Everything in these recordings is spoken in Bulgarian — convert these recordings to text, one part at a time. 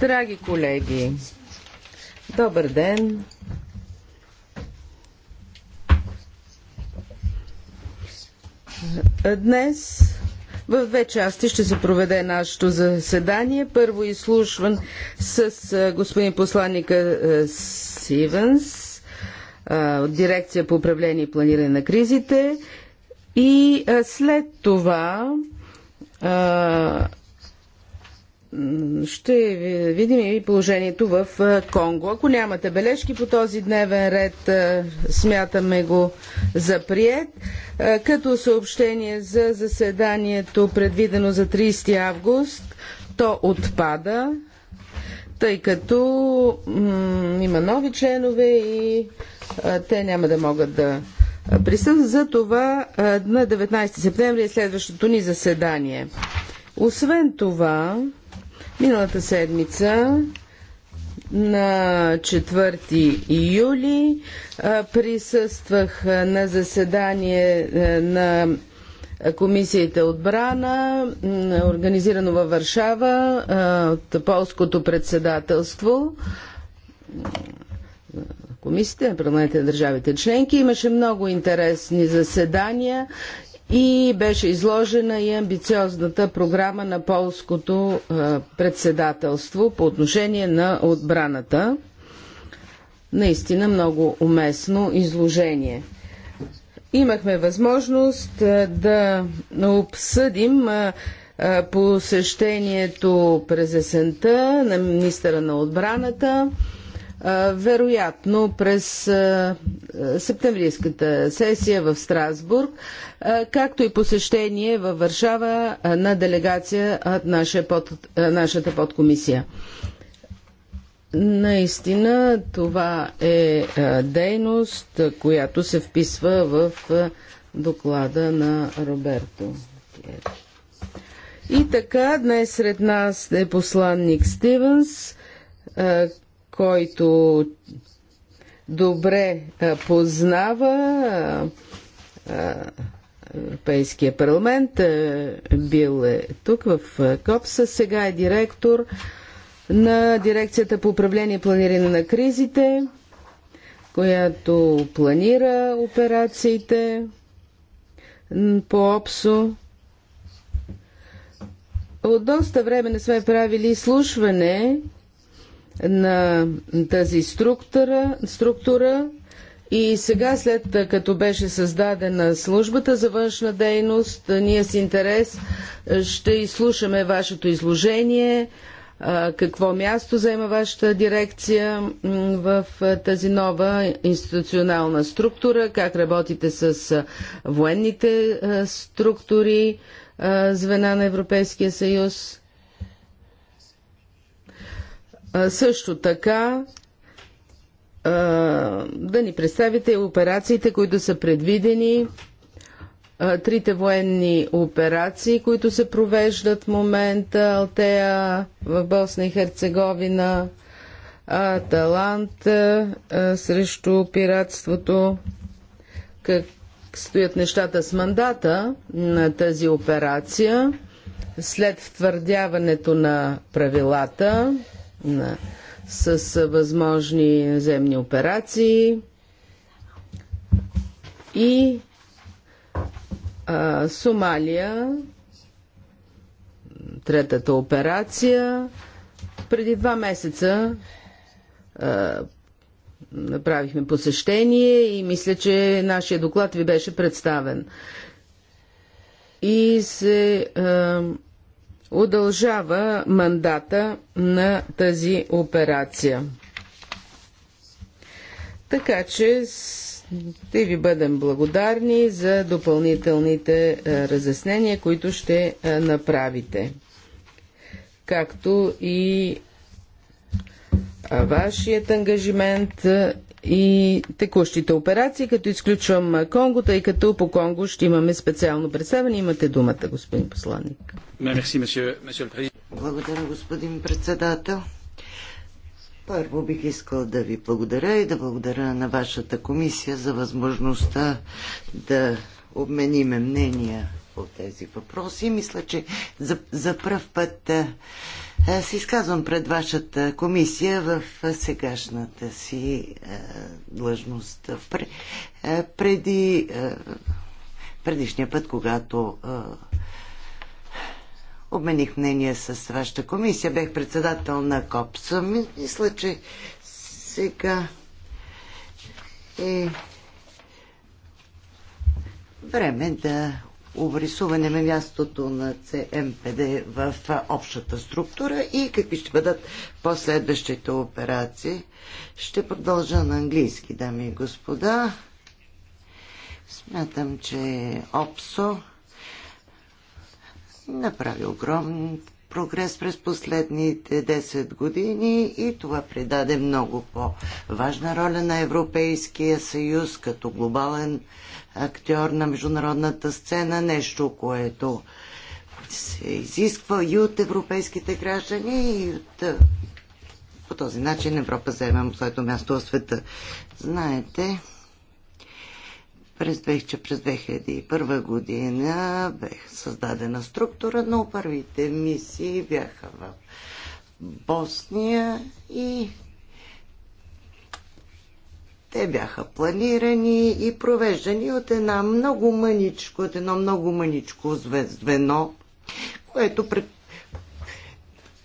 Драги колеги, добър ден! Днес в две части ще се проведе нашето заседание. Първо изслушван с господин посланника Сивенс от Дирекция по управление и планиране на кризите. И след това ще е, видим и положението в е, Конго. Ако нямате бележки по този дневен ред, е, смятаме го за прият. Като съобщение за заседанието, предвидено за 30 август, то отпада, тъй като има нови членове и те няма да могат да присъстват. За това на 19 септември е следващото ни заседание. Освен това, Миналата седмица на 4 юли присъствах на заседание на Комисията отбрана, организирано във Варшава от полското председателство. Комисията на парламентите на държавите членки. Имаше много интересни заседания и беше изложена и амбициозната програма на полското е, председателство по отношение на отбраната. Наистина много уместно изложение. Имахме възможност е, да обсъдим е, посещението през есента на министъра на отбраната вероятно през септемврийската сесия в Страсбург, както и посещение във Варшава на делегация от нашата подкомисия. Наистина това е дейност, която се вписва в доклада на Роберто И така, днес сред нас е посланник Стивенс, който добре познава Европейския парламент, бил е тук в КОПСА, сега е директор на Дирекцията по управление и планиране на кризите, която планира операциите по ОПСО. От доста време не сме правили изслушване на тази структура, структура и сега, след като беше създадена службата за външна дейност, ние с интерес ще изслушаме вашето изложение, какво място заема вашата дирекция в тази нова институционална структура, как работите с военните структури, звена на Европейския съюз. Също така да ни представите операциите, които са предвидени, трите военни операции, които се провеждат в момента, Алтея в Босна и Херцеговина, Талант срещу пиратството, как стоят нещата с мандата на тази операция след втвърдяването на правилата на, с възможни земни операции и а, Сомалия, третата операция. Преди два месеца а, направихме посещение и мисля, че нашия доклад ви беше представен. И се а, удължава мандата на тази операция. Така че ще ви бъдем благодарни за допълнителните е, разяснения, които ще е, направите. Както и вашият ангажимент е, и текущите операции, като изключвам Конго, тъй като по Конго ще имаме специално представяне. Имате думата, господин посланник. Благодаря, господин председател. Първо бих искал да ви благодаря и да благодаря на вашата комисия за възможността да обмениме мнения по тези въпроси. Мисля, че за, за пръв път се изказвам пред вашата комисия в сегашната си е, длъжност. Е, преди е, предишния път, когато обмених мнение с вашата комисия, бех председател на КОПС. Мисля, че сега е време да обрисуване на мястото на ЦМПД в общата структура и какви ще бъдат последващите операции. Ще продължа на английски, дами и господа. Смятам, че ОПСО направи огромни прогрес през последните 10 години и това придаде много по-важна роля на Европейския съюз като глобален актьор на международната сцена, нещо, което се изисква и от европейските граждани, и от... По този начин Европа заема своето място в света. Знаете, през, че през 2001 година бех създадена структура, но първите мисии бяха в Босния и те бяха планирани и провеждани от една много мъничко, от едно много мъничко звено, което пред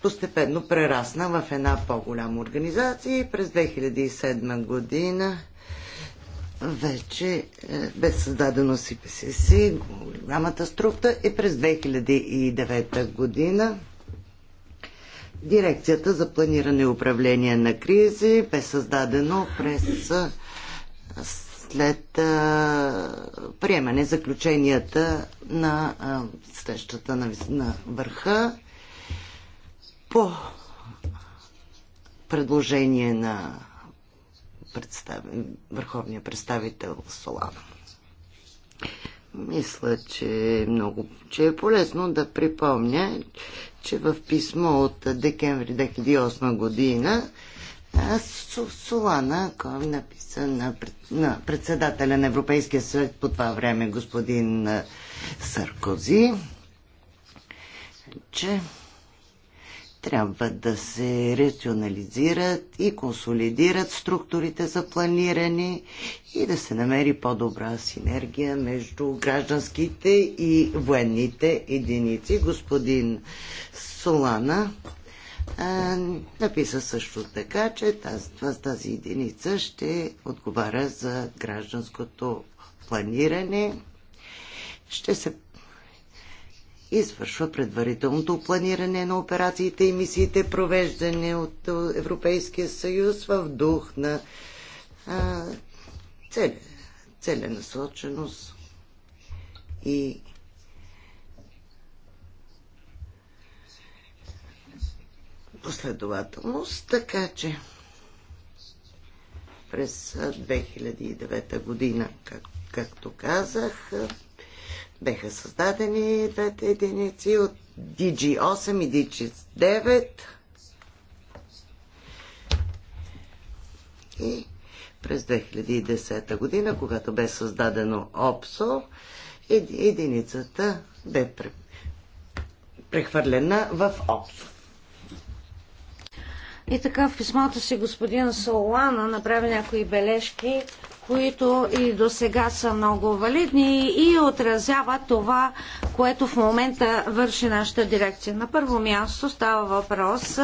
постепенно прерасна в една по-голяма организация и през 2007 година вече е, бе създадено СПСС, голямата структа, е и през 2009 година Дирекцията за планиране и управление на кризи бе създадено през е, след а, приемане заключенията на а, срещата на, на върха по предложение на представ... върховния представител Солана. Мисля, че е много, че е полезно да припомня, че в писмо от декември 2008 година Солана, кой написа на, на председателя на Европейския съвет по това време, господин Саркози, че трябва да се рационализират и консолидират структурите за планиране и да се намери по-добра синергия между гражданските и военните единици. Господин Солана а, написа също така, че тази, тази единица ще отговаря за гражданското планиране. Ще се извършва предварителното планиране на операциите и мисиите, провеждане от Европейския съюз в дух на а, целенасоченост и последователност, така че през 2009 година, как, както казах, Беха създадени двете единици от DG8 и DG9. И през 2010 година, когато бе създадено ОПСО, единицата бе прехвърлена в ОПСО. И така в писмата си господин Солана направи някои бележки които и до сега са много валидни и отразяват това, което в момента върши нашата дирекция. На първо място става въпрос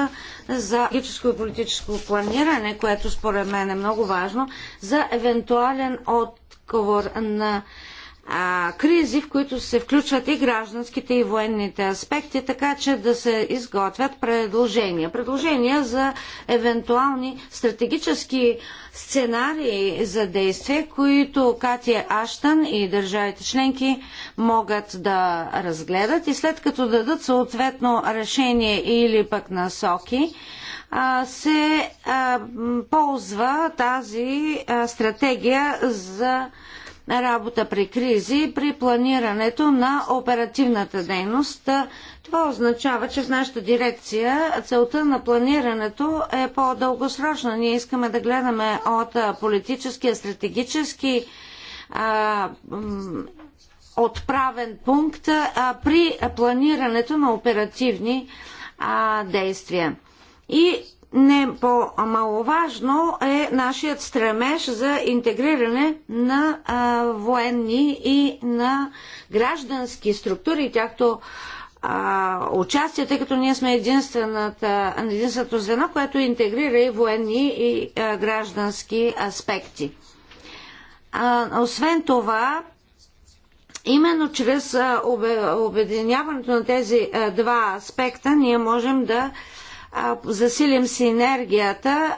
за политическо и политическо планиране, което според мен е много важно, за евентуален отговор на а, кризи, в които се включват и гражданските и военните аспекти, така че да се изготвят предложения. Предложения за евентуални стратегически сценарии за действие, които Катия Аштан и държавите членки могат да разгледат и след като дадат съответно решение или пък насоки, се ползва тази стратегия за работа при кризи, при планирането на оперативната дейност. Това означава, че в нашата дирекция целта на планирането е по-дългосрочна. Ние искаме да гледаме от политическия, стратегически а, отправен пункт а, при планирането на оперативни а, действия. И не по-маловажно е нашият стремеж за интегриране на а, военни и на граждански структури, тяхто а, участие, тъй като ние сме единственото звено, което интегрира и военни и а, граждански аспекти. А, освен това, именно чрез обединяването на тези два аспекта ние можем да а, засилим синергията,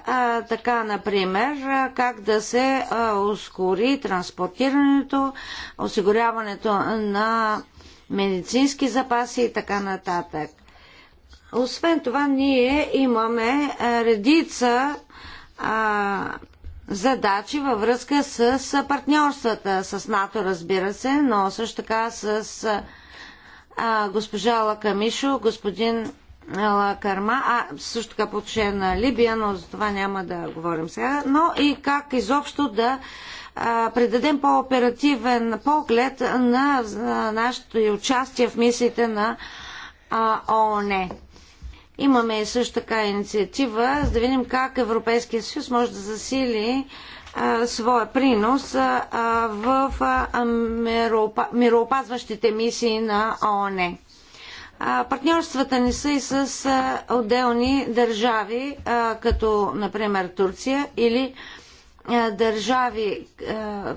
така например, как да се ускори транспортирането, осигуряването на медицински запаси и така нататък. Освен това, ние имаме редица а, задачи във връзка с партньорствата с НАТО, разбира се, но също така с а, госпожа Лакамишо, господин Карма, а също така по отношение на Либия, но за това няма да говорим сега, но и как изобщо да предадем по-оперативен поглед на, на нашето участие в мисиите на ООН. Имаме и също така инициатива, за да видим как Европейския съюз може да засили своя принос а, в а, мироопазващите мисии на ООН. Партньорствата ни са и с отделни държави, като например Турция или държави,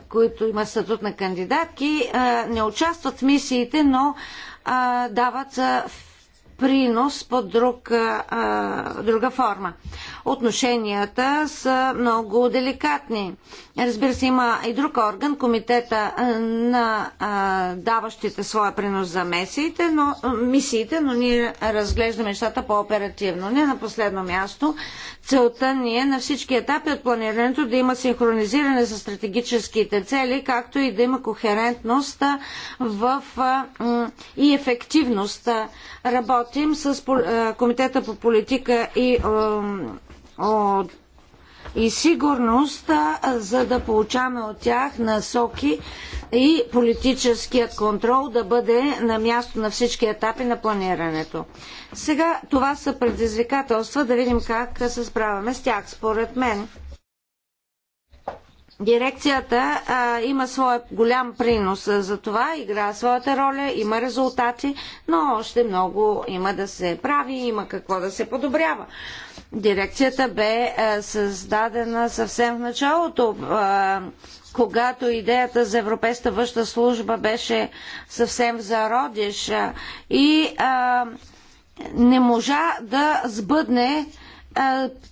които имат статут на кандидатки, не участват в мисиите, но дават принос под друг, а, друга форма. Отношенията са много деликатни. Разбира се, има и друг орган, комитета на а, даващите своя принос за месиите, но, мисиите, но ние разглеждаме нещата по-оперативно. Не на последно място. Целта ни е на всички етапи от планирането да има синхронизиране с стратегическите цели, както и да има кохерентност в, а, и ефективност работа работим с Комитета по политика и, и сигурност, за да получаваме от тях насоки и политическият контрол да бъде на място на всички етапи на планирането. Сега това са предизвикателства, да видим как се справяме с тях. Според мен, Дирекцията а, има своя голям принос за това, игра своята роля, има резултати, но още много има да се прави, има какво да се подобрява. Дирекцията бе а, създадена съвсем в началото, а, когато идеята за Европейската външна служба беше съвсем зародиш а, и а, не можа да сбъдне а,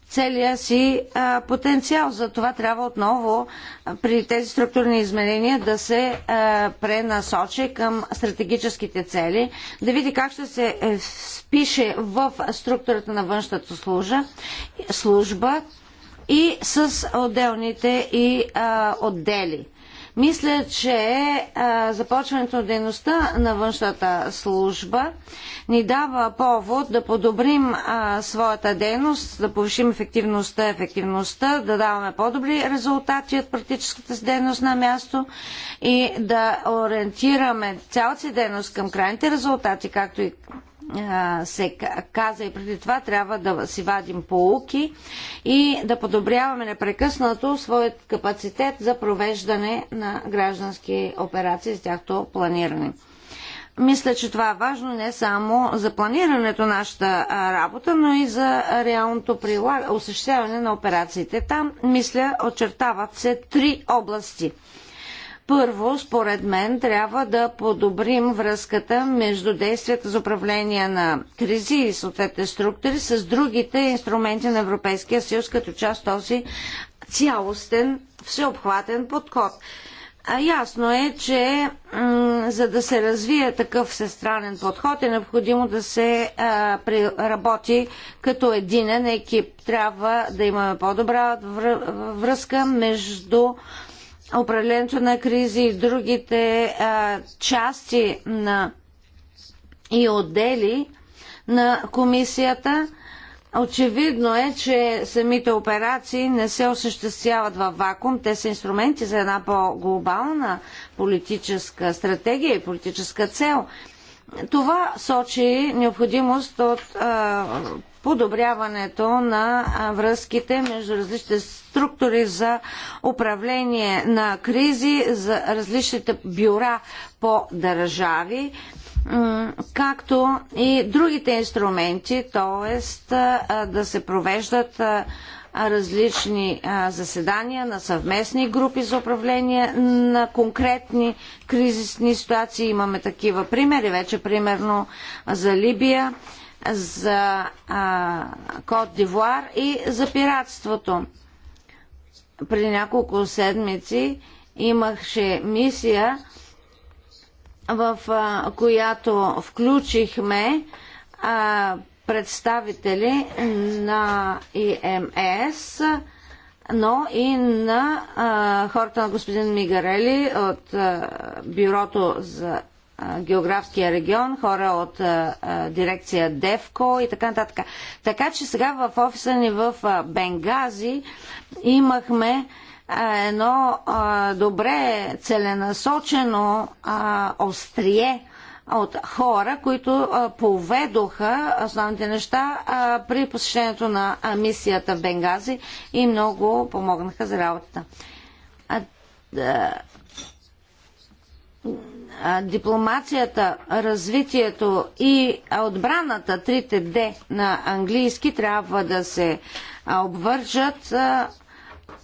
целия си потенциал. Затова трябва отново при тези структурни изменения да се пренасочи към стратегическите цели, да види как ще се е, впише в структурата на външната служа, служба и с отделните и отдели мисля, че а, започването на дейността на външната служба ни дава повод да подобрим а, своята дейност, да повишим ефективността, ефективността, да даваме по-добри резултати от практическата си дейност на място и да ориентираме цялата си дейност към крайните резултати, както и се каза и преди това, трябва да си вадим полуки и да подобряваме непрекъснато своят капацитет за провеждане на граждански операции с тяхто планиране. Мисля, че това е важно не само за планирането на нашата работа, но и за реалното осъществяване на операциите. Там, мисля, очертават се три области – първо, според мен, трябва да подобрим връзката между действията за управление на кризи и съответните структури с другите инструменти на Европейския съюз, като част от този цялостен, всеобхватен подход. А ясно е, че за да се развие такъв всестранен подход е необходимо да се а, работи като единен екип. Трябва да имаме по-добра връзка между управлението на кризи и другите а, части на и отдели на комисията. Очевидно е, че самите операции не се осъществяват във вакуум. Те са инструменти за една по-глобална политическа стратегия и политическа цел. Това сочи необходимост от а, подобряването на връзките между различните структури за управление на кризи, за различните бюра по държави, както и другите инструменти, т.е. да се провеждат различни заседания на съвместни групи за управление на конкретни кризисни ситуации. Имаме такива примери вече, примерно за Либия, за Кот Дивуар и за пиратството. Преди няколко седмици имаше мисия, в която включихме представители на ИМС, но и на а, хората на господин Мигарели от а, Бюрото за а, географския регион, хора от а, а, дирекция ДЕВКО и така нататък. Така че сега в офиса ни в а, Бенгази имахме а, едно а, добре целенасочено а, острие от хора, които поведоха основните неща при посещението на мисията в Бенгази и много помогнаха за работата. Дипломацията, развитието и отбраната, трите Д на английски, трябва да се обвържат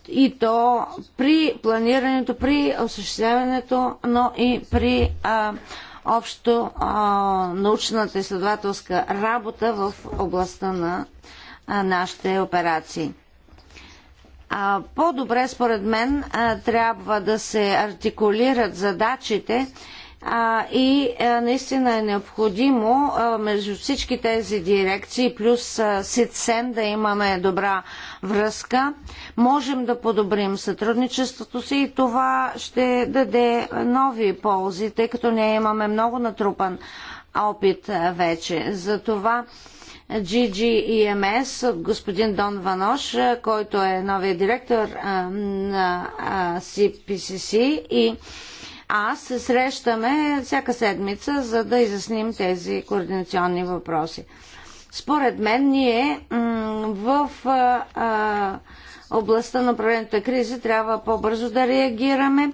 и то при планирането, при осъществяването, но и при а, общо а, научната изследователска работа в областта на а, нашите операции. по-добре, според мен, а, трябва да се артикулират задачите, а, и а, е, наистина е необходимо а, е, между всички тези дирекции плюс е, СИЦЕН да имаме добра връзка. Можем да подобрим сътрудничеството си и това ще даде нови ползи, тъй като ние имаме много натрупан опит вече. Затова GGEMS от господин Дон Ванош, който е новия директор на CPCC и аз се срещаме всяка седмица, за да изясним тези координационни въпроси. Според мен, ние в а, а, областта на правената кризи трябва по-бързо да реагираме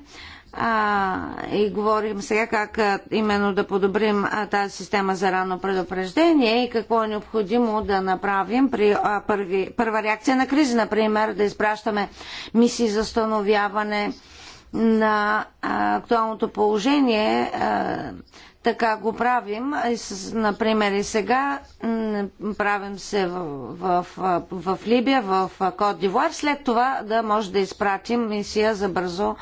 а, и говорим сега как а, именно да подобрим а, тази система за рано предупреждение и какво е необходимо да направим при а, първи, първа реакция на кризи, например, да изпращаме мисии за становяване на а, актуалното положение. А, така го правим. Например, и сега правим се в, в, в Либия, в Кот Дивуар, след това да може да изпратим мисия за бързо,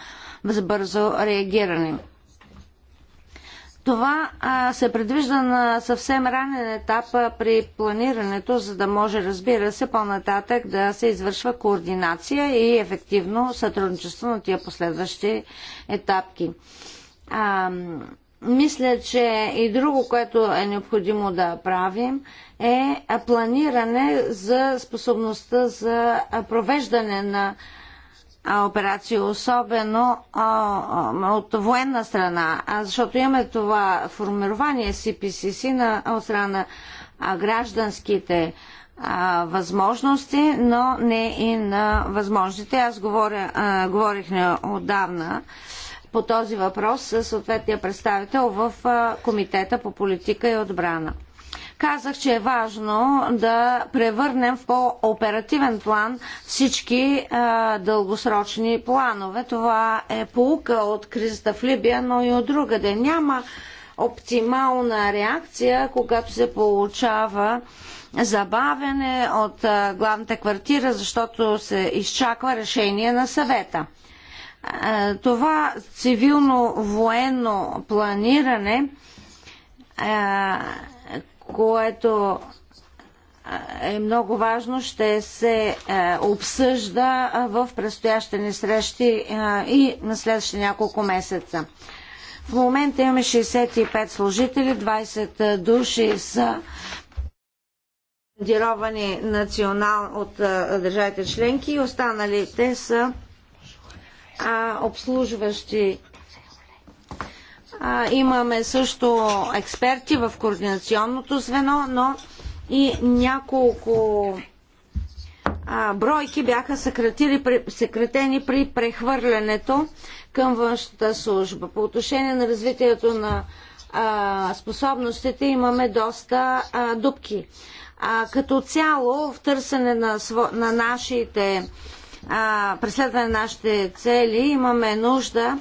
за бързо реагиране. Това а, се предвижда на съвсем ранен етап а, при планирането, за да може, разбира се, по-нататък да се извършва координация и ефективно сътрудничество на тия последващи етапки. А, мисля, че и друго, което е необходимо да правим, е планиране за способността за провеждане на операции, особено от военна страна, а защото имаме това формирование CPCC на, страна на гражданските възможности, но не и на възможностите. Аз говоря, говорих отдавна по този въпрос с съответния представител в Комитета по политика и отбрана. Казах, че е важно да превърнем в по-оперативен план всички а, дългосрочни планове. Това е полука от кризата в Либия, но и от другаде. Няма оптимална реакция, когато се получава забавяне от а, главната квартира, защото се изчаква решение на съвета. А, това цивилно-военно планиране а, което е много важно, ще се обсъжда в предстоящите ни срещи и на следващите няколко месеца. В момента имаме 65 служители, 20 души са командировани национал от държавите членки и останалите са а, обслужващи а, имаме също експерти в координационното звено, но и няколко а, бройки бяха съкратени при прехвърлянето към външната служба. По отношение на развитието на а, способностите имаме доста а, дубки. А, като цяло в търсене на, на нашите а, преследване на нашите цели имаме нужда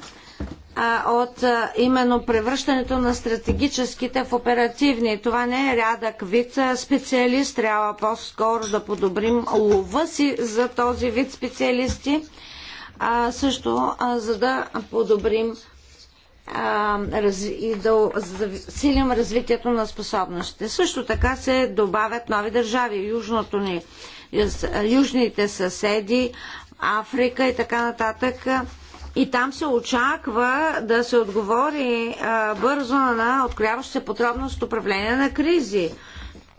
а, от а, именно превръщането на стратегическите в оперативни. Това не е рядък вид специалист, трябва по-скоро да подобрим лова си за този вид специалисти, а, също а, за да подобрим а, и да засилим развитието на способностите. Също така се добавят нови държави. Южното ни, южните съседи, Африка и така нататък. И там се очаква да се отговори а, бързо на открояваща се подробност от управление на кризи.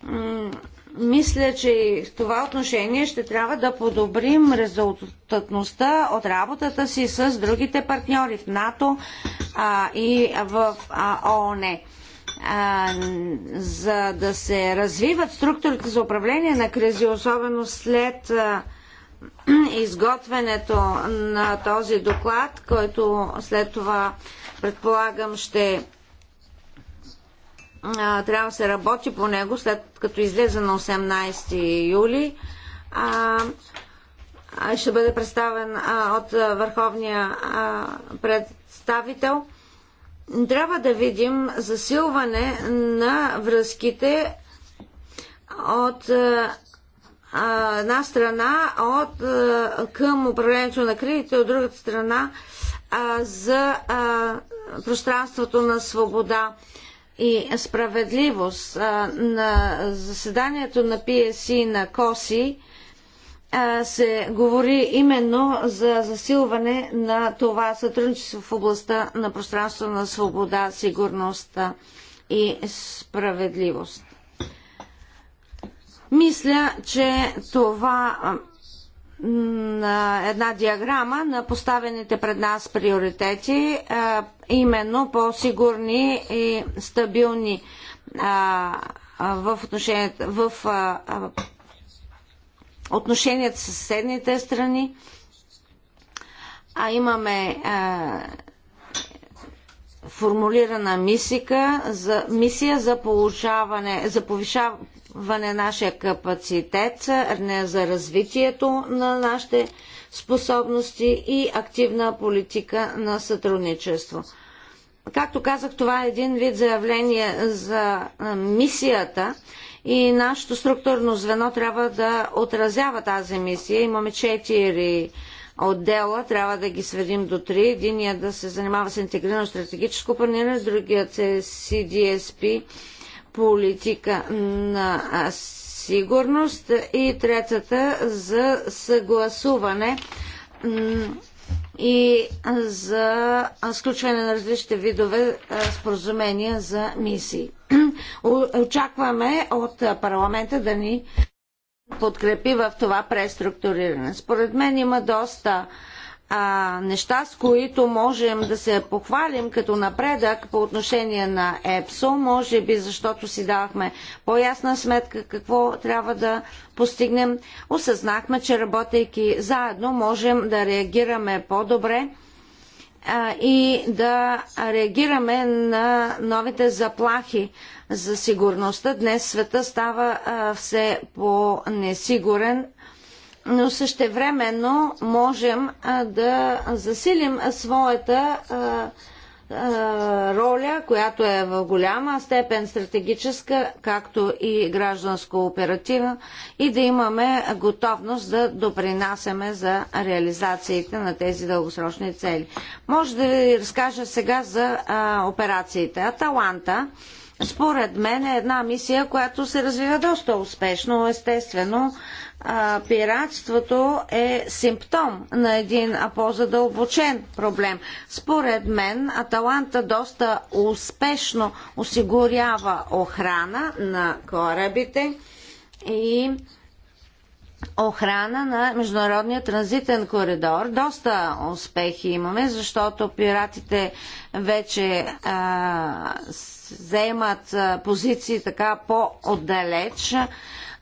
М мисля, че в това отношение ще трябва да подобрим резултатността от работата си с другите партньори в НАТО а, и в а, ООН. А, за да се развиват структурите за управление на кризи, особено след а, изготвянето на този доклад, който след това предполагам ще трябва да се работи по него след като излезе на 18 юли. А, ще бъде представен а, от върховния а, представител. Трябва да видим засилване на връзките от а, една страна от, към управлението на кредите, от другата страна а, за а, пространството на свобода и справедливост. А, на заседанието на PSC на КОСИ се говори именно за засилване на това сътрудничество в областта на пространство на свобода, сигурност и справедливост. Мисля, че това една диаграма на поставените пред нас приоритети, именно по-сигурни и стабилни в, отношенията, в отношенията с съседните страни. А имаме формулирана мисика за, мисия за получаване, за повишаване на нашия капацитет, за развитието на нашите способности и активна политика на сътрудничество. Както казах, това е един вид заявление за мисията и нашето структурно звено трябва да отразява тази мисия. Имаме четири отдела, трябва да ги сведим до три. Единият да се занимава с интегрирано стратегическо планиране, другият е CDSP политика на сигурност и третата за съгласуване и за сключване на различните видове споразумения за мисии. Очакваме от парламента да ни подкрепи в това преструктуриране. Според мен има доста а, неща, с които можем да се похвалим като напредък по отношение на ЕПСО, може би защото си давахме по-ясна сметка какво трябва да постигнем. Осъзнахме, че работейки заедно можем да реагираме по-добре и да реагираме на новите заплахи за сигурността. Днес света става а, все по-несигурен но същевременно можем да засилим своята роля, която е в голяма степен стратегическа, както и гражданско-оперативна, и да имаме готовност да допринасяме за реализациите на тези дългосрочни цели. Може да ви разкажа сега за операциите. Аталанта според мен е една мисия, която се развива доста успешно. Естествено, пиратството е симптом на един по-задълбочен проблем. Според мен, Аталанта доста успешно осигурява охрана на корабите и охрана на международния транзитен коридор. Доста успехи имаме, защото пиратите вече а, заемат позиции така по-отдалеч,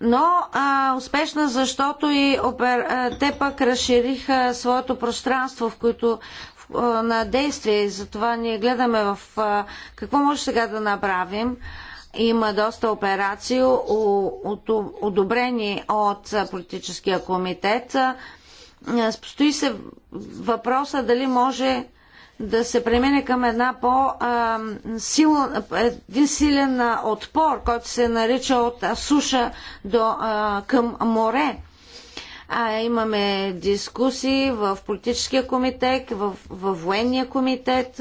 но а, успешна, защото и опер... те пък разшириха своето пространство, в което на действие и затова ние гледаме в а, какво може сега да направим. Има доста операции, одобрени от политическия комитет. Стои се въпроса дали може да се премине към една по, а, сил, един силен отпор, който се нарича от суша до, а, към море. А, имаме дискусии в политическия комитет, в, в военния комитет.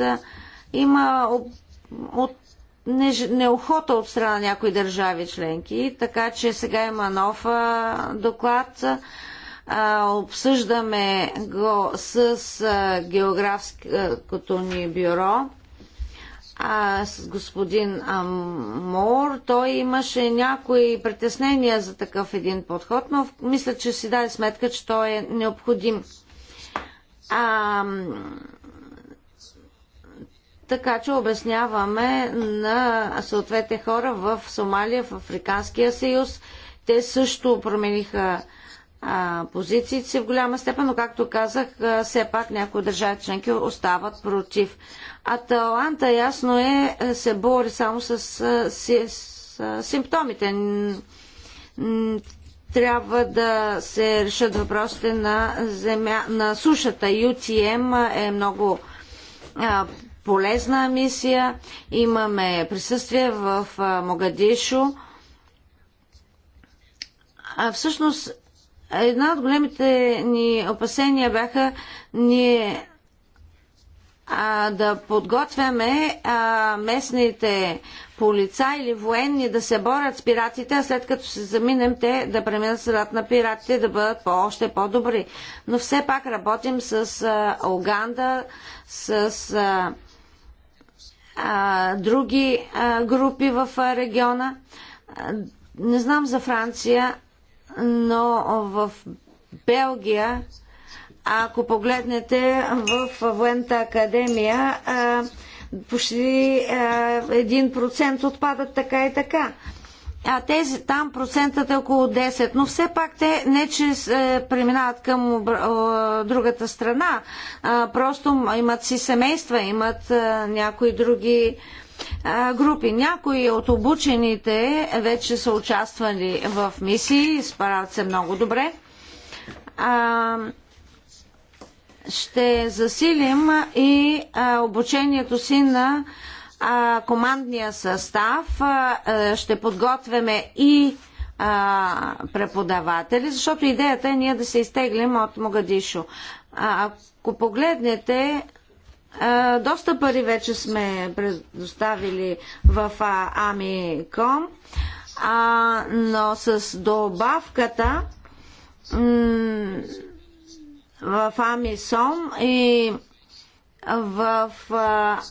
Има от, неохота от страна на някои държави членки, така че сега има нов доклад Обсъждаме го с географското ни бюро а, с господин Амор, той имаше някои притеснения за такъв един подход, но мисля, че си даде сметка, че той е необходим. А, така че обясняваме на съответните хора в Сомалия, в Африканския съюз. Те също промениха а, позициите си в голяма степен, но както казах, а, все пак някои държави членки остават против. Аталанта ясно е, е се бори само с, с, с, с симптомите. Трябва да се решат въпросите на, земя, на сушата. UTM е много а, полезна мисия. Имаме присъствие в а, Могадишо. А всъщност Една от големите ни опасения бяха ние а, да подготвяме а, местните полица или военни да се борят с пиратите, а след като се заминем те да преминат средата на пиратите, да бъдат по- още по-добри. Но все пак работим с а, Оганда, с а, а, други а, групи в а, региона. А, не знам за Франция, но в Белгия, ако погледнете в военната академия, почти 1% отпадат така и така. А тези, там процентът е около 10, но все пак те не че се преминават към другата страна, а, просто имат си семейства, имат някои други групи. Някои от обучените вече са участвали в мисии, справят се много добре. Ще засилим и обучението си на командния състав. Ще подготвяме и преподаватели, защото идеята е ние да се изтеглим от Могадишо. Ако погледнете е, доста пари вече сме предоставили в Амиком, но с добавката в Амисом и в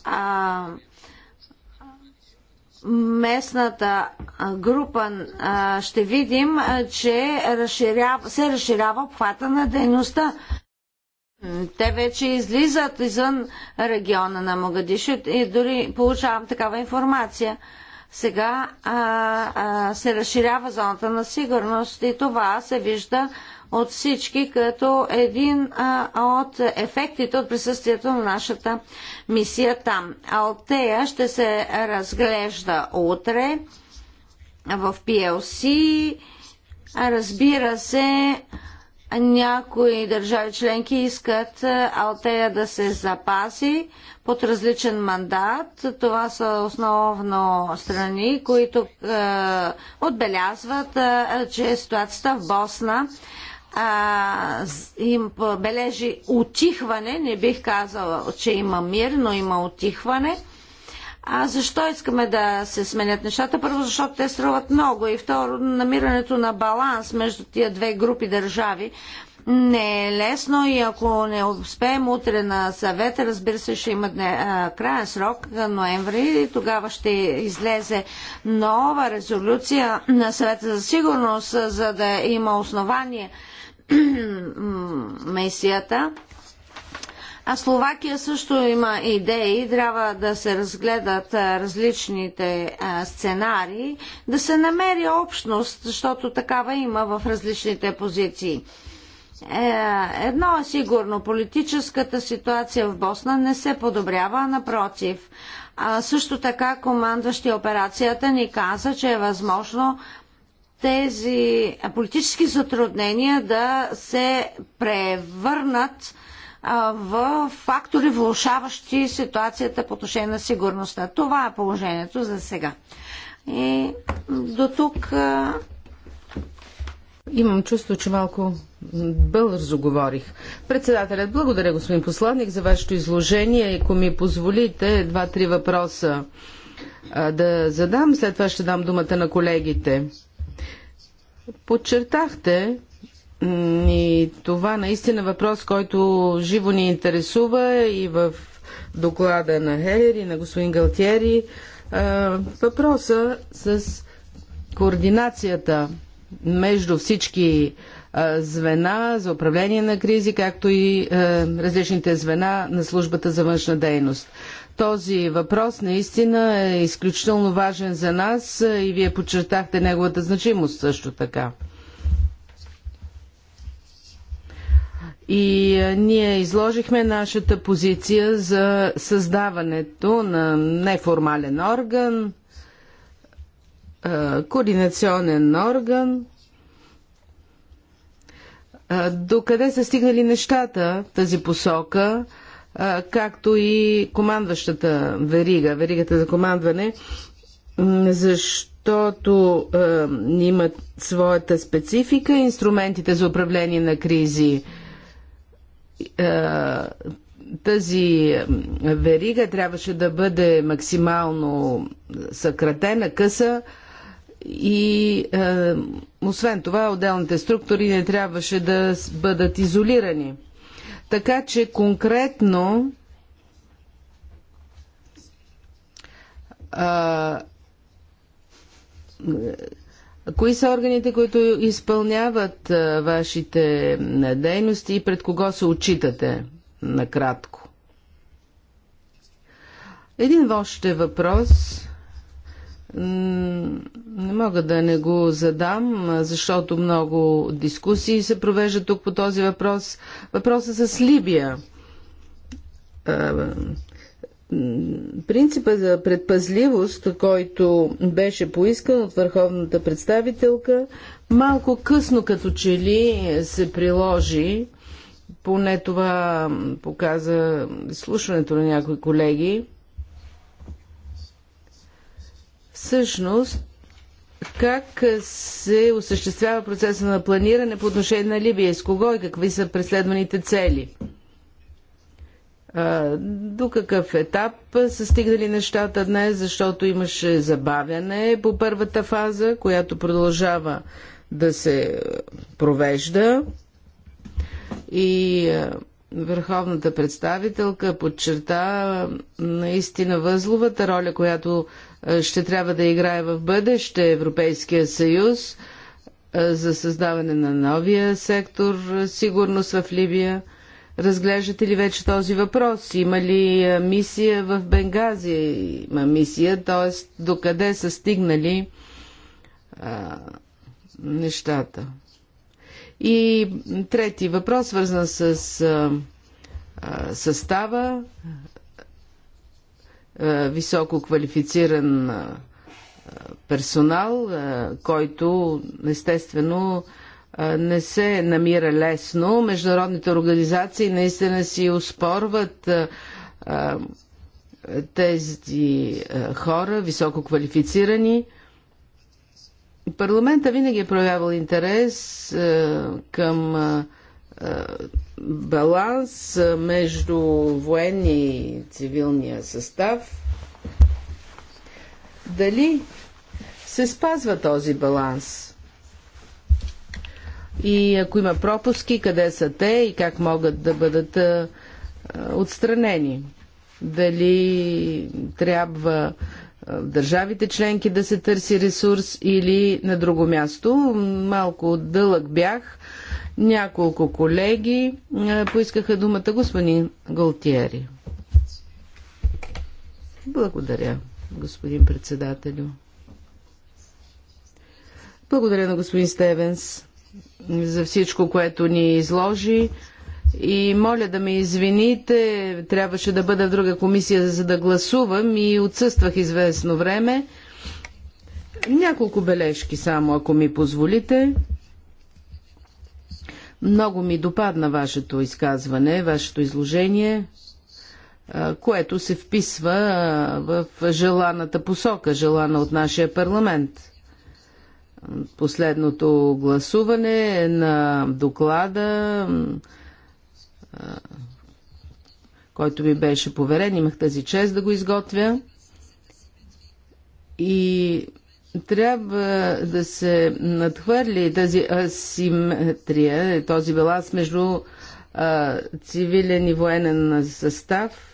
а, местната група ще видим, че разширява, се разширява обхвата на дейността. Те вече излизат извън региона на Могадишо и дори получавам такава информация. Сега а, а, се разширява зоната на сигурност и това се вижда от всички като един а, от ефектите от присъствието на нашата мисия там. Алтея ще се разглежда утре в PLC. Разбира се, някои държави членки искат е, Алтея да се запази под различен мандат. Това са основно страни, които е, отбелязват, е, че ситуацията в Босна им бележи отихване, не бих казала, че има мир, но има отихване. А защо искаме да се сменят нещата? Първо, защото те струват много и второ, намирането на баланс между тия две групи държави не е лесно и ако не успеем утре на съвета, разбира се, ще има краен срок, ноември, тогава ще излезе нова резолюция на съвета за сигурност, за да има основание мисията а Словакия също има идеи, трябва да се разгледат различните сценарии, да се намери общност, защото такава има в различните позиции. Е, едно е сигурно, политическата ситуация в Босна не се подобрява, а напротив. А също така командващи операцията ни каза, че е възможно тези политически затруднения да се превърнат в фактори, влушаващи ситуацията по отношение на сигурността. Това е положението за сега. И до тук. Имам чувство, че малко бързо говорих. Председателят, благодаря господин посланник за вашето изложение. Ако ми позволите, два-три въпроса да задам, след това ще дам думата на колегите. Подчертахте, и това наистина е въпрос, който живо ни интересува и в доклада на Хелер и на господин Галтиери. Въпроса с координацията между всички звена за управление на кризи, както и различните звена на службата за външна дейност. Този въпрос наистина е изключително важен за нас и вие подчертахте неговата значимост също така. И е, ние изложихме нашата позиция за създаването на неформален орган, е, координационен орган. Е, докъде са стигнали нещата в тази посока, както и командващата верига, веригата за командване, защото имат своята специфика, инструментите за управление на кризи е, тази верига трябваше да бъде максимално съкратена, къса и е, освен това отделните структури не трябваше да бъдат изолирани. Така че конкретно е, Кои са органите, които изпълняват вашите дейности и пред кого се отчитате накратко? Един още въпрос. Не мога да не го задам, защото много дискусии се провеждат тук по този въпрос. Въпросът с Либия принципа за предпазливост, който беше поискан от върховната представителка, малко късно като че ли се приложи, поне това показа слушането на някои колеги. Всъщност, как се осъществява процеса на планиране по отношение на Либия, с кого и какви са преследваните цели? До какъв етап са стигнали нещата днес, защото имаше забавяне по първата фаза, която продължава да се провежда и върховната представителка подчерта наистина възловата роля, която ще трябва да играе в бъдеще Европейския съюз за създаване на новия сектор сигурност в Либия – Разглеждате ли вече този въпрос? Има ли е, мисия в Бенгази? Има мисия, т.е. докъде са стигнали а, е, нещата. И трети въпрос, свързан с а, е, а, състава, а, високо квалифициран а, персонал, а, който естествено а, не се намира лесно. Международните организации наистина си успорват тези хора, високо квалифицирани. Парламента винаги е проявявал интерес към баланс между военни и цивилния състав. Дали се спазва този баланс? и ако има пропуски, къде са те и как могат да бъдат отстранени. Дали трябва държавите членки да се търси ресурс или на друго място. Малко дълъг бях. Няколко колеги поискаха думата господин Галтиери. Благодаря, господин председателю. Благодаря на господин Стевенс за всичко, което ни изложи. И моля да ме извините, трябваше да бъда в друга комисия, за да гласувам и отсъствах известно време. Няколко бележки само, ако ми позволите. Много ми допадна вашето изказване, вашето изложение, което се вписва в желаната посока, желана от нашия парламент последното гласуване е на доклада, който ми беше поверен. Имах тази чест да го изготвя. И трябва да се надхвърли тази асиметрия, този баланс между цивилен и военен състав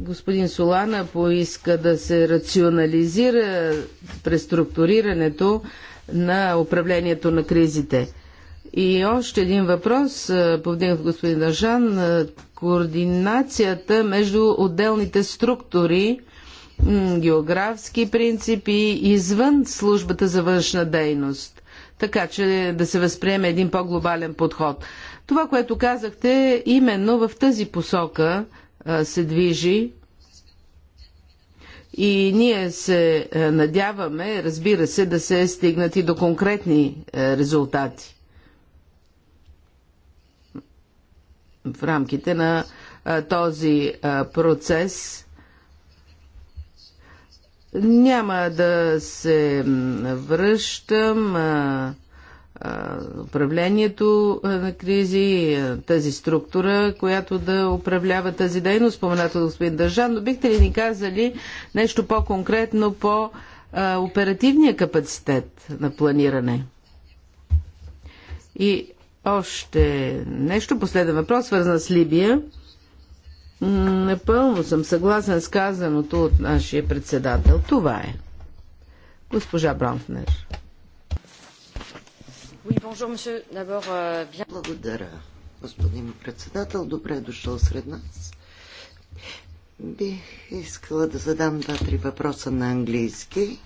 господин Солана поиска да се рационализира преструктурирането на управлението на кризите. И още един въпрос, повдигнат господин Държан, координацията между отделните структури, географски принципи извън службата за външна дейност, така че да се възприеме един по-глобален подход. Това, което казахте, е именно в тази посока – се движи и ние се надяваме, разбира се, да се стигнат и до конкретни резултати в рамките на този процес. Няма да се връщам управлението на кризи, тази структура, която да управлява тази дейност, споменато от господин Държан, но бихте ли ни казали нещо по-конкретно по оперативния капацитет на планиране? И още нещо, последен въпрос, свързан с Либия. Напълно съм съгласен с казаното от нашия председател. Това е. Госпожа Бронфнер. Euh, Благодаря, господин председател. Добре е дошъл сред нас. Бих искала да задам два-три въпроса на английски.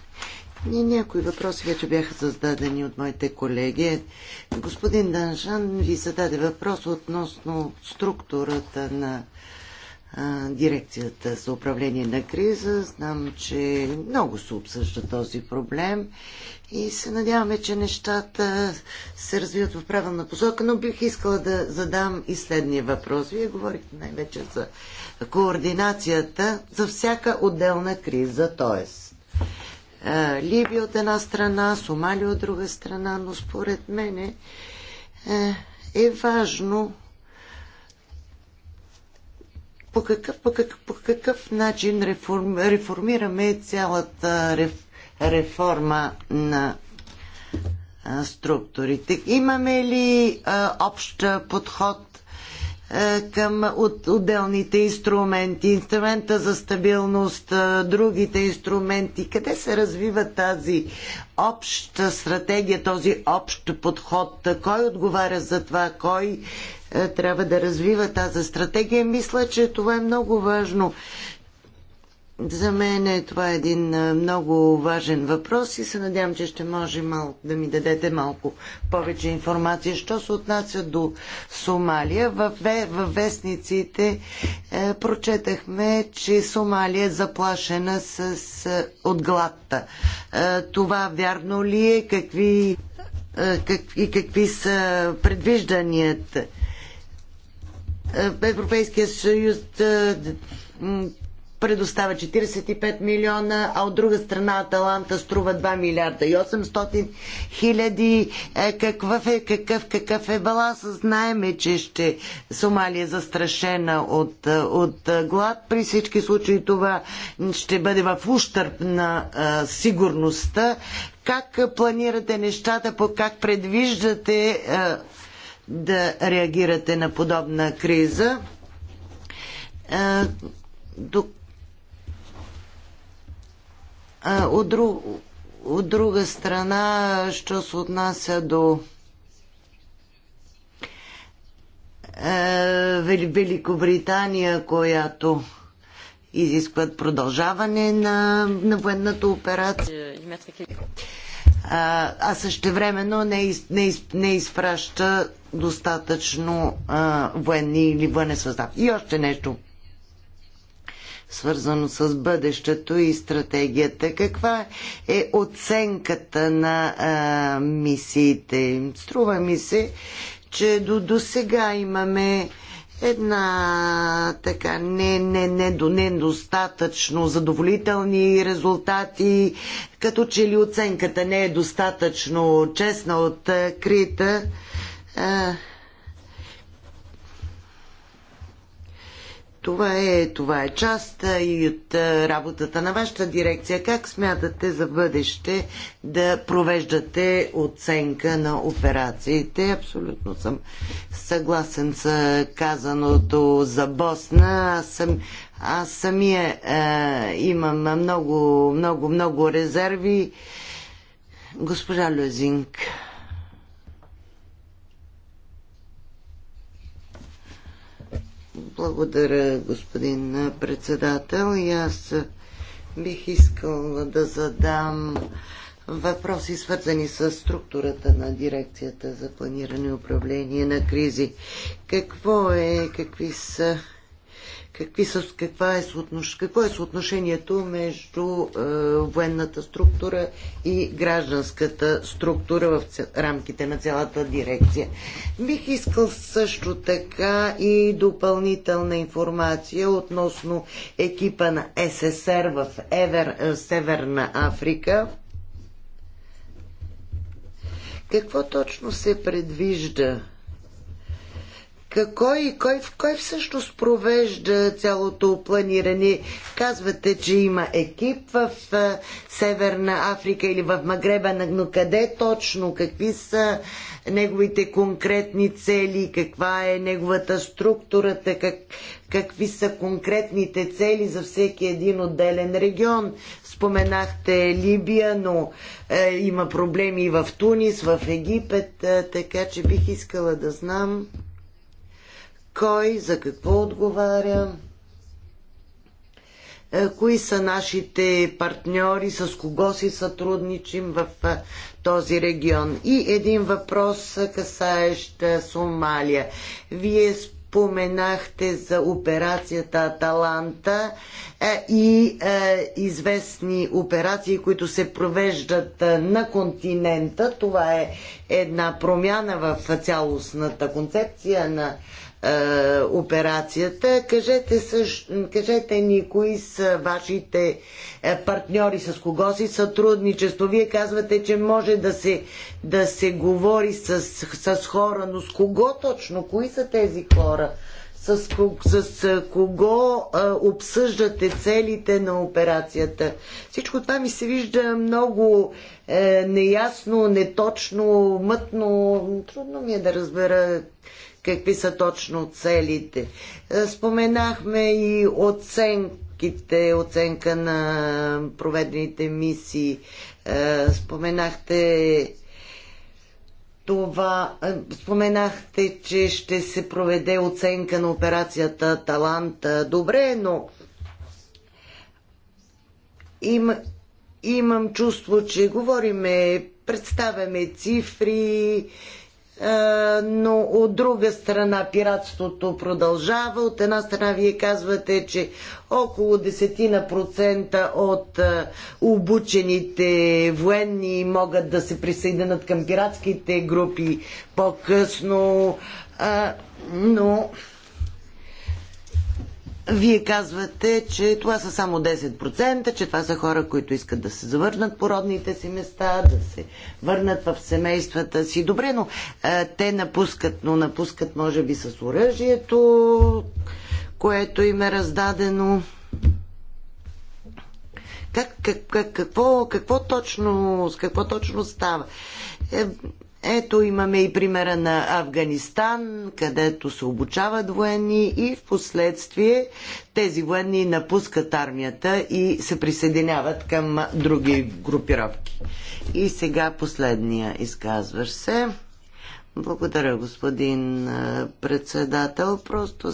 И някои въпроси вече бяха зададени от моите колеги. Господин Данжан ви зададе въпрос относно структурата на дирекцията за управление на криза. Знам, че много се обсъжда този проблем и се надяваме, че нещата се развиват в правилна посока, но бих искала да задам и следния въпрос. Вие говорите най-вече за координацията за всяка отделна криза, т.е. Либия от една страна, Сомалия от друга страна, но според мене е, е важно по какъв, по какъв, по какъв начин реформ, реформираме цялата реф, реформа на структурите. Имаме ли а, общ подход е, към от отделните инструменти, инструмента за стабилност, е, другите инструменти. Къде се развива тази обща стратегия, този общ подход? Кой отговаря за това? Кой е, трябва да развива тази стратегия? Мисля, че това е много важно за мен е това един много важен въпрос и се надявам, че ще може мал, да ми дадете малко повече информация. Що се отнася до Сомалия, в, в вестниците е, прочетахме, че Сомалия е заплашена с, с, от гладта. Е, това вярно ли е? Какви, е, как, и какви са предвижданията? Е, Европейския съюз е, предоставя 45 милиона, а от друга страна Аталанта струва 2 милиарда и 800 хиляди. Е, какъв е, какъв, какъв е баланс? Знаеме, че ще Сомалия е застрашена от, е, от е, глад. При всички случаи това ще бъде в ущърп на а, сигурността. Как планирате нещата, по как предвиждате а, да реагирате на подобна криза? А, от, друг, от друга страна, що се отнася до е, Великобритания, която изискват продължаване на, на военната операция. А, а времено не, из, не, из, не изпраща достатъчно а, военни или военни състав. И още нещо свързано с бъдещето и стратегията. Каква е оценката на а, мисиите? Струва ми се, че до, до сега имаме една така не, не, не, до, недостатъчно задоволителни резултати, като че ли оценката не е достатъчно честна, открита. А, Това е, това е част и от работата на вашата дирекция. Как смятате за бъдеще да провеждате оценка на операциите? Абсолютно съм съгласен с казаното за Босна. Аз, съм, аз самия е, имам много, много, много резерви. Госпожа Люзинг. Благодаря, господин председател. И аз бих искал да задам въпроси, свързани с структурата на дирекцията за планиране и управление на кризи. Какво е, какви са какви са, каква е, какво е съотношението между е, военната структура и гражданската структура в ця, рамките на цялата дирекция. Бих искал също така и допълнителна информация относно екипа на ССР в Евер, е, Северна Африка. Какво точно се предвижда? кой, кой, кой всъщност провежда цялото планиране? Казвате, че има екип в Северна Африка или в Магреба, но къде точно? Какви са неговите конкретни цели? Каква е неговата структура? Как, какви са конкретните цели за всеки един отделен регион? Споменахте Либия, но е, има проблеми и в Тунис, в Египет, е, така че бих искала да знам кой за какво отговаря, е, кои са нашите партньори, с кого си сътрудничим в е, този регион. И един въпрос, е, касаещ Сомалия. Вие споменахте за операцията Аталанта и известни операции, които се провеждат на континента. Това е една промяна в цялостната концепция на е, операцията. Кажете, същ, кажете ни кои са вашите е, партньори, с кого си сътрудничество. Вие казвате, че може да се, да се говори с, с хора, но с кого точно? Кои са тези хора? с, с, с е, кого а, обсъждате целите на операцията. Всичко това ми се вижда много е, неясно, неточно, мътно. Трудно ми е да разбера какви са точно целите. Е, споменахме и оценките, оценка на проведените мисии. Е, споменахте това, е, споменахте, че ще се проведе оценка на операцията Таланта. Добре, но им, имам чувство, че говориме, представяме цифри, е, но от друга страна пиратството продължава. От една страна вие казвате, че около 10% от е, обучените военни могат да се присъединят към пиратските групи по-късно, е, но вие казвате, че това са само 10%, че това са хора, които искат да се завърнат по родните си места, да се върнат в семействата си. Добре, но е, те напускат, но напускат може би с оръжието, което им е раздадено. Как, как, как, какво, какво, точно, какво точно става? Е, ето имаме и примера на Афганистан, където се обучават военни и в последствие тези военни напускат армията и се присъединяват към други групировки. И сега последния изказваш се. Благодаря, господин председател. Просто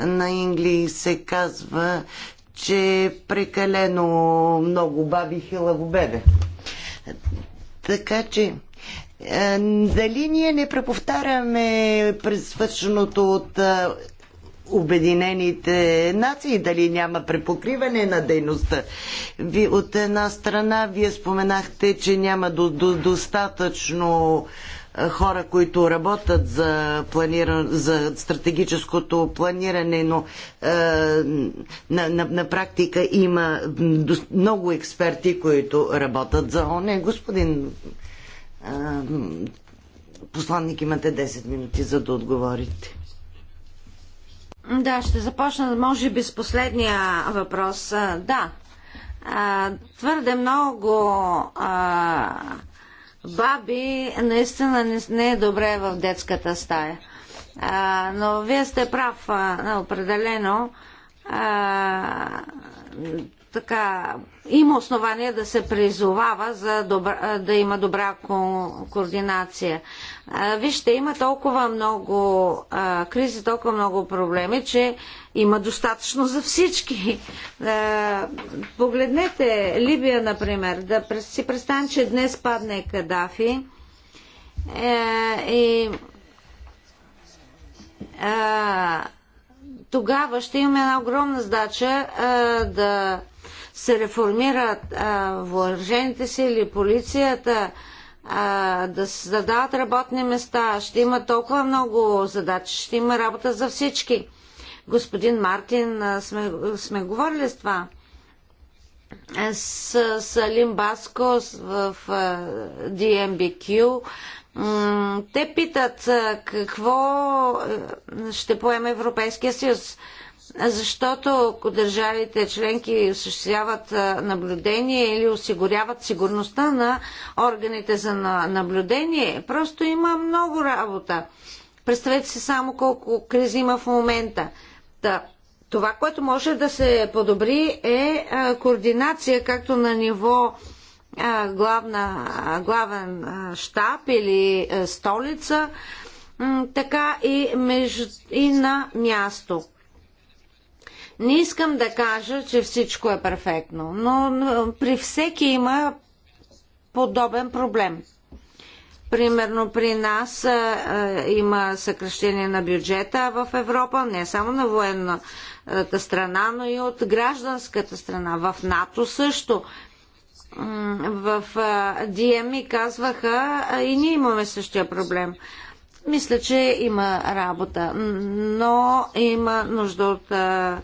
на Ингли се казва, че прекалено много баби хилаво бебе. Така че е, дали ние не преповтаряме през свършеното от е, Обединените нации, дали няма препокриване на дейността. Ви, от една страна, вие споменахте, че няма до, до, достатъчно е, хора, които работят за, планира, за стратегическото планиране, но е, на, на, на практика има много експерти, които работят за ОНЕ. Господин посланник, имате 10 минути за да отговорите. Да, ще започна, може би, с последния въпрос. Да, твърде много баби наистина не, е добре в детската стая. но вие сте прав, определено така, има основание да се призовава за добра, да има добра ко, координация. А, вижте, има толкова много а, кризи, толкова много проблеми, че има достатъчно за всички. А, погледнете Либия, например, да си представим, че днес падне Кадафи а, е, и а, тогава ще имаме една огромна задача а, да се реформират въоръжените сили, полицията, а, да задават работни места, ще има толкова много задачи, ще има работа за всички. Господин Мартин, а, сме, сме говорили с това. С, с Алим Баско в а, DMBQ. те питат какво ще поеме Европейския съюз защото ако държавите членки осъществяват наблюдение или осигуряват сигурността на органите за наблюдение, просто има много работа. Представете си само колко кризи има в момента. Да. Това, което може да се подобри е координация както на ниво главна, главен штаб или столица, така и, между, и на място. Не искам да кажа, че всичко е перфектно, но при всеки има подобен проблем. Примерно при нас а, а, има съкръщение на бюджета в Европа, не само на военната страна, но и от гражданската страна. В НАТО също. В а, ДМИ казваха а, и ние имаме същия проблем. Мисля, че има работа, но има нужда от а,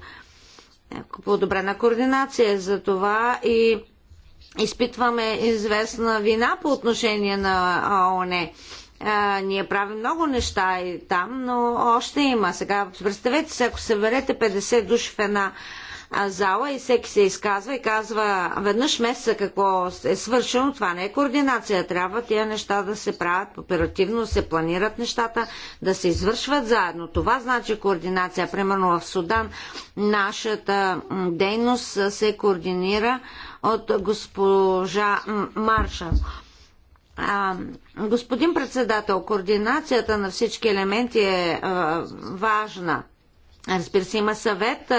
подобрена координация. За това и изпитваме известна вина по отношение на ООН. А, ние правим много неща и там, но още има. Сега представете се, ако съберете 50 души в една зала и всеки се изказва и казва веднъж месеца какво е свършено, това не е координация. Трябва тия неща да се правят оперативно, се планират нещата, да се извършват заедно. Това значи координация. Примерно в Судан нашата дейност се координира от госпожа Маршал. А, господин председател, координацията на всички елементи е а, важна. Разбира се, има съвет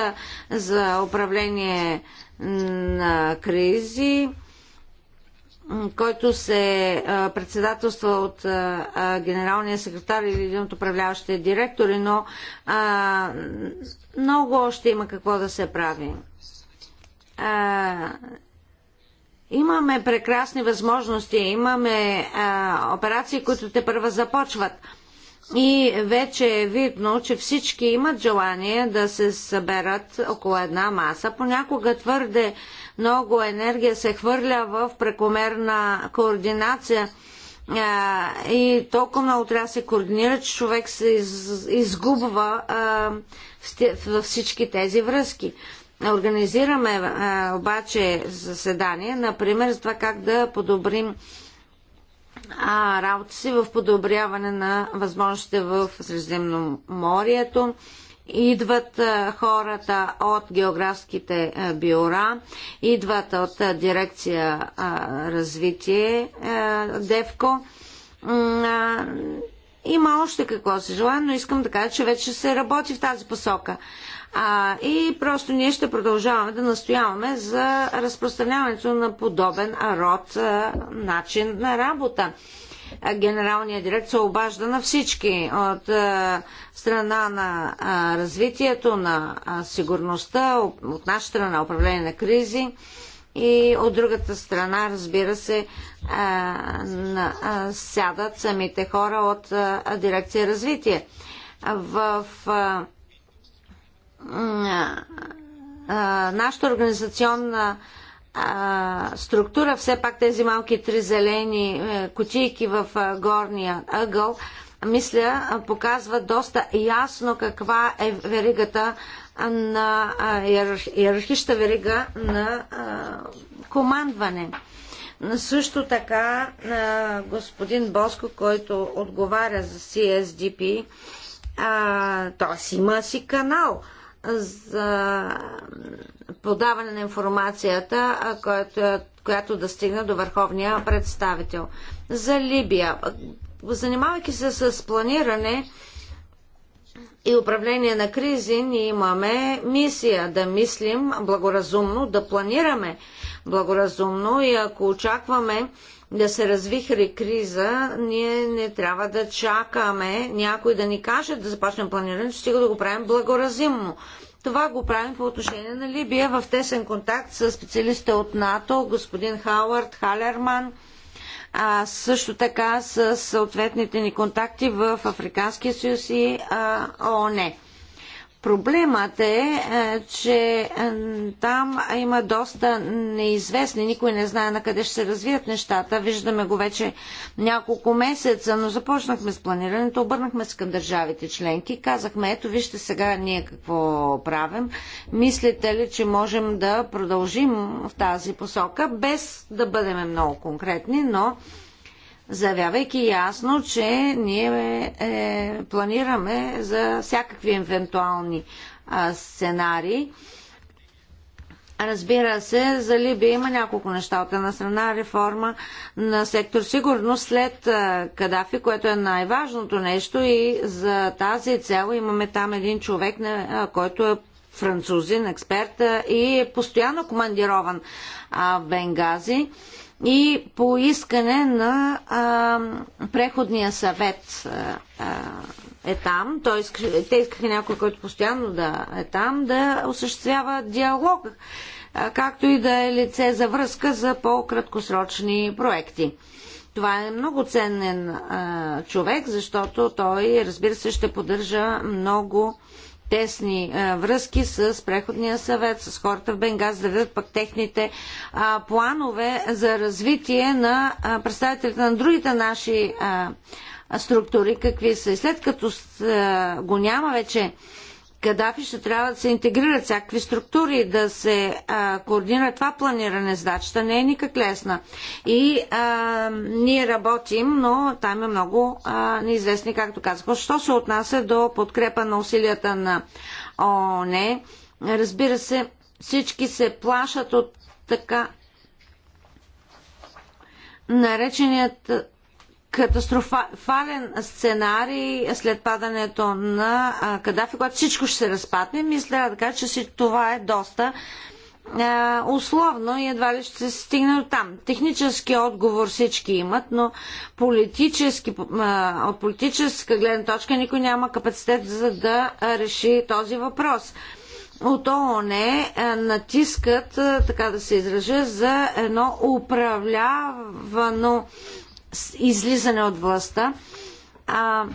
за управление на кризи, който се председателства от генералния секретар или един от управляващите директори, но много още има какво да се прави. Имаме прекрасни възможности, имаме операции, които те първа започват – и вече е видно, че всички имат желание да се съберат около една маса. Понякога твърде много енергия се хвърля в прекомерна координация и толкова много трябва да се координира, че човек се изгубва във всички тези връзки. Организираме обаче заседание, например, за това как да подобрим а, работа си в подобряване на възможностите в Средиземноморието. Идват хората от географските бюра, идват от дирекция развитие ДЕВКО. Има още какво се желая, но искам да кажа, че вече се работи в тази посока. А, и просто ние ще продължаваме да настояваме за разпространяването на подобен род а, начин на работа. Генералният директ се обажда на всички от а, страна на а, развитието, на а, сигурността, от наша страна управление на кризи и от другата страна, разбира се, а, на, а, сядат самите хора от а, дирекция развитие. В а, нашата организационна а, структура, все пак тези малки три зелени е, кутийки в горния ъгъл, мисля, показва доста ясно каква е веригата на иерархища верига на а, командване. Също така а, господин Боско, който отговаря за CSDP, т.е. има си канал, за подаване на информацията, която, която да стигне до върховния представител. За Либия. Занимавайки се с планиране и управление на кризи, ние имаме мисия да мислим благоразумно, да планираме благоразумно и ако очакваме да се развихри криза, ние не трябва да чакаме някой да ни каже да започнем планирането, стига да го правим благоразумно. Това го правим по отношение на Либия в тесен контакт с специалистите от НАТО, господин Хауърд, Халерман, а също така с съответните ни контакти в Африканския съюз и ООН. Проблемът е, е че е, там има доста неизвестни, никой не знае на къде ще се развият нещата. Виждаме го вече няколко месеца, но започнахме с планирането, обърнахме се към държавите членки, казахме, ето вижте сега ние какво правим. Мислите ли, че можем да продължим в тази посока, без да бъдем много конкретни, но заявявайки ясно, че ние е, планираме за всякакви евентуални а, сценарии. Разбира се, за Либия има няколко неща. От една страна реформа на сектор сигурност след Кадафи, което е най-важното нещо и за тази цел имаме там един човек, който е французин, експерт и е постоянно командирован в Бенгази и по искане на а, преходния съвет а, е там, той те искаха някой, който постоянно да е там, да осъществява диалог, а, както и да е лице за връзка за по-краткосрочни проекти. Това е много ценен а, човек, защото той, разбира се, ще поддържа много а, тесни връзки с преходния съвет, с хората в Бенгаз, да видят пък техните а, планове за развитие на а, представителите на другите наши структури, какви са. И след като го няма вече Кадафи ще трябва да се интегрират всякакви структури, да се а, координира това планиране. Задачата не е никак лесна. И а, ние работим, но там е много а, неизвестни, както казах. Що се отнася до подкрепа на усилията на ООН, разбира се, всички се плашат от така нареченият катастрофален сценарий след падането на Кадафи, когато всичко ще се разпадне. Мисля така, че това е доста условно и едва ли ще се стигне до там. Технически отговор всички имат, но политически, от политическа гледна точка никой няма капацитет за да реши този въпрос. От ООН е, натискат, е, така да се изража, за едно управлявано излизане от властта. А,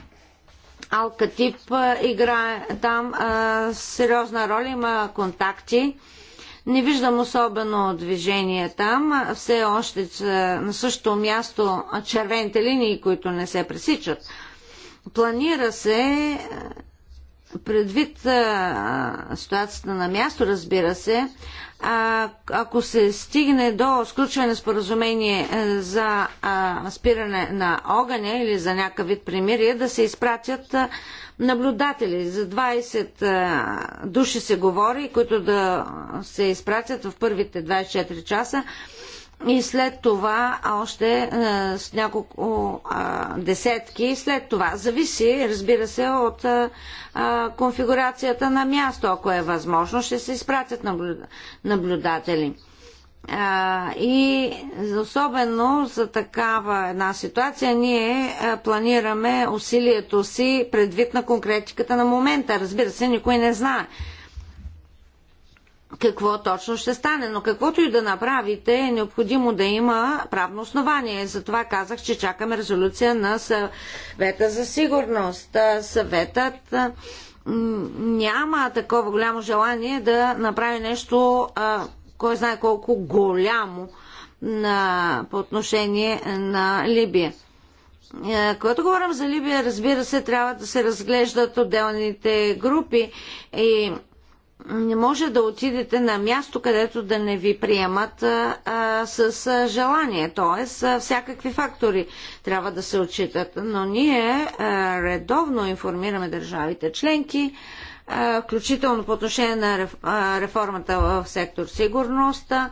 Алкатип играе там а, сериозна роля, има контакти. Не виждам особено движение там. Все още на същото място червените линии, които не се пресичат. Планира се предвид а, ситуацията на място, разбира се, а, ако се стигне до сключване на споразумение е, за а, спиране на огъня или за някакъв вид примирие, да се изпратят а, наблюдатели. За 20 а, души се говори, които да се изпратят в първите 24 часа и след това още е, с няколко десетки, след това зависи, разбира се, от е, конфигурацията на място, ако е възможно, ще се изпратят наблюдатели. и особено за такава една ситуация ние е, планираме усилието си предвид на конкретиката на момента. Разбира се, никой не знае какво точно ще стане. Но каквото и да направите, е необходимо да има правно основание. Затова казах, че чакаме резолюция на съвета за сигурност. Съветът няма такова голямо желание да направи нещо, кой знае колко голямо на, по отношение на Либия. Когато говорим за Либия, разбира се, трябва да се разглеждат отделните групи и не може да отидете на място, където да не ви приемат а, с желание. Тоест, всякакви фактори трябва да се отчитат. Но ние а, редовно информираме държавите членки, а, включително по отношение на реформата в сектор сигурността.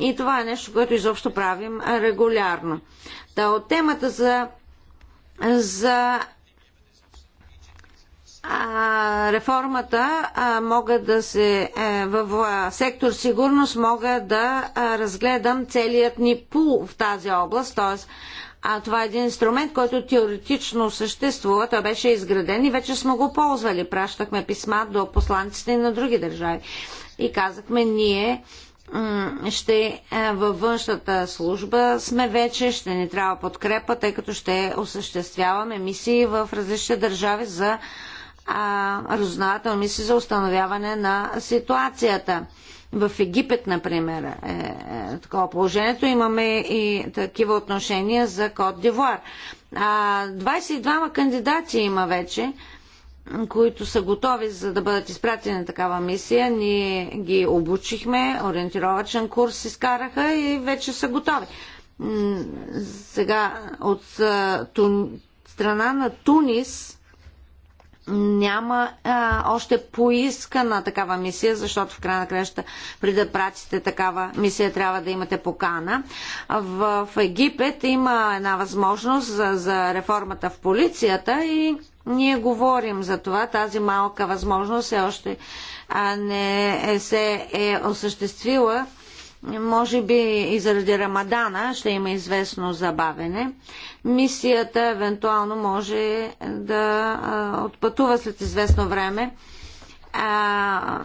И това е нещо, което изобщо правим регулярно. Та от темата за за а, реформата а, мога да се е, в сектор сигурност мога да а, разгледам целият ни пул в тази област, т.е. А това е един инструмент, който теоретично съществува. Той беше изграден и вече сме го ползвали. Пращахме писма до посланците на други държави. И казахме, ние ще е, във външната служба сме вече, ще ни трябва подкрепа, тъй като ще осъществяваме мисии в различни държави за а, разузнавателни мисии за установяване на ситуацията. В Египет, например, е, е такова положението. Имаме и такива отношения за Кот Дивуар. 22 кандидати има вече, които са готови за да бъдат изпратени на такава мисия. Ние ги обучихме, ориентировачен курс изкараха и вече са готови. Сега от страна на Тунис няма а, още поискана такава мисия, защото в края на краща, преди да пратите такава мисия, трябва да имате покана. В, в Египет има една възможност за, за реформата в полицията и ние говорим за това. Тази малка възможност е още а не е, се е осъществила може би и заради Рамадана ще има известно забавене. Мисията евентуално може да отпътува след известно време. А,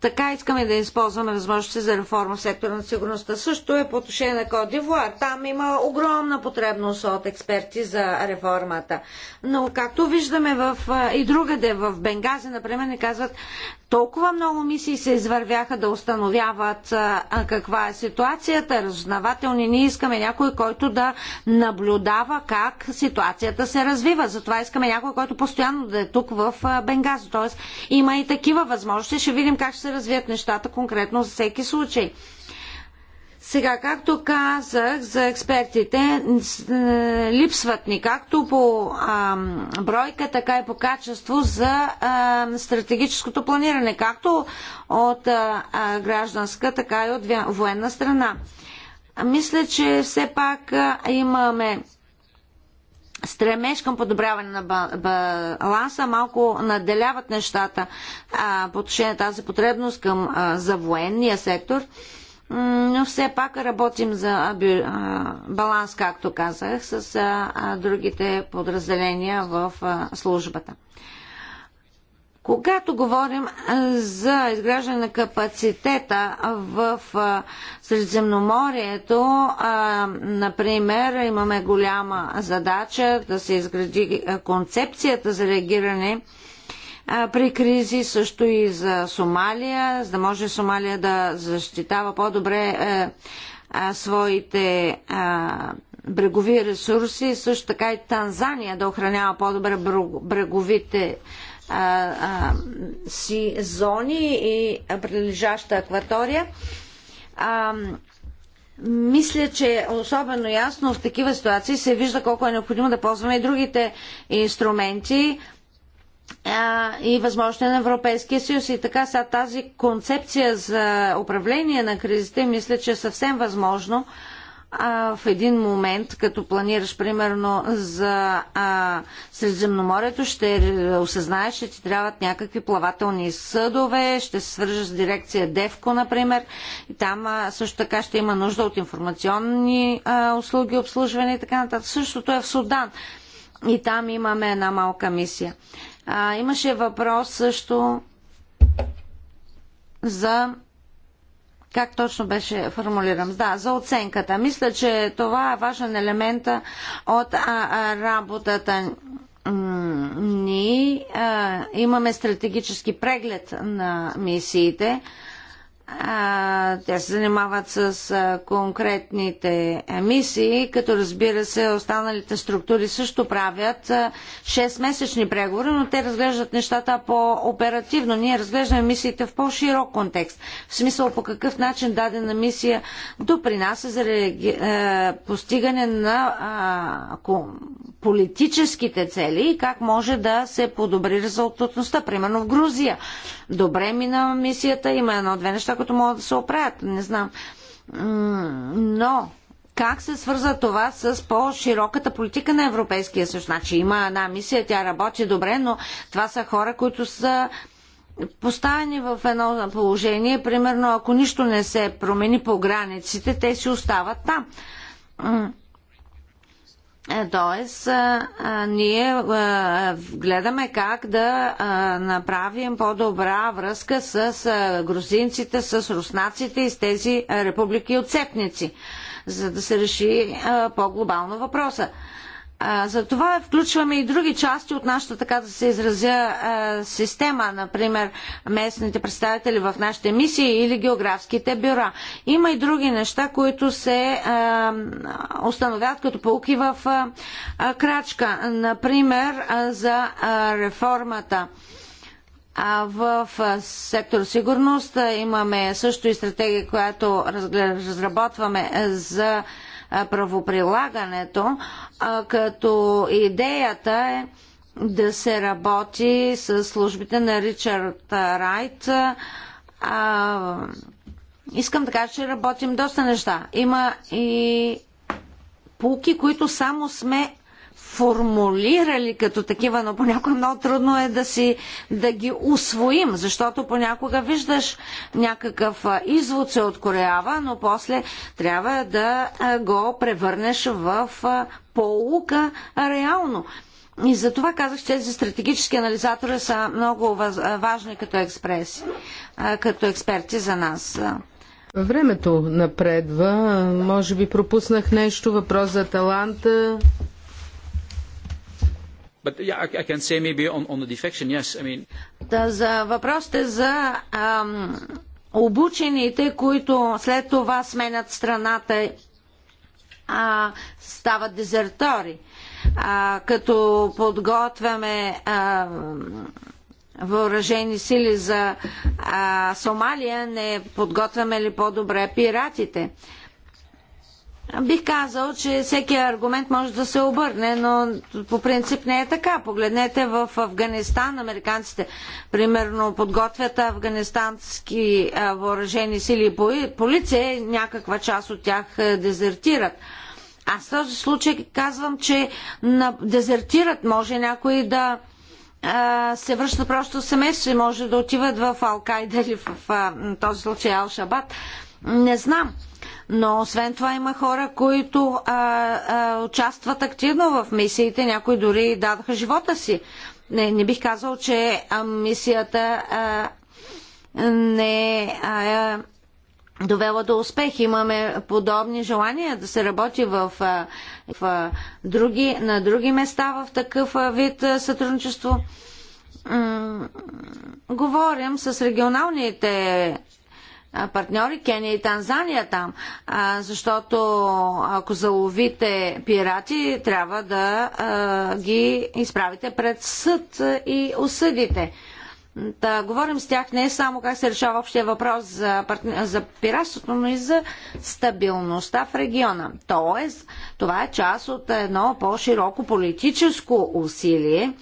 така искаме да използваме възможности за реформа в сектора на сигурността. Също е по отношение на Код Дивуар. Там има огромна потребност от експерти за реформата. Но както виждаме в, и другаде, в Бенгази, например, ни казват, толкова много мисии се извървяха да установяват а, каква е ситуацията. Разузнавателни ние искаме някой, който да наблюдава как ситуацията се развива. Затова искаме някой, който постоянно да е тук в Бенгазо. Тоест има и такива възможности. Ще видим как ще се развият нещата конкретно за всеки случай. Сега, както казах за експертите, е, липсват ни както по а, бройка, така и по качество за а, стратегическото планиране, както от а, гражданска, така и от военна страна. Мисля, че все пак имаме стремеж към подобряване на баланса, малко наделяват нещата а, по отношение на тази потребност към, а, за военния сектор но все пак работим за баланс, както казах, с другите подразделения в службата. Когато говорим за изграждане на капацитета в Средиземноморието, например, имаме голяма задача да се изгради концепцията за реагиране при кризи, също и за Сомалия, за да може Сомалия да защитава по-добре е, своите брегови ресурси, също така и Танзания да охранява по-добре бреговите а, а, си зони и прилежаща акватория. А, мисля, че е особено ясно в такива ситуации се вижда колко е необходимо да ползваме и другите инструменти, и възможно на Европейския съюз. И така са тази концепция за управление на кризите, мисля, че е съвсем възможно а, в един момент, като планираш примерно за а, Средземноморието, ще осъзнаеш, че ти трябват някакви плавателни съдове, ще се свържеш с дирекция Девко, например. И там а, също така ще има нужда от информационни а, услуги, обслужване и така нататък. Същото е в Судан. И там имаме една малка мисия. А, имаше въпрос също за как точно беше формулирам? Да, за оценката. Мисля, че това е важен елемент от а, а, работата ни. А, имаме стратегически преглед на мисиите. А, те се занимават с а, конкретните мисии, като разбира се останалите структури също правят а, 6-месечни преговори, но те разглеждат нещата по-оперативно. Ние разглеждаме мисиите в по-широк контекст. В смисъл по какъв начин дадена мисия допринася за реаги... а, постигане на а, политическите цели и как може да се подобри резултатността. Примерно в Грузия. Добре мина мисията, има едно-две неща, които могат да се оправят. Не знам. Но как се свърза това с по-широката политика на Европейския съюз? Значи има една мисия, тя работи добре, но това са хора, които са поставени в едно положение. Примерно, ако нищо не се промени по границите, те си остават там. Е, тоест, ние гледаме как да направим по-добра връзка с грузинците, с руснаците и с тези републики отцепници, за да се реши по-глобално въпроса. Затова включваме и други части от нашата, така да се изразя, система, например местните представители в нашите мисии или географските бюра. Има и други неща, които се установяват като полки в крачка. Например, за реформата. А в сектор сигурност имаме също и стратегия, която разработваме за правоприлагането, като идеята е да се работи с службите на Ричард Райт. А, искам да кажа, че работим доста неща. Има и полки, които само сме формулирали като такива, но понякога много трудно е да, си, да ги усвоим, защото понякога виждаш някакъв извод се откорява, но после трябва да го превърнеш в полука реално. И за това казах, че тези стратегически анализатори са много важни като, експреси, като експерти за нас. Времето напредва. Може би пропуснах нещо. Въпрос за таланта. But yeah, I, I can say maybe on, on the defection, yes. I mean... за въпросите за ам, обучените, които след това сменят страната, а, стават дезертори. А, като подготвяме а, въоръжени сили за а, Сомалия, не подготвяме ли по-добре пиратите? А, Бих казал, че всеки аргумент може да се обърне, но по принцип не е така. Погледнете в Афганистан, американците примерно подготвят афганистански въоръжени сили и полиция, някаква част от тях дезертират. Аз в този случай казвам, че дезертират, може някой да се връща просто в семейство и може да отиват в Алкайда или в, в, в този случай Ал-Шабат. Не знам. Но освен това има хора, които а, а, участват активно в мисиите, някои дори дадаха живота си. Не, не бих казал, че а, мисията а, не а, а, е довела до успех. Имаме подобни желания да се работи в, в, в други, на други места в такъв вид сътрудничество. М говорим с регионалните партньори, Кения и Танзания там, защото ако заловите пирати, трябва да ги изправите пред съд и осъдите. Да говорим с тях не само как се решава общия въпрос за, за пиратството, но и за стабилността в региона. Тоест, това е част от едно по-широко политическо усилие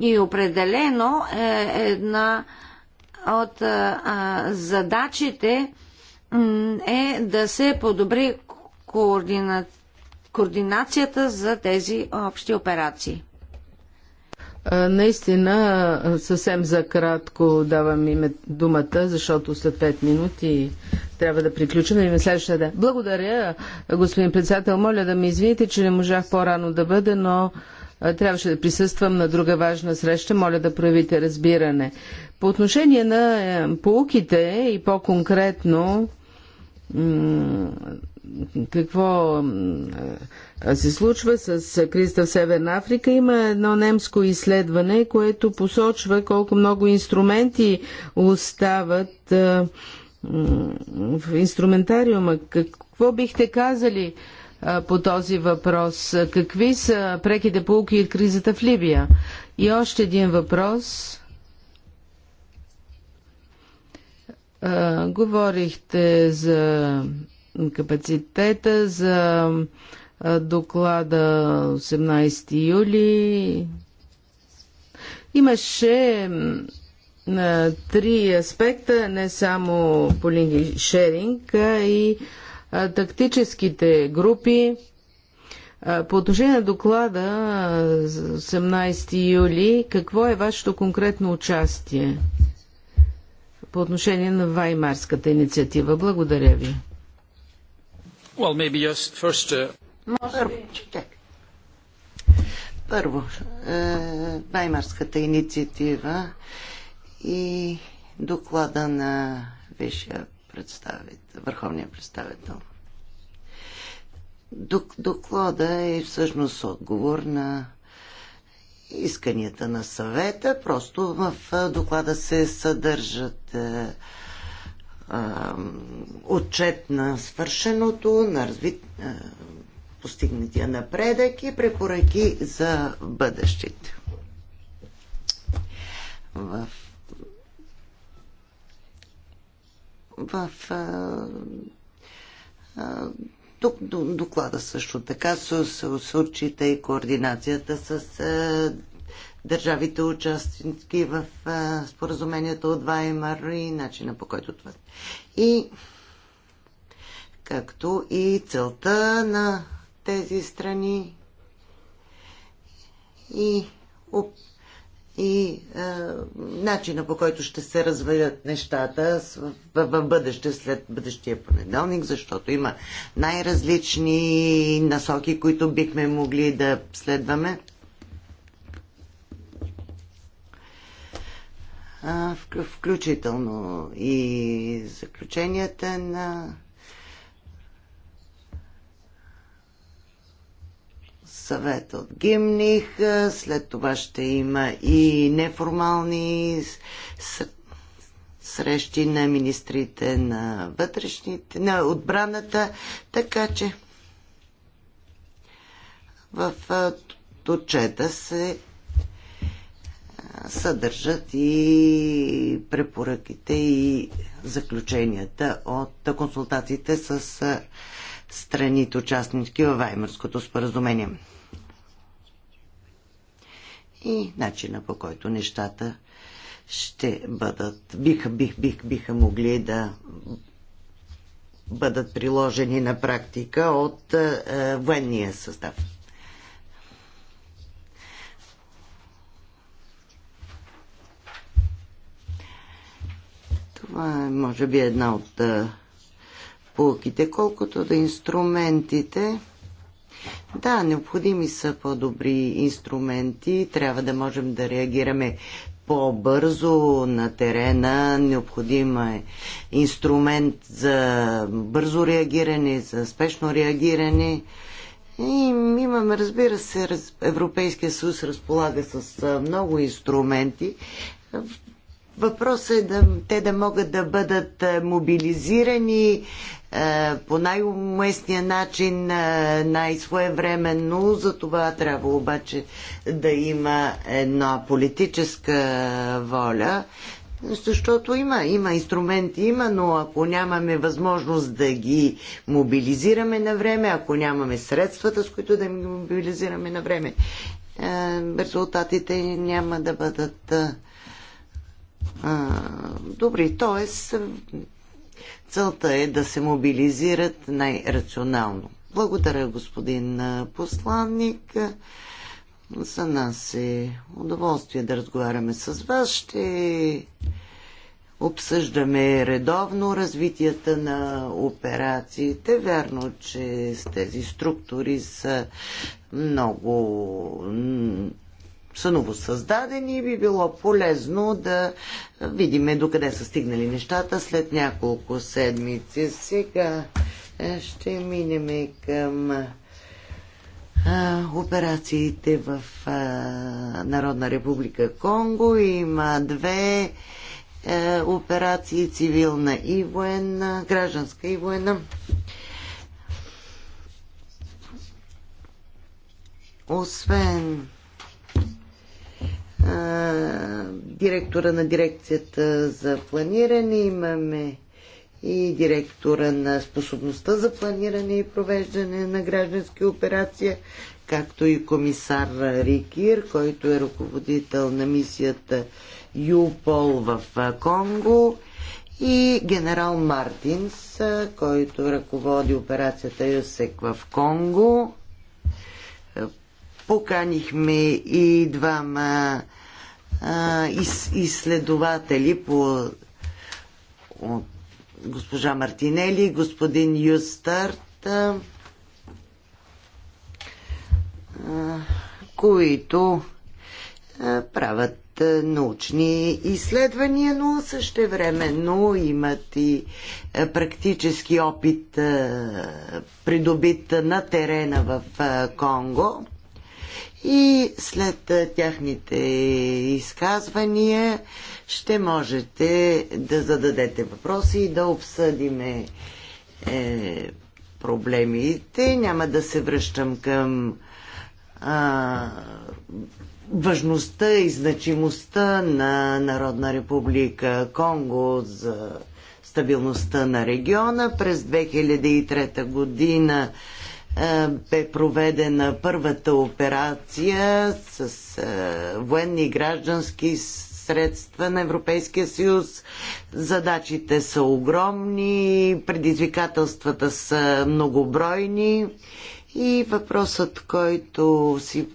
и определено е една от задачите е да се подобри координа... координацията за тези общи операции. Наистина, съвсем за кратко давам име думата, защото след 5 минути трябва да приключим. Име следващата да. Благодаря, господин председател. Моля да ми извините, че не можах по-рано да бъда, но трябваше да присъствам на друга важна среща. Моля да проявите разбиране. По отношение на е, полуките и по-конкретно какво е, се случва с кризата в Северна Африка. Има едно немско изследване, което посочва колко много инструменти остават е, в инструментариума. Какво бихте казали по този въпрос? Какви са преките полуки от кризата в Либия? И още един въпрос говорихте за капацитета, за доклада 18 юли. Имаше на три аспекта, не само по шеринг, а и а, тактическите групи. А, по отношение на доклада 18 юли, какво е вашето конкретно участие? по отношение на Ваймарската инициатива. Благодаря ви. Well, maybe just first, uh... Може би, чакай. Първо, е, Ваймарската инициатива и доклада на Висшия представител, Върховния представител. Док, Доклада е всъщност отговор на исканията на съвета. Просто в доклада се съдържат е, отчет на свършеното, на развит, е, постигнатия напредък и препоръки за бъдещите. В в тук доклада също така се, отчита и координацията с държавите участники в споразумението от Ваймар и начина по който това. И както и целта на тези страни и и а, е, начина по който ще се развалят нещата в, в бъдеще, след бъдещия понеделник, защото има най-различни насоки, които бихме могли да следваме. А, включително и заключенията на съвет от Гимних, след това ще има и неформални срещи на министрите на вътрешните, на отбраната, така че в отчета се съдържат и препоръките и заключенията от консултациите с страните участнички във Ваймърското споразумение и начина по който нещата ще бъдат, биха, бих, бих, биха могли да бъдат приложени на практика от е, е военния състав. Това е, може би, една от е, полките, колкото да инструментите. Да, необходими са по-добри инструменти, трябва да можем да реагираме по-бързо на терена, необходим е инструмент за бързо реагиране, за спешно реагиране. И имаме, разбира се, Европейския съюз разполага с много инструменти, Въпросът е да, те да могат да бъдат е, мобилизирани е, по най-уместния начин, е, най-своевременно. За това трябва обаче да има една политическа воля, защото има, има инструменти, има, но ако нямаме възможност да ги мобилизираме на време, ако нямаме средствата, с които да ги мобилизираме на време, е, резултатите няма да бъдат е, Добре, добри. Тоест, целта е да се мобилизират най-рационално. Благодаря, господин посланник. За нас е удоволствие да разговаряме с вас. Ще обсъждаме редовно развитията на операциите. Вярно, че с тези структури са много са новосъздадени и би било полезно да видиме докъде са стигнали нещата след няколко седмици. Сега е, ще минем към е, операциите в е, Народна република Конго. Има две операции цивилна и военна, гражданска и военна. Освен директора на дирекцията за планиране, имаме и директора на способността за планиране и провеждане на граждански операция, както и комисар Рикир, който е ръководител на мисията ЮПОЛ в Конго и генерал Мартинс, който ръководи операцията ЮСЕК в Конго. Поканихме и двама изследователи по от госпожа Мартинели, господин Юстарт, които правят научни изследвания, но също времено имат и практически опит придобит на терена в Конго и след тяхните изказвания ще можете да зададете въпроси и да обсъдиме е, проблемите. Няма да се връщам към а, важността и значимостта на Народна република Конго за стабилността на региона. През 2003 година е, бе проведена първата операция с е, военни и граждански средства на Европейския съюз. Задачите са огромни, предизвикателствата са многобройни и въпросът, който си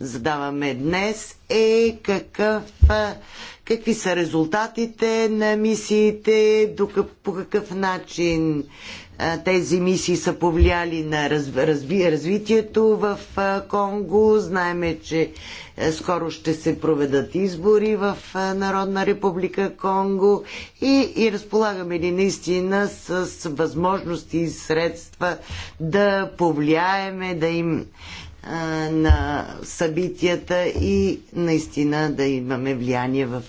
задаваме днес е какъв, е, какви са резултатите на мисиите, по какъв начин тези мисии са повлияли на развитието в Конго. Знаеме, че скоро ще се проведат избори в Народна република Конго и, и разполагаме ли наистина с възможности и средства да повлияеме, да им на събитията и наистина да имаме влияние в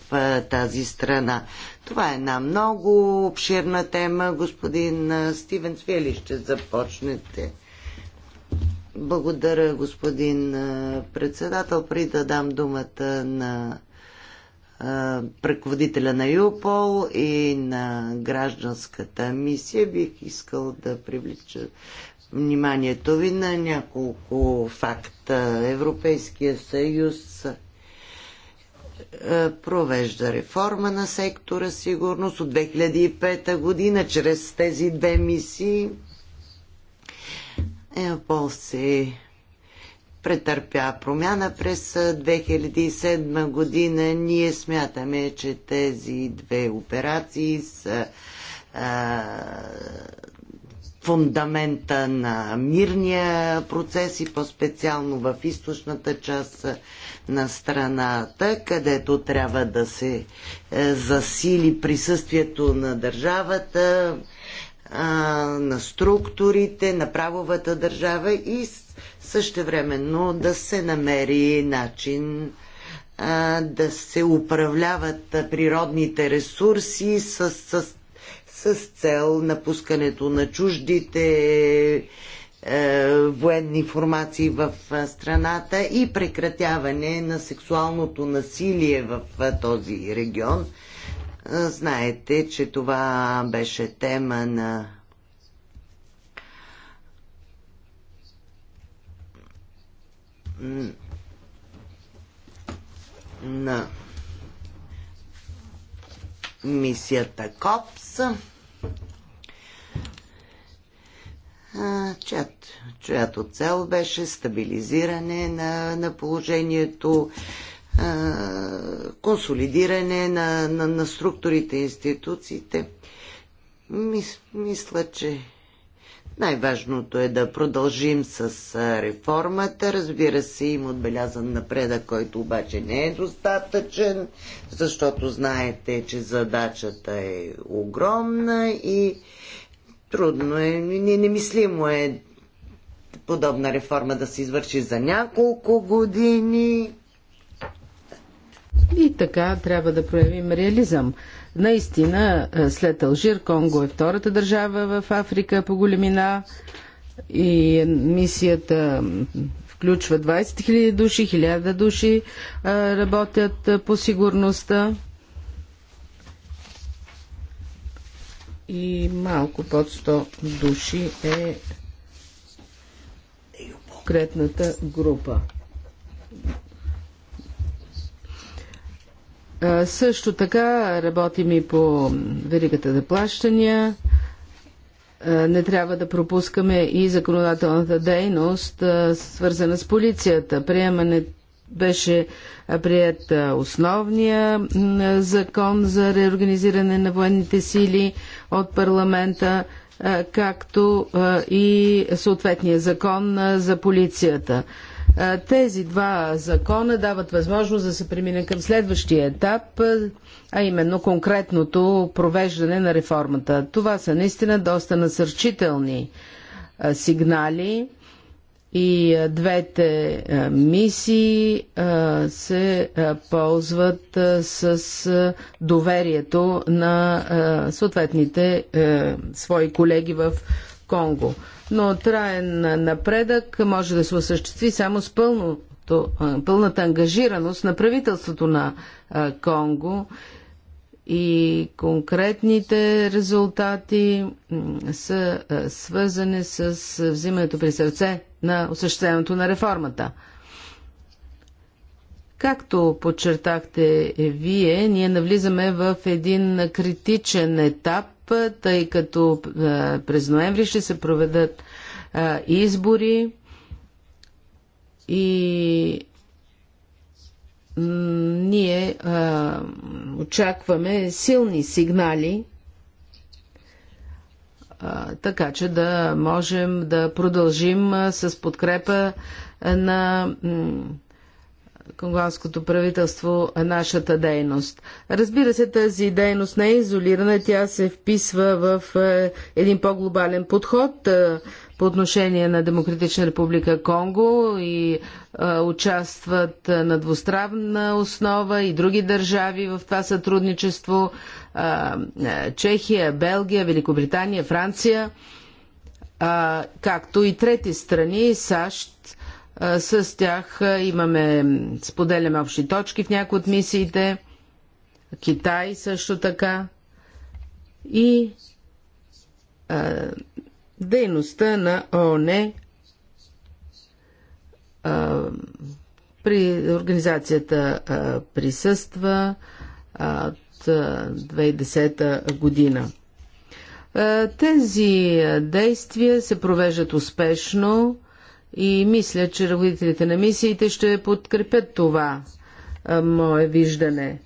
тази страна. Това е една много обширна тема. Господин Стивен Свели ще започнете. Благодаря, господин председател. При да дам думата на преководителя на ЮПОЛ и на гражданската мисия бих искал да привлича вниманието ви на няколко факта. Европейския съюз е, провежда реформа на сектора сигурност от 2005 година чрез тези две мисии. Европол се претърпя промяна през 2007 е, година. Ние смятаме, че тези две операции са е, фундамента на мирния процес и по-специално в източната част на страната, където трябва да се е, засили присъствието на държавата, на структурите, на правовата държава и същевременно да се намери начин да се управляват природните ресурси с, с с цел напускането на чуждите е, военни формации в е, страната и прекратяване на сексуалното насилие в е, този регион. Знаете, че това беше тема на на мисията КОПС, чият, чиято цел беше стабилизиране на, на положението, консолидиране на, на, на структурите и институциите. Мис, мисля, че най-важното е да продължим с реформата. Разбира се, им отбелязан напредък, който обаче не е достатъчен, защото знаете, че задачата е огромна и трудно е, немислимо е подобна реформа да се извърши за няколко години така трябва да проявим реализъм. Наистина, е, след Алжир, Конго е втората държава в Африка по големина и мисията включва 20 000 души, 1000 души е, работят е, по сигурността. И малко под 100 души е конкретната група. Също така работим и по веригата за плащания. Не трябва да пропускаме и законодателната дейност, свързана с полицията. Приемане беше прият основния закон за реорганизиране на военните сили от парламента, както и съответния закон за полицията. Тези два закона дават възможност да се премине към следващия етап, а именно конкретното провеждане на реформата. Това са наистина доста насърчителни сигнали и двете мисии се ползват с доверието на съответните е, свои колеги в Конго но траен напредък може да се осъществи само с пълното, пълната ангажираност на правителството на Конго и конкретните резултати са свързани с взимането при сърце на осъществяването на реформата. Както подчертахте вие, ние навлизаме в един критичен етап тъй като е, през ноември ще се проведат е, избори и ние е, очакваме силни сигнали, така че да можем да продължим с подкрепа на конгонското правителство нашата дейност. Разбира се, тази дейност не е изолирана, тя се вписва в е, един по-глобален подход е, по отношение на Демократична република Конго и е, участват на двустранна основа и други държави в това сътрудничество Чехия, Белгия, Великобритания, Франция, както и трети страни, САЩ, с тях имаме, споделяме общи точки в някои от мисиите. Китай също така. И а, дейността на ООН а, при организацията а, присъства а, от 2010 година. Тези действия се провеждат успешно и мисля, че ръководителите на мисиите ще подкрепят това а, мое виждане.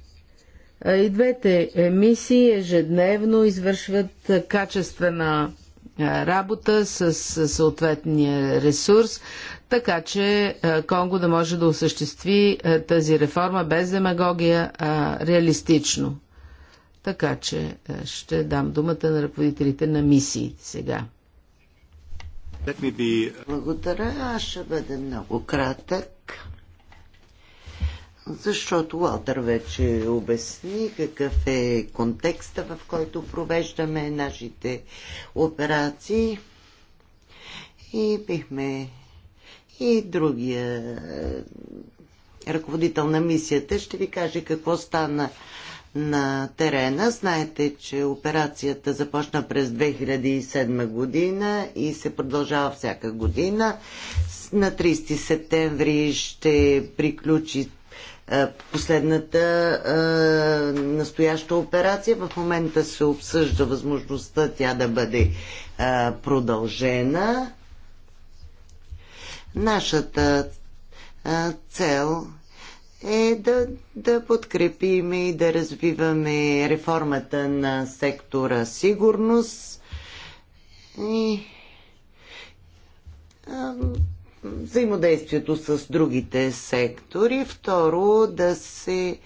А, и двете мисии ежедневно извършват качествена работа с съответния ресурс, така че Конго да може да осъществи тази реформа без демагогия, а реалистично. Така че ще дам думата на ръководителите на мисиите сега be... Uh, Благодаря, аз ще бъда много кратък, защото Уолтер вече обясни какъв е контекста, в който провеждаме нашите операции и бихме и другия е, ръководител на мисията ще ви каже какво стана на терена. Знаете, че операцията започна през 2007 година и се продължава всяка година. На 30 септември ще приключи е, последната а, е, настояща операция. В момента се обсъжда възможността тя да бъде а, е, продължена. Нашата а, цел е да, да подкрепим и да развиваме реформата на сектора сигурност и взаимодействието с другите сектори. Второ, да се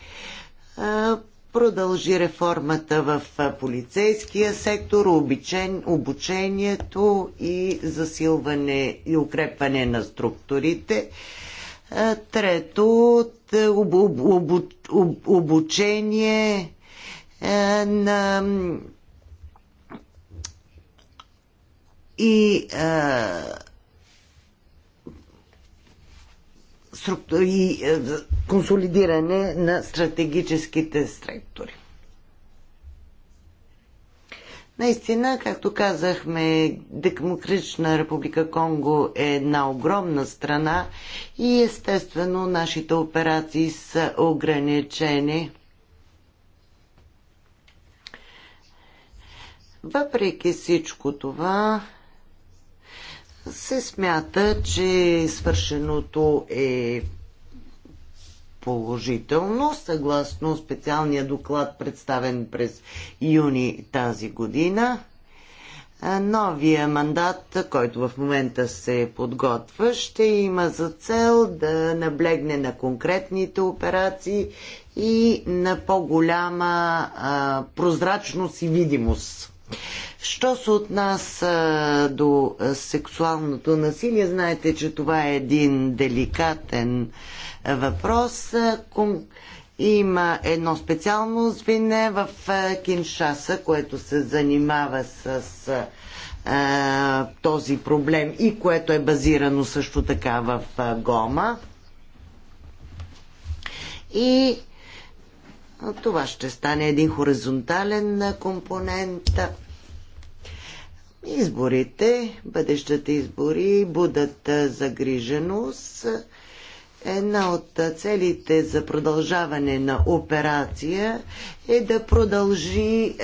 а, продължи реформата в полицейския сектор, обичен, обучението и засилване и укрепване на структурите. Трето, обучение на и консолидиране на стратегическите структури. Наистина, както казахме, Демократична република Конго е една огромна страна и естествено нашите операции са ограничени. Въпреки всичко това, се смята, че свършеното е положително, съгласно специалния доклад, представен през юни тази година. Новия мандат, който в момента се подготвя, ще има за цел да наблегне на конкретните операции и на по-голяма прозрачност и видимост. Що се отнася до сексуалното насилие, знаете, че това е един деликатен въпрос. Има едно специално звене в Киншаса, което се занимава с а, този проблем и което е базирано също така в а, Гома. И това ще стане един хоризонтален компонент. Изборите, бъдещите избори будат загриженост. Една от целите за продължаване на операция е да продължи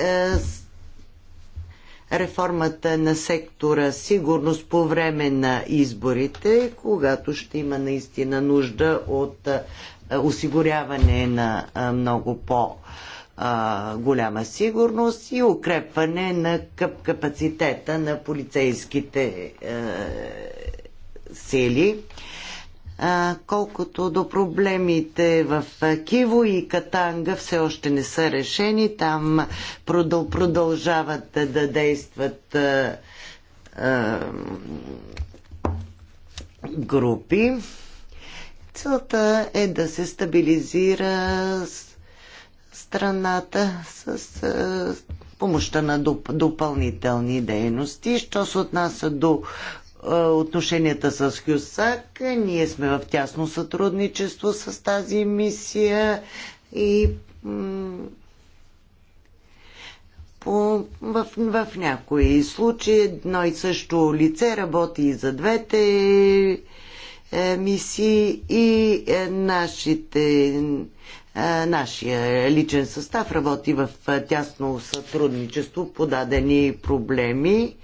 реформата на сектора сигурност по време на изборите, когато ще има наистина нужда от е, осигуряване на е, много по- е, голяма сигурност и укрепване на капацитета на полицейските е, сили. А, колкото до проблемите в Киво и Катанга все още не са решени, там продъл, продължават да действат е, е, групи. Целта е да се стабилизира страната с помощта на доп, допълнителни дейности. Що се отнася до е, отношенията с Хюсак, ние сме в тясно сътрудничество с тази мисия и по, в, в някои случаи едно и също лице работи и за двете мисии и е, нашите, е, нашия личен състав работи в е, тясно сътрудничество по дадени проблеми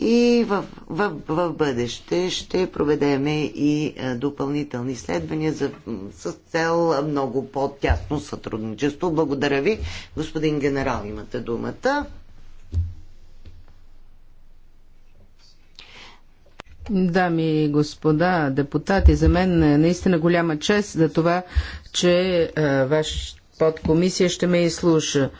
и в, в, в бъдеще ще проведеме и допълнителни изследвания за, с цел много по-тясно сътрудничество. Благодаря ви. Господин генерал, имате думата. Дами и господа депутати, за мен е наистина голяма чест за това, че е, ваш подкомисия ще ме изслуша.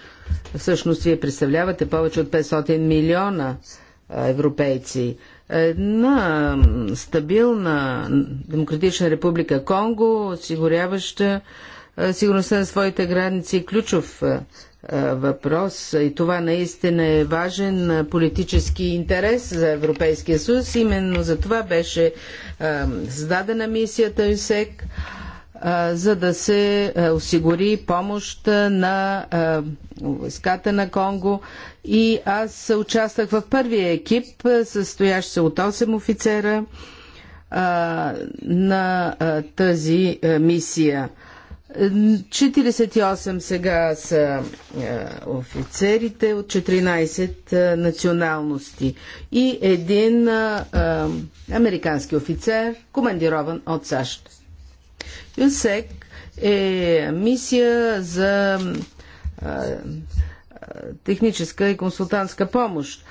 Всъщност, вие представлявате повече от 500 милиона е, европейци. Една стабилна демократична република Конго, осигуряваща е, сигурността на своите граници, ключов въпрос и това наистина е важен политически интерес за Европейския съюз. Именно за това беше създадена мисията ЮСЕК, за да се осигури помощ на войската на Конго. И аз участвах в първия екип, състоящ се от 8 офицера на тази мисия. 48 сега са е, офицерите от 14 е, националности и един е, американски офицер, командирован от САЩ. ЮНСЕК е мисия за техническа и консултантска помощ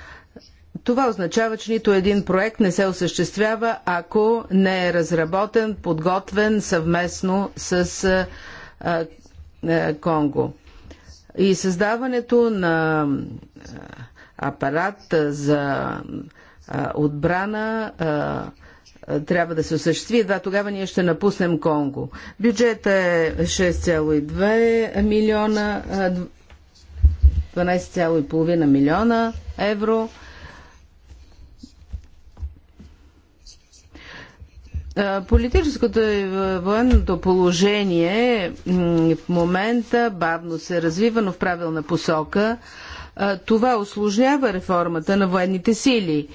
това означава, че нито един проект не се осъществява, ако не е разработен, подготвен съвместно с а, а, е, Конго. И създаването на апарат за отбрана трябва да се осъществи. Едва тогава ние ще напуснем Конго. Бюджета е 6,2 милиона, 12,5 милиона евро. Политическото и военното положение в момента бавно се развива, но в правилна посока. Това осложнява реформата на военните сили.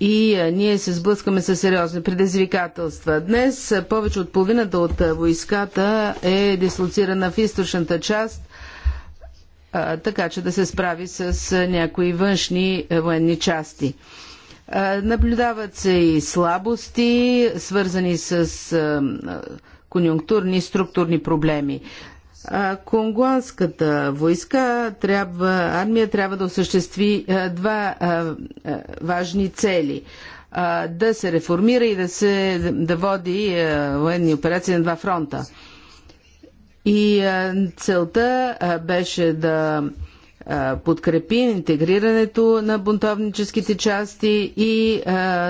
И ние се сблъскаме с сериозни предизвикателства. Днес повече от половината от войската е дислоцирана в източната част, така че да се справи с някои външни военни части. Наблюдават се и слабости, свързани с конюнктурни и структурни проблеми. Конгуанската войска трябва, армия трябва да осъществи два важни цели да се реформира и да, се, да води военни операции на два фронта. И целта беше да подкрепи интегрирането на бунтовническите части и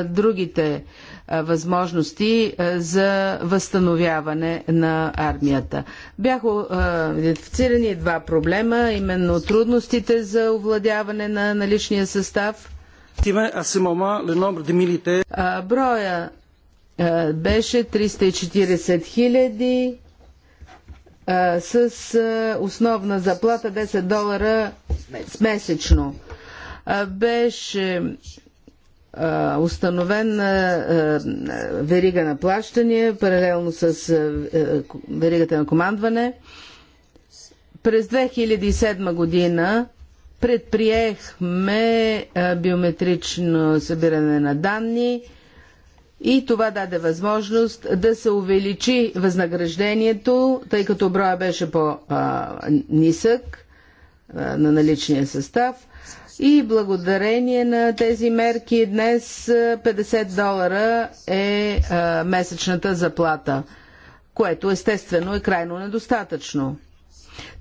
другите възможности за възстановяване на армията. Бяха идентифицирани два проблема, именно трудностите за овладяване на наличния състав. Броя беше 340 хиляди с основна заплата 10 долара месечно. Беше установен верига на плащания, паралелно с веригата на командване. През 2007 година предприехме биометрично събиране на данни и това даде възможност да се увеличи възнаграждението, тъй като броя беше по-нисък на наличния състав. И благодарение на тези мерки днес 50 долара е месечната заплата, което естествено е крайно недостатъчно.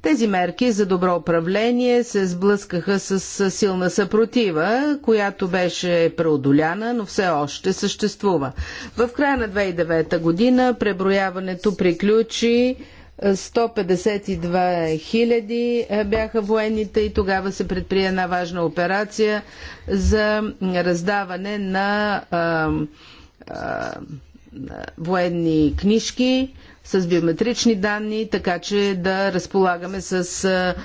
Тези мерки за добро управление се сблъскаха с силна съпротива, която беше преодоляна, но все още съществува. В края на 2009 година преброяването приключи 152 хиляди е, бяха военните и тогава се предприе една важна операция за раздаване на а, а, военни книжки с биометрични данни, така че да разполагаме с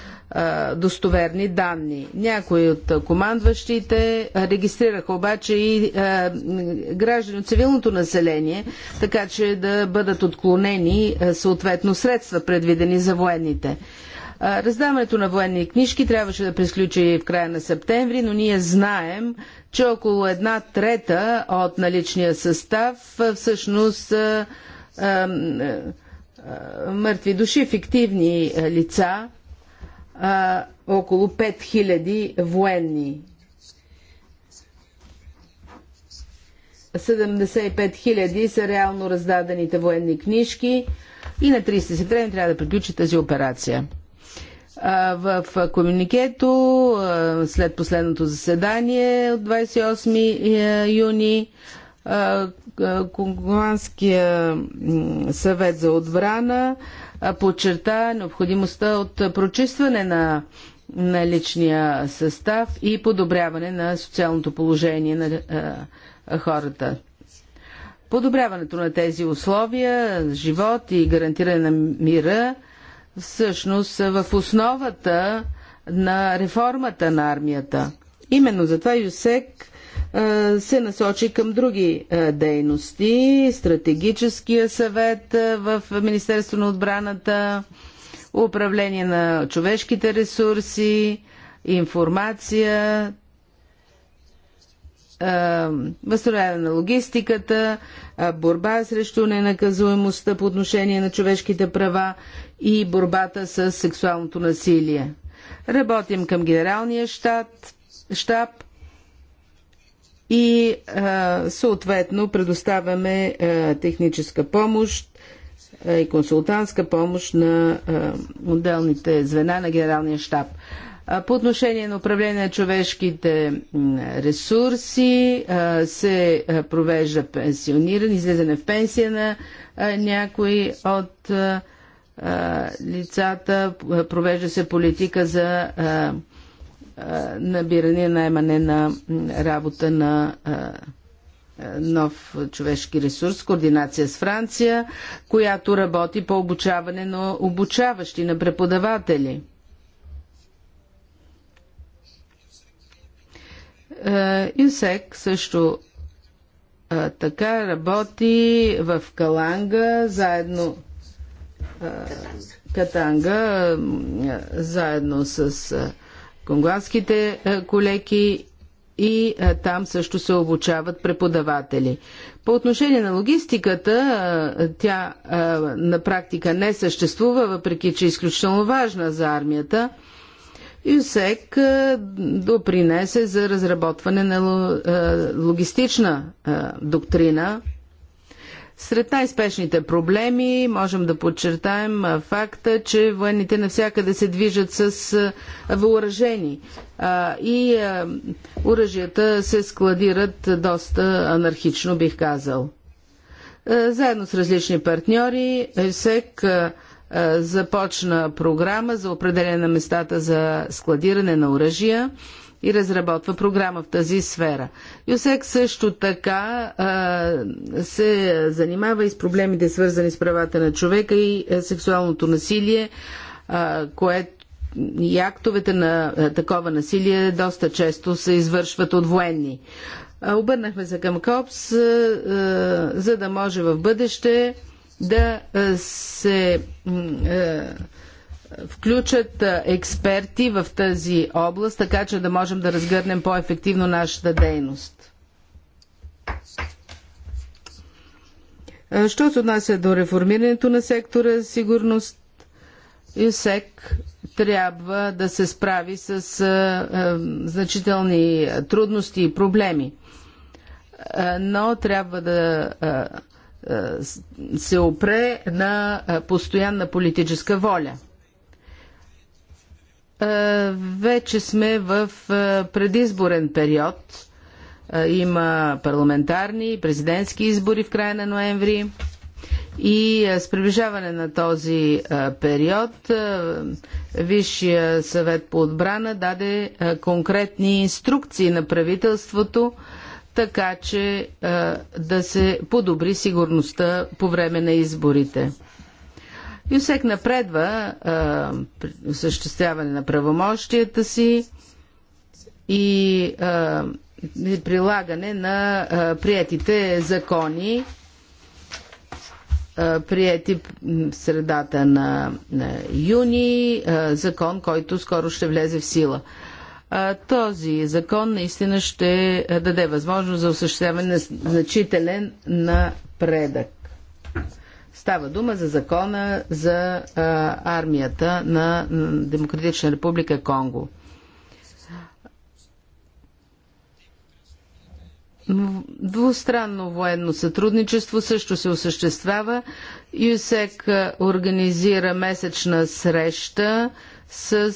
достоверни данни. Някои от командващите регистрираха обаче и граждани от цивилното население, така че да бъдат отклонени съответно средства, предвидени за военните. Раздаването на военни книжки трябваше да приключи в края на септември, но ние знаем, че около една трета от наличния състав всъщност мъртви души, фиктивни лица, около 5000 военни. 75 000 са реално раздадените военни книжки и на 30 септември трябва да приключи тази операция. В комуникето след последното заседание от 28 юни Конгуанския съвет за отбрана подчерта необходимостта от прочистване на на личния състав и подобряване на социалното положение на хората. Подобряването на тези условия, живот и гарантиране на мира всъщност са в основата на реформата на армията. Именно затова ЮСЕК се насочи към други дейности. Стратегическия съвет в Министерство на отбраната, управление на човешките ресурси, информация, възстановяване на логистиката, борба срещу ненаказуемостта по отношение на човешките права и борбата с сексуалното насилие. Работим към генералния щаб, щаб и а, съответно предоставяме а, техническа помощ а, и консултантска помощ на а, отделните звена на Генералния щаб. По отношение на управление на човешките ресурси се провежда пенсиониране, излизане в пенсия на някои от лицата, провежда се политика за набиране, наймане на работа на нов човешки ресурс, координация с Франция, която работи по обучаване на обучаващи, на преподаватели. Инсек също така работи в Каланга, заедно Катанга, заедно с конгуанските е, колеки и е, там също се обучават преподаватели. По отношение на логистиката, е, тя на практика не съществува, въпреки че е изключително важна за армията. ЮСЕК допринесе за разработване на логистична доктрина сред най-спешните проблеми можем да подчертаем факта, че военните навсякъде се движат с въоръжени и оръжията се складират доста анархично, бих казал. Заедно с различни партньори СЕК започна програма за определяне на местата за складиране на оръжия и разработва програма в тази сфера. ЮСЕК също така а, се занимава и с проблемите свързани с правата на човека и сексуалното насилие, а, което и актовете на а, такова насилие доста често се извършват от военни. А, обърнахме се към КОПС, а, за да може в бъдеще да се включат експерти в тази област, така че да можем да разгърнем по-ефективно нашата дейност. Що се отнася до реформирането на сектора сигурност, ЮСЕК трябва да се справи с а, а, значителни трудности и проблеми. А, но трябва да а, а, се опре на постоянна политическа воля. Е, вече сме в е, предизборен период. Е, има парламентарни и президентски избори в края на ноември. И с приближаване на този период Висшия съвет по отбрана даде конкретни инструкции на правителството, така че да се подобри сигурността по време на изборите. ЮСЕК напредва а, осъществяване на правомощията си и а, прилагане на а, приятите закони, а, прияти в средата на, на юни, а, закон, който скоро ще влезе в сила. А, този закон наистина ще даде възможност за осъществяване на значителен напредък. Става дума за закона за армията на Демократична република Конго. Двустранно военно сътрудничество също се осъществява. ЮСЕК организира месечна среща с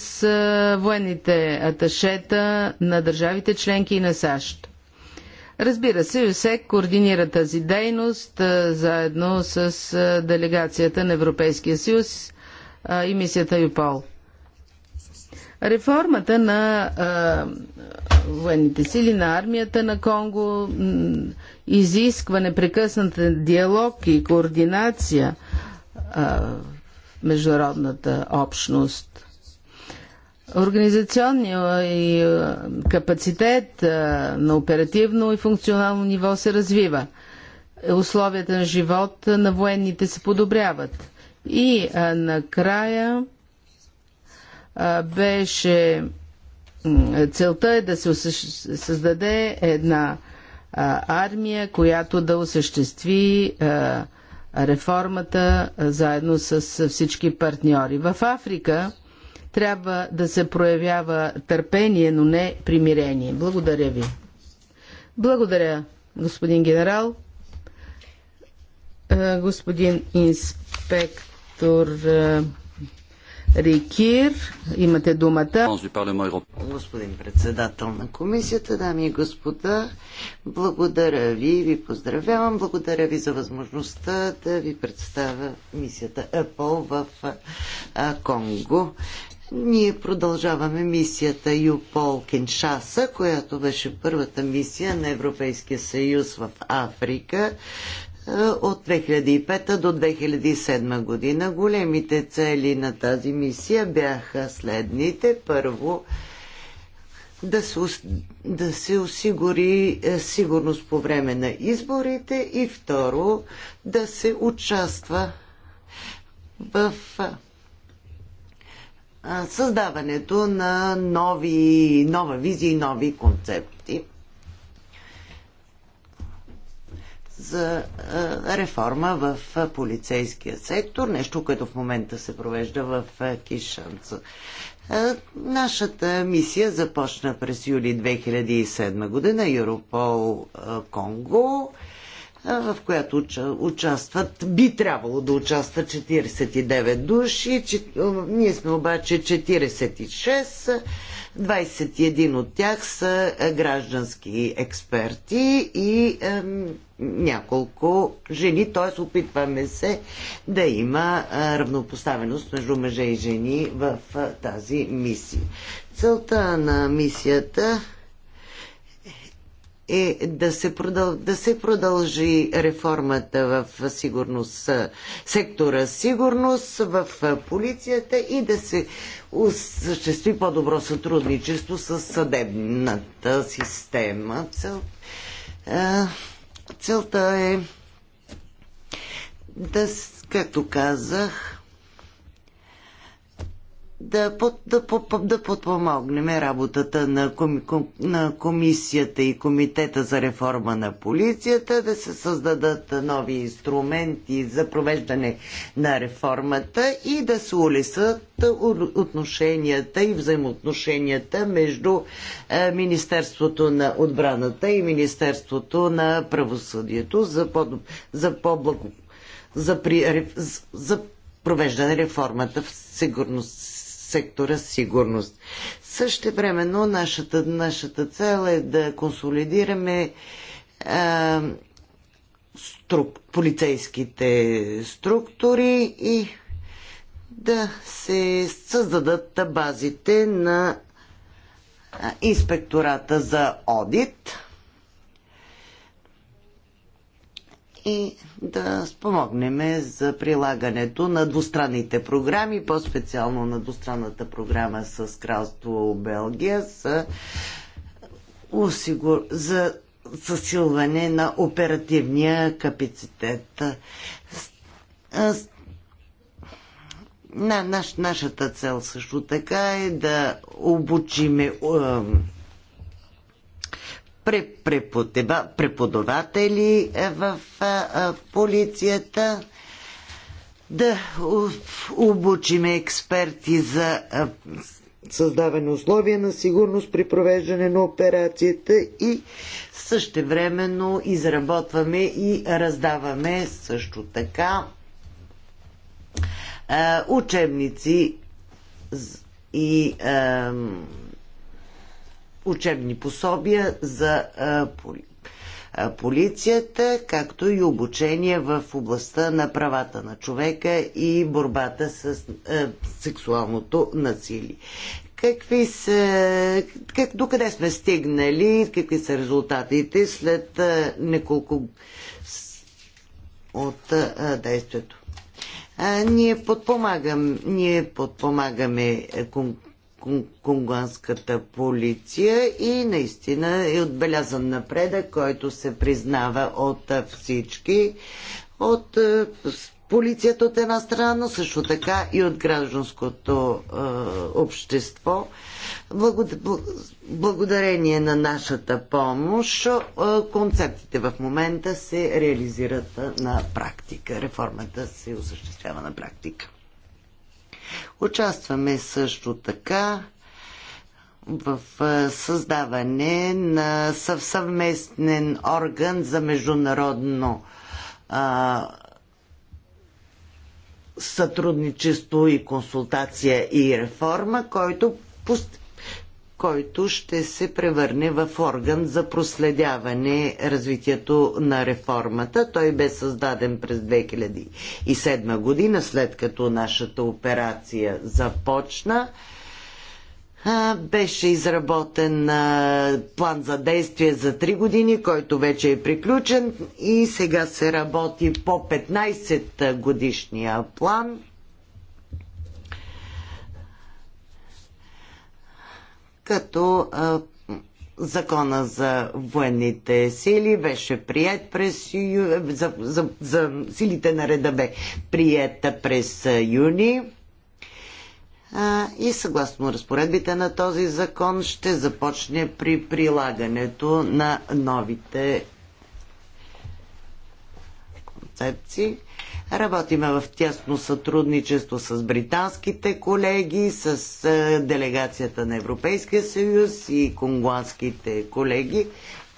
военните аташета на държавите членки и на САЩ. Разбира се, ЮСЕК координира тази дейност заедно с делегацията на Европейския съюз и мисията ЮПОЛ. Реформата на а, военните сили, на армията на Конго изисква непрекъснат диалог и координация в международната общност. Организационния и е, капацитет е, на оперативно и функционално ниво се развива. Условията на живот на военните се подобряват. И е, накрая беше целта е да се създаде една армия, която да осъществи реформата заедно с всички партньори. В Африка трябва да се проявява търпение, но не примирение. Благодаря ви. Благодаря, господин генерал. Е, господин инспектор е, Рикир, имате думата. Господин председател на комисията, дами и господа, благодаря ви, ви поздравявам, благодаря ви за възможността да ви представя мисията Apple в е, Конго. Ние продължаваме мисията ЮПОЛ Киншаса, която беше първата мисия на Европейския съюз в Африка е, от 2005 до 2007 година. Големите цели на тази мисия бяха следните. Първо, да се, да се осигури е, сигурност по време на изборите и второ, да се участва в създаването на нови, нова визия и нови концепти за реформа в полицейския сектор, нещо, което в момента се провежда в Кишанца. Нашата мисия започна през юли 2007 година Европол Конго в която участват, би трябвало да участват 49 души. Ние сме обаче 46. 21 от тях са граждански експерти и е, няколко жени, т.е. опитваме се да има равнопоставеност между мъже и жени в тази мисия. Целта на мисията е да се, продъл... да се продължи реформата в сигурност, сектора сигурност, в полицията и да се осъществи по-добро сътрудничество с съдебната система. Цел... Целта е да, както казах, да, под, да, да подпомогнем работата на, коми, ком, на комисията и комитета за реформа на полицията, да се създадат нови инструменти за провеждане на реформата и да се улесат отношенията и взаимоотношенията между е, Министерството на отбраната и Министерството на правосъдието за, по, за по-благо за, при, за провеждане реформата в сигурност сектора сигурност. Също времено нашата, нашата цел е да консолидираме а, струк, полицейските структури и да се създадат базите на инспектората за одит. И да спомогнем за прилагането на двустранните програми, по-специално на двустранната програма с Кралство Белгия за, осигур... за засилване на оперативния капацитет. На, наш, нашата цел също така е да обучиме преподаватели е, в е, е, полицията, да обучиме експерти за създаване условия на сигурност при провеждане на операцията и същевременно изработваме и раздаваме също така учебници и учебни пособия за полицията, както и обучение в областта на правата на човека и борбата с сексуалното насилие. Какви са, как, докъде сме стигнали, какви са резултатите след няколко от действието? ние подпомагам, ние подпомагаме конгуанската полиция и наистина е отбелязан напредък, който се признава от всички, от полицията от една страна, но също така и от гражданското е, общество. Благодарение на нашата помощ, концептите в момента се реализират на практика. Реформата се осъществява на практика. Участваме също така в създаване на съвместен орган за международно а, сътрудничество и консултация и реформа, който пост който ще се превърне в орган за проследяване развитието на реформата. Той бе създаден през 2007 година, след като нашата операция започна. Беше изработен план за действие за 3 години, който вече е приключен и сега се работи по 15 годишния план като закона за военните сили беше прият през ю... за, за, за силите на реда бе прията през юни а, и съгласно разпоредбите на този закон ще започне при прилагането на новите концепции. Работиме в тясно сътрудничество с британските колеги, с е, делегацията на Европейския съюз и конгуанските колеги,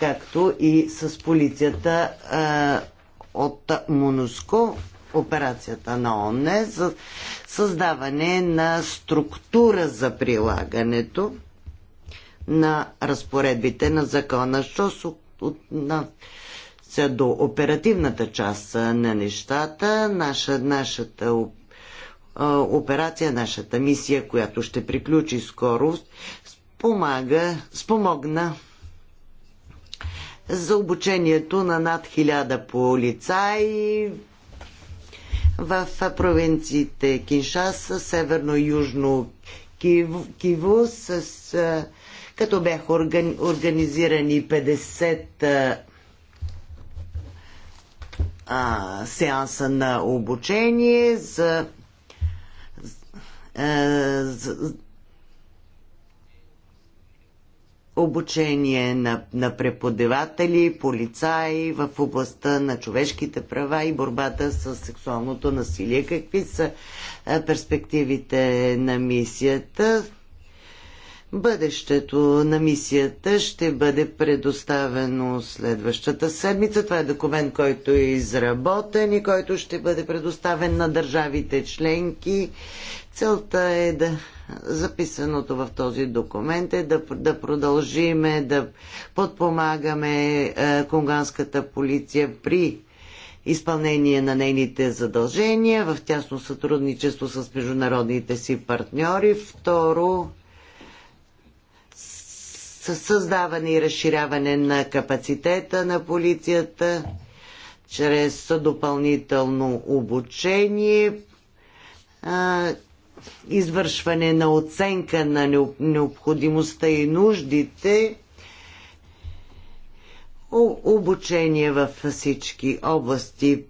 както и с полицията е, от Монуско, операцията на ООН за създаване на структура за прилагането на разпоредбите на закона. Що се от, на, до оперативната част на нещата, наша, нашата операция, нашата мисия, която ще приключи скоро, спомага, спомогна за обучението на над хиляда полицаи в провинциите Киншаса, Северно и Южно Киво, с, като бяха организирани 50 а, сеанса на обучение за, а, е, за обучение на, на преподаватели, полицаи в областта на човешките права и борбата с сексуалното насилие. Какви са е, перспективите на мисията? Бъдещето на мисията ще бъде предоставено следващата седмица. Това е документ, който е изработен и който ще бъде предоставен на държавите членки. Целта е да записаното в този документ е да, да продължиме да подпомагаме е, конганската полиция при изпълнение на нейните задължения в тясно сътрудничество с международните си партньори. Второ, със създаване и разширяване на капацитета на полицията, чрез допълнително обучение, извършване на оценка на необходимостта и нуждите, обучение във всички области,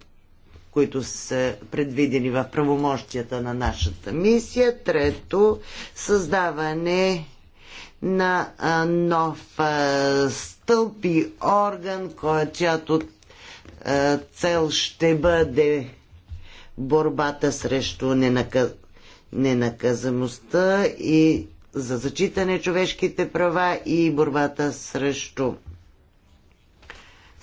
които са предвидени в правомощията на нашата мисия. Трето, създаване на нов стълб и орган, чиято цел ще бъде борбата срещу ненаказ... ненаказаността и за зачитане човешките права и борбата срещу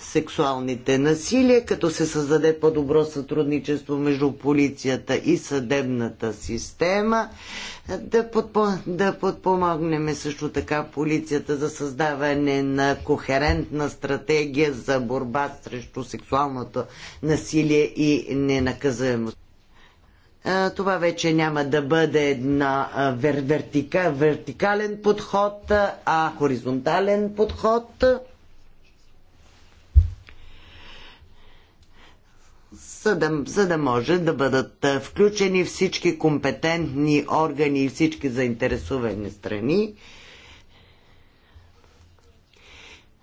сексуалните насилия, като се създаде по-добро сътрудничество между полицията и съдебната система, да, подпо, да подпомогнем също така полицията за създаване на кохерентна стратегия за борба срещу сексуалното насилие и ненаказуемост. Това вече няма да бъде една вертика, вертикален подход, а хоризонтален подход – за да, за да може да бъдат е, включени всички компетентни органи и всички заинтересовани страни.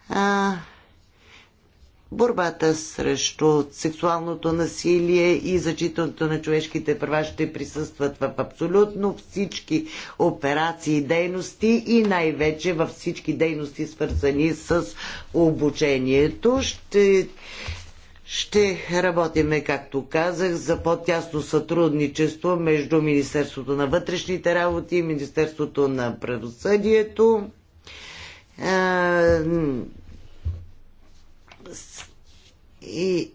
А, борбата срещу сексуалното насилие и зачитането на човешките права ще присъстват в абсолютно всички операции и дейности и най-вече във всички дейности свързани с обучението. Ще ще работиме, както казах, за по-тясно сътрудничество между Министерството на вътрешните работи и Министерството на правосъдието. И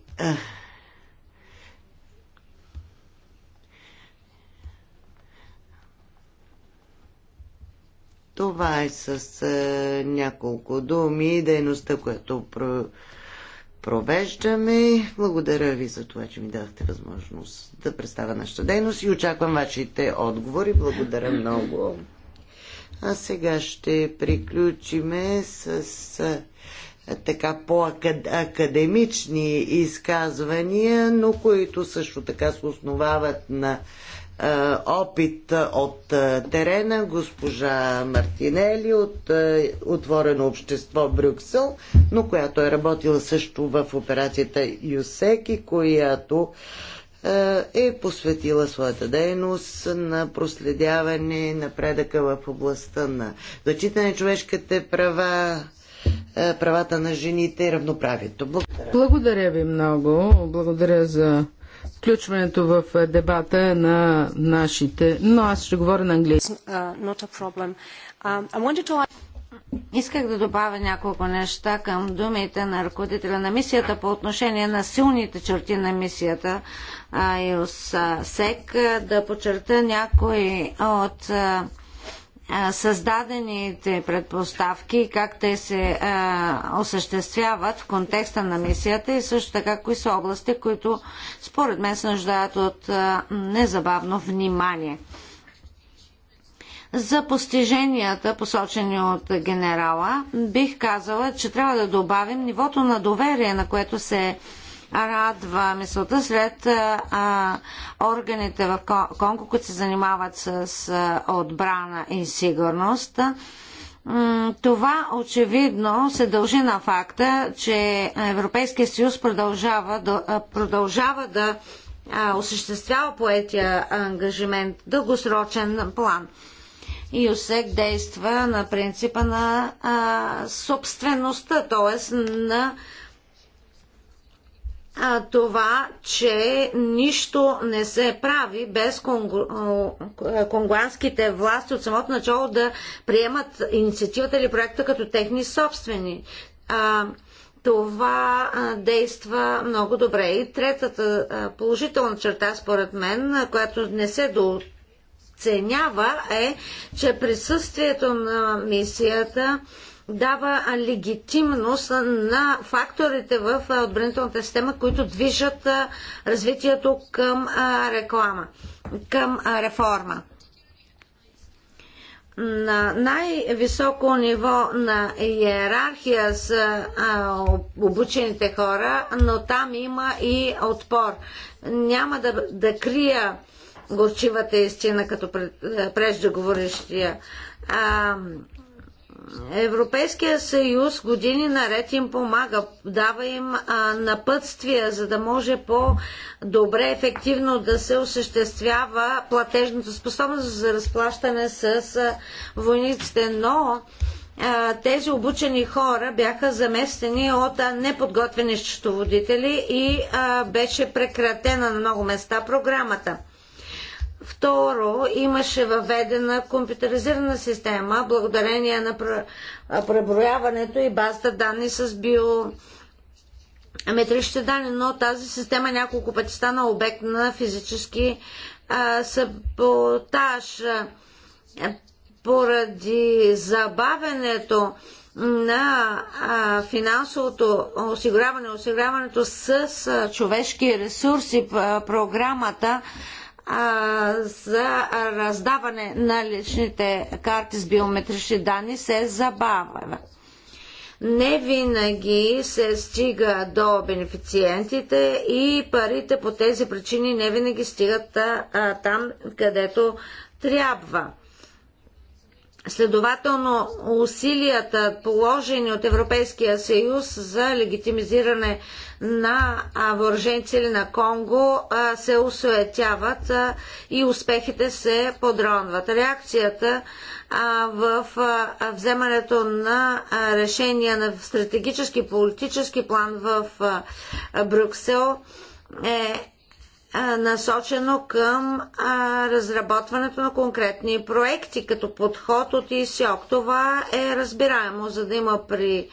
Това е с няколко думи дейността, която провеждаме. Благодаря ви за това, че ми дадахте възможност да представя нашата дейност и очаквам вашите отговори. Благодаря много. А сега ще приключиме с така по-академични изказвания, но които също така се основават на е, опит от е, терена, госпожа Мартинели от е, Отворено общество Брюксел, но която е работила също в операцията Юсеки, която е посветила своята дейност на проследяване напредъка в областта на зачитане на човешките права, правата на жените и равноправието. Благодаря. Благодаря ви много. Благодаря за включването в е, дебата на нашите... Но аз ще говоря на английски. Uh, um, Исках да добавя няколко неща към думите на ръководителя на мисията по отношение на силните черти на мисията ИОС СЕК, да подчерта някои от създадените предпоставки и как те се а, осъществяват в контекста на мисията и също така кои са области, които според мен се нуждаят от а, незабавно внимание. За постиженията, посочени от генерала, бих казала, че трябва да добавим нивото на доверие, на което се е радва мисълта след а, органите в Конго, които се занимават с а, отбрана и сигурност. Това очевидно се дължи на факта, че Европейския съюз продължава да, продължава да осъществява поетия ангажимент дългосрочен план. и ЮСЕК действа на принципа на а, собствеността, т.е. на а, това, че нищо не се прави без е, конгуанските власти от самото начало да приемат инициативата или проекта като техни собствени. А, това а, действа много добре. И третата а, положителна черта, според мен, а, която не се доценява, е, че присъствието на мисията а, дава легитимност на факторите в отбранителната система, които движат развитието към реклама, към реформа. На най-високо ниво на иерархия са обучените хора, но там има и отпор. Няма да, да крия горчивата истина като преждеговорещия. Европейския съюз години наред им помага, дава им а, напътствия, за да може по-добре, ефективно да се осъществява платежната способност за разплащане с а, войниците, но а, тези обучени хора бяха заместени от а, неподготвени счетоводители и а, беше прекратена на много места програмата. Второ, имаше въведена компютъризирана система, благодарение на преброяването и базата данни с био метричните данни, но тази система няколко пъти стана обект на физически а, саботаж. Поради забавянето на а, финансовото осигуряване, осигуряването с а, човешки ресурси, програмата а, за раздаване на личните карти с биометрични данни се забавя. Не винаги се стига до бенефициентите и парите по тези причини не винаги стигат а, там, където трябва. Следователно, усилията, положени от Европейския съюз за легитимизиране на въоръжените сили на Конго, се осуетяват и успехите се подронват. Реакцията в вземането на решения на стратегически политически план в Брюксел е насочено към разработването на конкретни проекти като подход от ИСИОК. Това е разбираемо, за да има при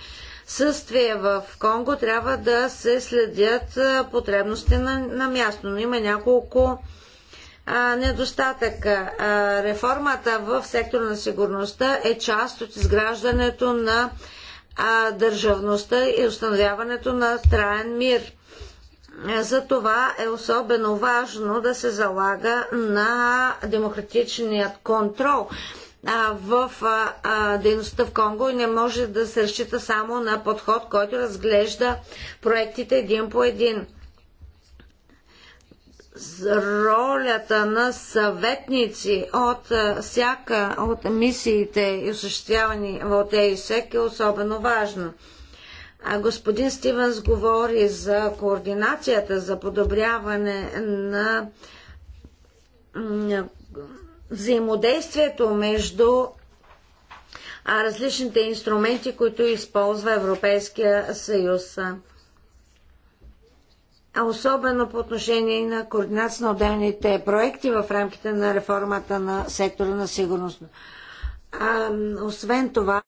съствие в Конго трябва да се следят потребности на, на място, но има няколко а, недостатъка. А, реформата в сектора на сигурността е част от изграждането на а, държавността и установяването на траен мир – затова е особено важно да се залага на демократичният контрол в дейността в Конго и не може да се разчита само на подход, който разглежда проектите един по един. Ролята на съветници от всяка от мисиите и осъществявани в ОТЕИСЕК е особено важна. А господин Стивенс говори за координацията, за подобряване на взаимодействието между различните инструменти, които използва Европейския съюз. особено по отношение на координация на отделните проекти в рамките на реформата на сектора на сигурност. А, освен това,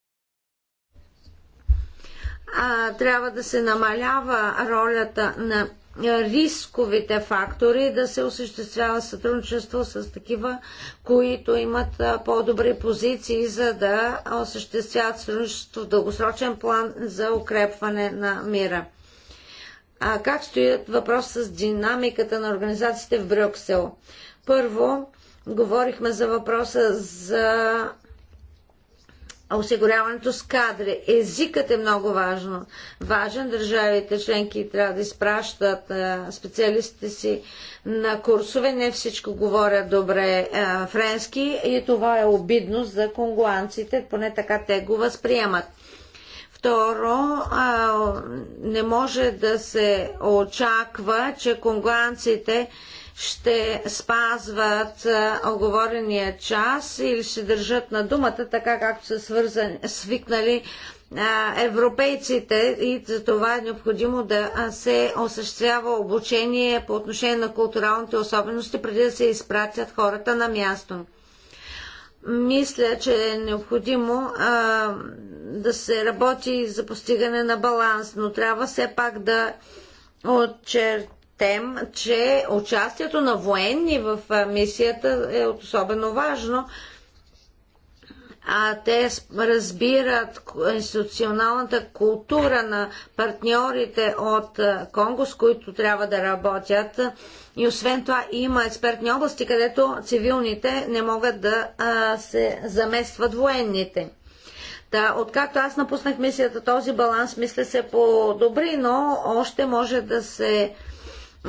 а, трябва да се намалява ролята на рисковите фактори, да се осъществява сътрудничество с такива, които имат по-добри позиции, за да осъществяват сътрудничество в дългосрочен план за укрепване на мира. А как стоят въпрос с динамиката на организациите в Брюксел? Първо, говорихме за въпроса за осигуряването с кадри. Езикът е много важно. Важен държавите членки трябва да изпращат а, специалистите си на курсове. Не всичко говорят добре а, френски и това е обидно за конгуанците, поне така те го възприемат. Второ, а, не може да се очаква, че конгуанците ще спазват е, оговорения час или ще държат на думата, така както са свързани, свикнали е, европейците и за това е необходимо да се осъществява обучение по отношение на културалните особености, преди да се изпратят хората на място. Мисля, че е необходимо а, е, да се работи за постигане на баланс, но трябва все пак да отчер тем, че участието на военни в мисията е от особено важно. А те разбират институционалната култура на партньорите от Конго, с които трябва да работят. И освен това има експертни области, където цивилните не могат да се заместват военните. Та, да, откакто аз напуснах мисията, този баланс мисля се подобри, но още може да се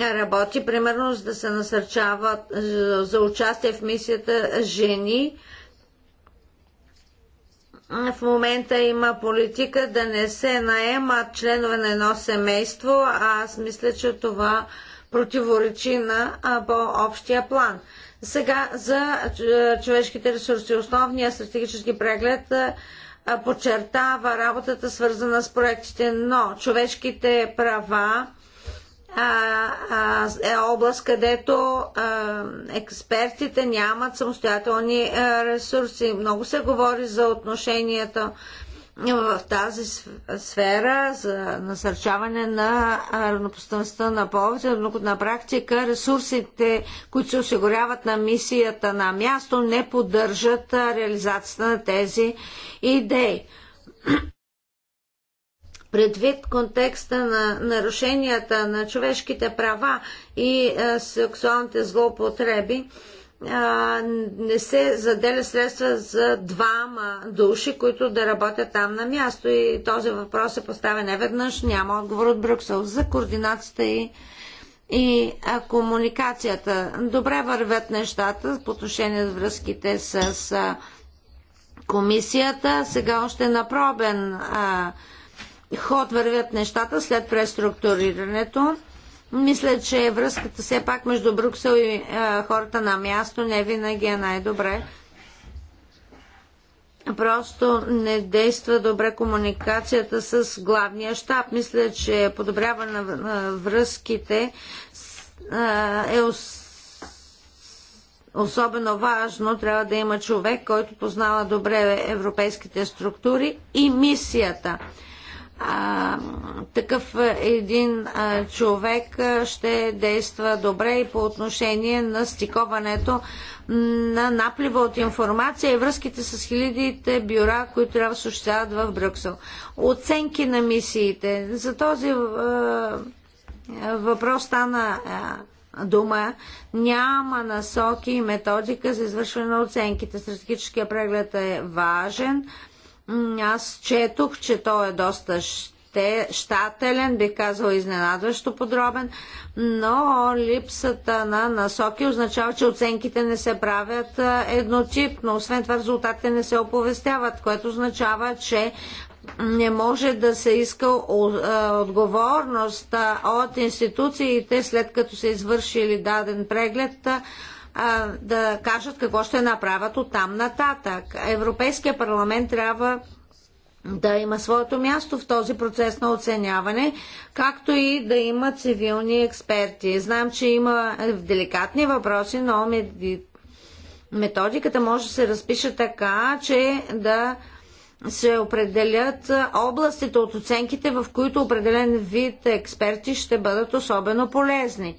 работи, примерно, за да се насърчават е, за участие в мисията жени. В момента има политика да не се наемат членове на едно семейство, а аз мисля, че това противоречи на по-общия план. Сега за е, човешките ресурси. Основният стратегически преглед е, подчертава работата свързана с проектите, но човешките права е област, където експертите нямат самостоятелни ресурси. Много се говори за отношенията в тази сфера за насърчаване на равнопоставеността на повече, но на практика ресурсите, които се осигуряват на мисията на място, не поддържат реализацията на тези идеи предвид контекста на нарушенията на човешките права и а, сексуалните злоупотреби, а, не се заделя средства за двама души, които да работят там на място. И този въпрос се поставя неведнъж. Няма отговор от Брюксел за координацията и и а, комуникацията. Добре вървят нещата по отношение с връзките с а, комисията. Сега още на пробен а, ход вървят нещата след преструктурирането. Мисля, че връзката все пак между Бруксел и е, хората на място не винаги е най-добре. Просто не действа добре комуникацията с главния щаб. Мисля, че подобряване на връзките е особено важно. Трябва да има човек, който познава добре европейските структури и мисията а, такъв един а, човек ще действа добре и по отношение на стиковането на наплива от информация и връзките с хилядите бюра, които трябва да съществяват в Брюксел. Оценки на мисиите. За този а, въпрос стана а, дума. Няма насоки и методика за извършване на оценките. Стратегическия преглед е важен аз четох, че той е доста щателен, бих казал изненадващо подробен, но липсата на насоки означава, че оценките не се правят еднотипно. Освен това резултатите не се оповестяват, което означава, че не може да се иска отговорност от институциите след като са извършили даден преглед а, да кажат какво ще направят от там нататък. Европейския парламент трябва да има своето място в този процес на оценяване, както и да има цивилни експерти. Знам, че има деликатни въпроси, но методиката може да се разпише така, че да се определят областите от оценките, в които определен вид експерти ще бъдат особено полезни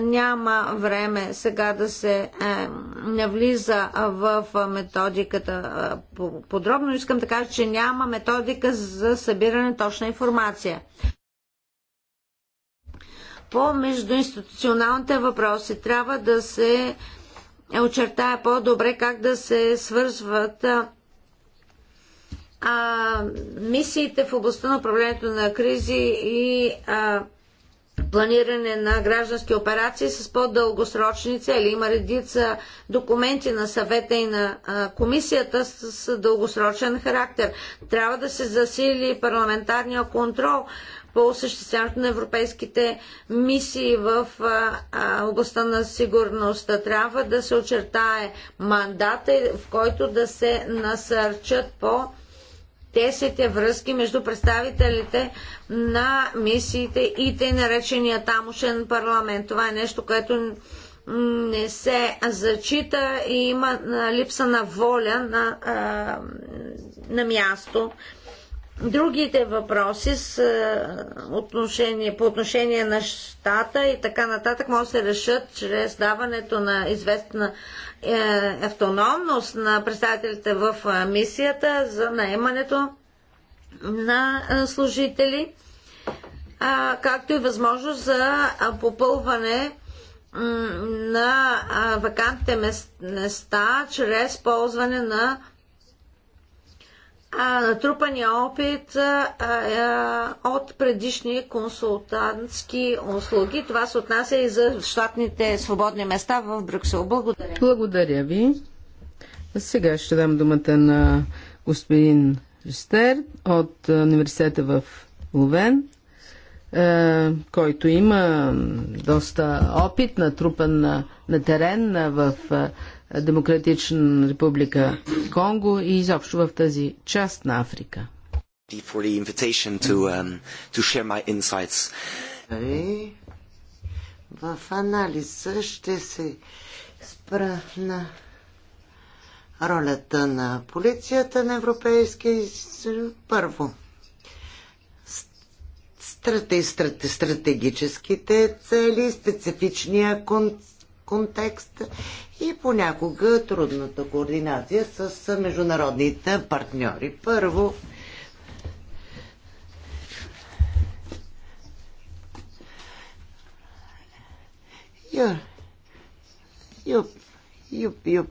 няма време сега да се е, навлиза в методиката е, подробно. Искам да кажа, че няма методика за събиране точна информация. По междуинституционалните въпроси трябва да се очертая по-добре как да се свързват е, а, мисиите в областта на управлението на кризи и а, планиране на граждански операции с по-дългосрочни цели. Има редица документи на съвета и на комисията с дългосрочен характер. Трябва да се засили парламентарния контрол по осъществяването на европейските мисии в областта на сигурността. Трябва да се очертае мандата, в който да се насърчат по- тесните връзки между представителите на мисиите и те наречения тамошен парламент. Това е нещо, което не се зачита и има липса на воля на, на място Другите въпроси с отношение, по отношение на щата и така нататък може да се решат чрез даването на известна е, автономност на представителите в мисията за наемането на служители, а, както и възможност за попълване на вакантните места чрез ползване на натрупания опит от предишни консултантски услуги. Това се отнася и за щатните свободни места в Брюксел. Благодаря. Благодаря ви. Сега ще дам думата на господин Жестер от университета в Ловен, който има доста опит, натрупан на, на терен в Демократична република Конго и изобщо в тази част на Африка. Um, в анализа ще се спра на ролята на полицията на Европейския Първо, страте, страте, стратегическите цели, специфичния кон, контекст и понякога трудната координация с международните партньори. Първо, Юр, Юп, Юп, Юп.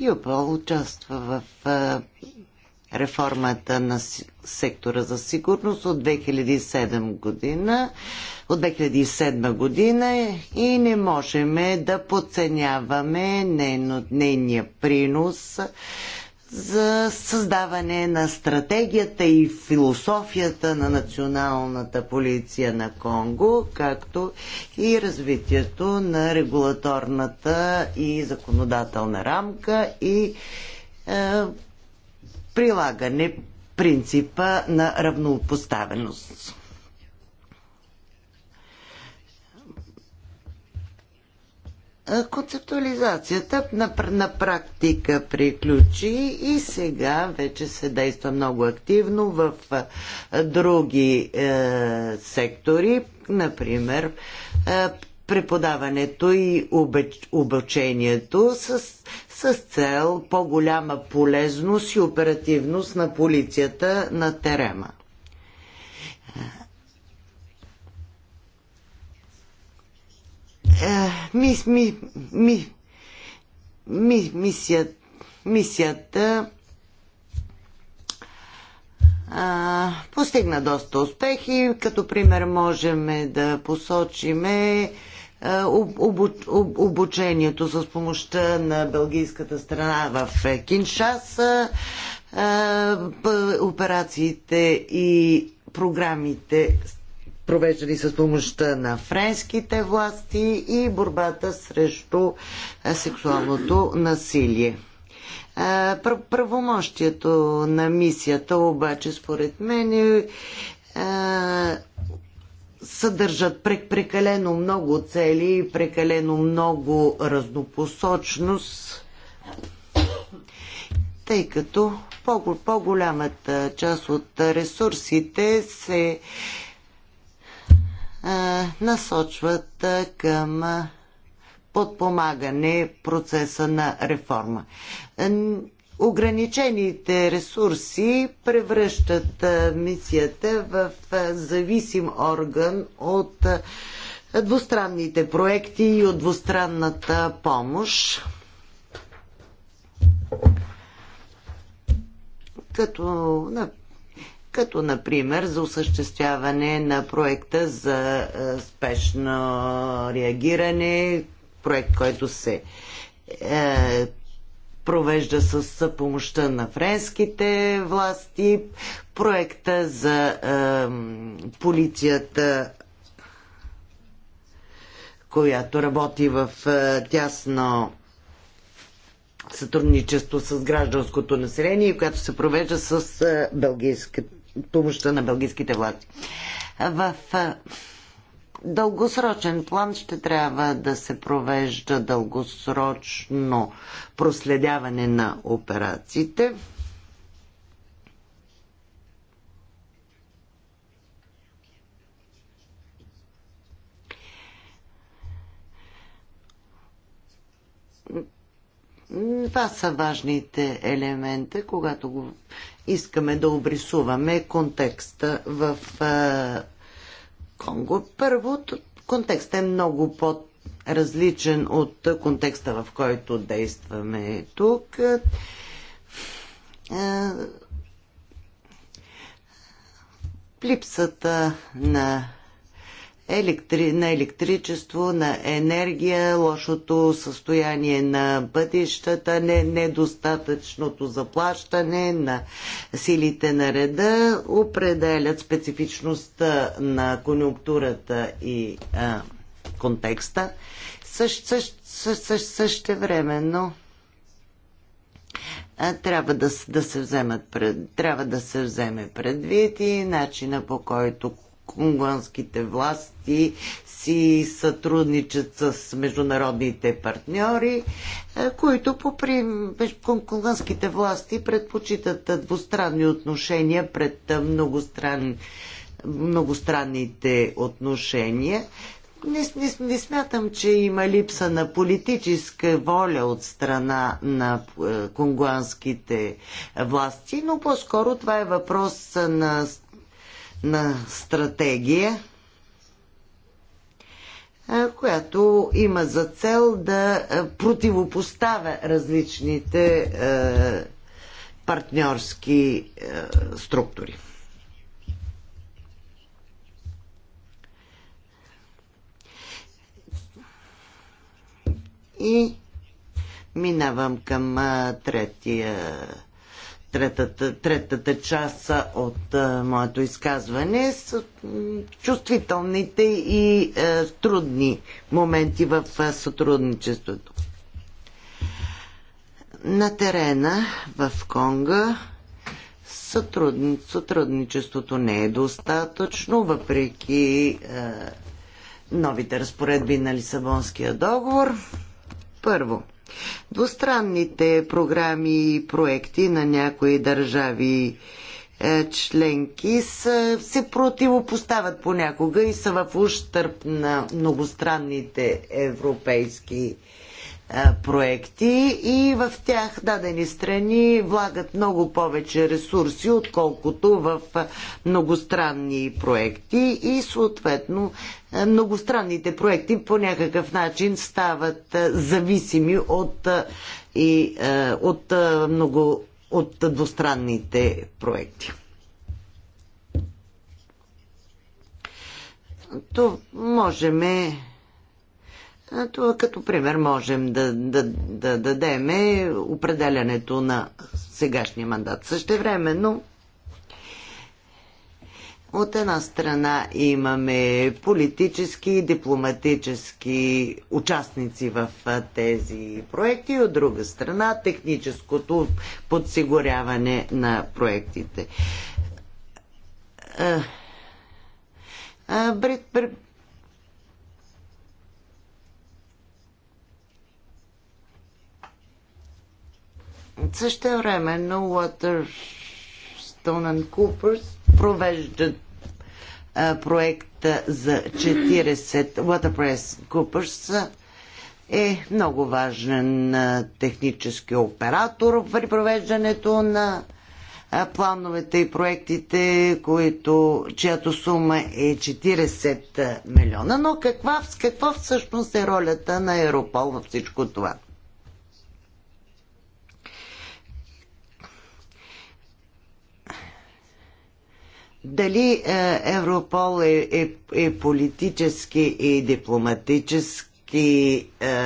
Юп участва в реформата на сектора за сигурност от 2007 година, от 2007 година и не можем да подценяваме нейния принос за създаване на стратегията и философията на националната полиция на Конго, както и развитието на регулаторната и законодателна рамка и е, прилагане принципа на равнопоставеност. Концептуализацията на, на практика приключи и сега вече се действа много активно в други е, сектори, например е, преподаването и обеч, обучението с с цел по-голяма полезност и оперативност на полицията на терема. Ми, ми, ми, ми, мисията, мисията а, постигна доста успехи. Като пример можем да посочиме е, обучението с помощта на бългийската страна в е, Киншаса, е, операциите и програмите провеждани с помощта на френските власти и борбата срещу сексуалното насилие. Правомощието на мисията обаче според мен е съдържат прекалено много цели и прекалено много разнопосочност, тъй като по-голямата част от ресурсите се насочват към подпомагане процеса на реформа ограничените ресурси превръщат мисията в зависим орган от двустранните проекти и от двустранната помощ. Като, като например за осъществяване на проекта за спешно реагиране, проект, който се е, провежда с помощта на френските власти. Проекта за е, полицията, която работи в е, тясно сътрудничество с гражданското население, която се провежда с е, помощта на белгийските власти. В е, дългосрочен план ще трябва да се провежда дългосрочно проследяване на операциите. Това са важните елементи, когато го искаме да обрисуваме контекста в е, Конго. Първо, контекстът е много по-различен от контекста, в който действаме тук. Е, липсата на електри... на електричество, на енергия, лошото състояние на пътищата, не... недостатъчното заплащане на силите на реда определят специфичността на конюнктурата и а, контекста. Същ, същ, същ, същ, същевременно трябва да, да се вземат трябва да се вземе предвид и начина по който конгонските власти си сътрудничат с международните партньори, е, които по конгонските власти предпочитат двустранни отношения пред е, многостран... многостранните отношения. Не, не, не смятам, че има липса на политическа воля от страна на е, конгуанските власти, но по-скоро това е въпрос на на стратегия, която има за цел да противопоставя различните партньорски структури. И минавам към третия третата, третата част от а, е, моето изказване с чувствителните и а, е, трудни моменти в а, е, сътрудничеството. На терена в Конга сътрудни, сътрудничеството не е достатъчно, въпреки а, новите разпоредби на Лисабонския договор. Първо, Двустранните програми и проекти на някои държави е, членки са, се противопоставят понякога и са в ущърп на многостранните европейски проекти и в тях дадени страни влагат много повече ресурси, отколкото в многостранни проекти и съответно многостранните проекти по някакъв начин стават зависими от, и, от, много, от двустранните проекти. То можеме това като пример можем да, да, да дадеме определянето на сегашния мандат. Същевременно от една страна имаме политически и дипломатически участници в тези проекти, от друга страна техническото подсигуряване на проектите. Бред Също време, на Waterstone and Coopers провеждат а, проекта за 40 Waterpress Coopers е много важен а, технически оператор при провеждането на а, плановете и проектите, които, чиято сума е 40 милиона. Но каква, какво всъщност е ролята на Европол във всичко това? Дали е, Европол е, е, е политически и дипломатически е,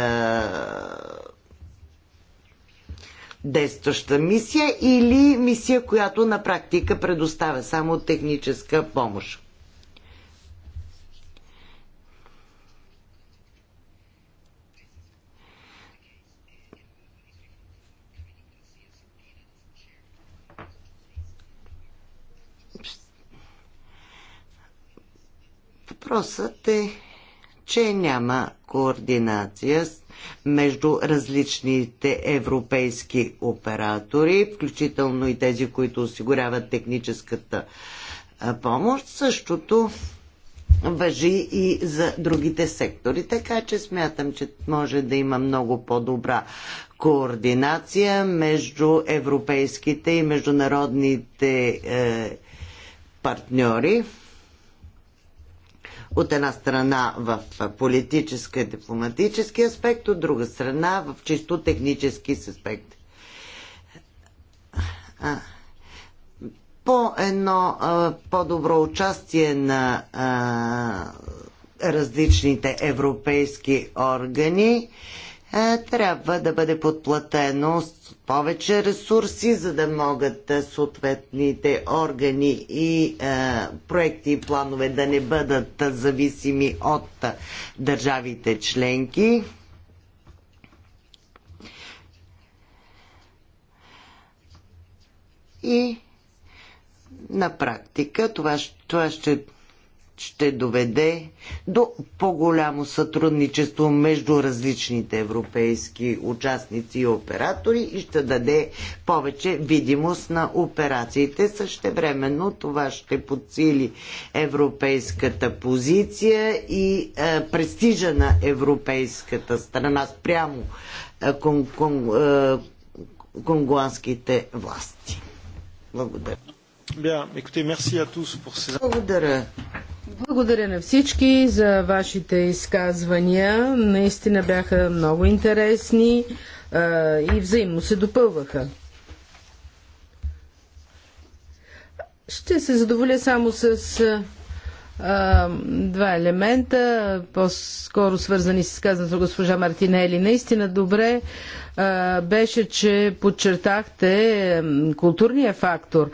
действаща мисия или мисия, която на практика предоставя само техническа помощ? Въпросът е, че няма координация между различните европейски оператори, включително и тези, които осигуряват техническата помощ. Същото въжи и за другите сектори. Така че смятам, че може да има много по-добра координация между европейските и международните е, партньори от една страна в политическа и дипломатически аспект, от друга страна в чисто технически аспект. По едно по-добро участие на различните европейски органи трябва да бъде подплатено повече ресурси, за да могат съответните органи и е, проекти и планове да не бъдат зависими от държавите членки. И на практика това, това ще ще доведе до по-голямо сътрудничество между различните европейски участници и оператори и ще даде повече видимост на операциите. Същевременно това ще подсили европейската позиция и е, престижа на европейската страна спрямо е, кон, кон, е, конгуанските власти. Благодаря. Bien, écoutez, merci à tous pour ces... Благодаря благодаря на всички за вашите изказвания. Наистина бяха много интересни а, и взаимно се допълваха. Ще се задоволя само с два елемента, по-скоро свързани с казаното госпожа Мартинели. Наистина добре беше, че подчертахте културния фактор,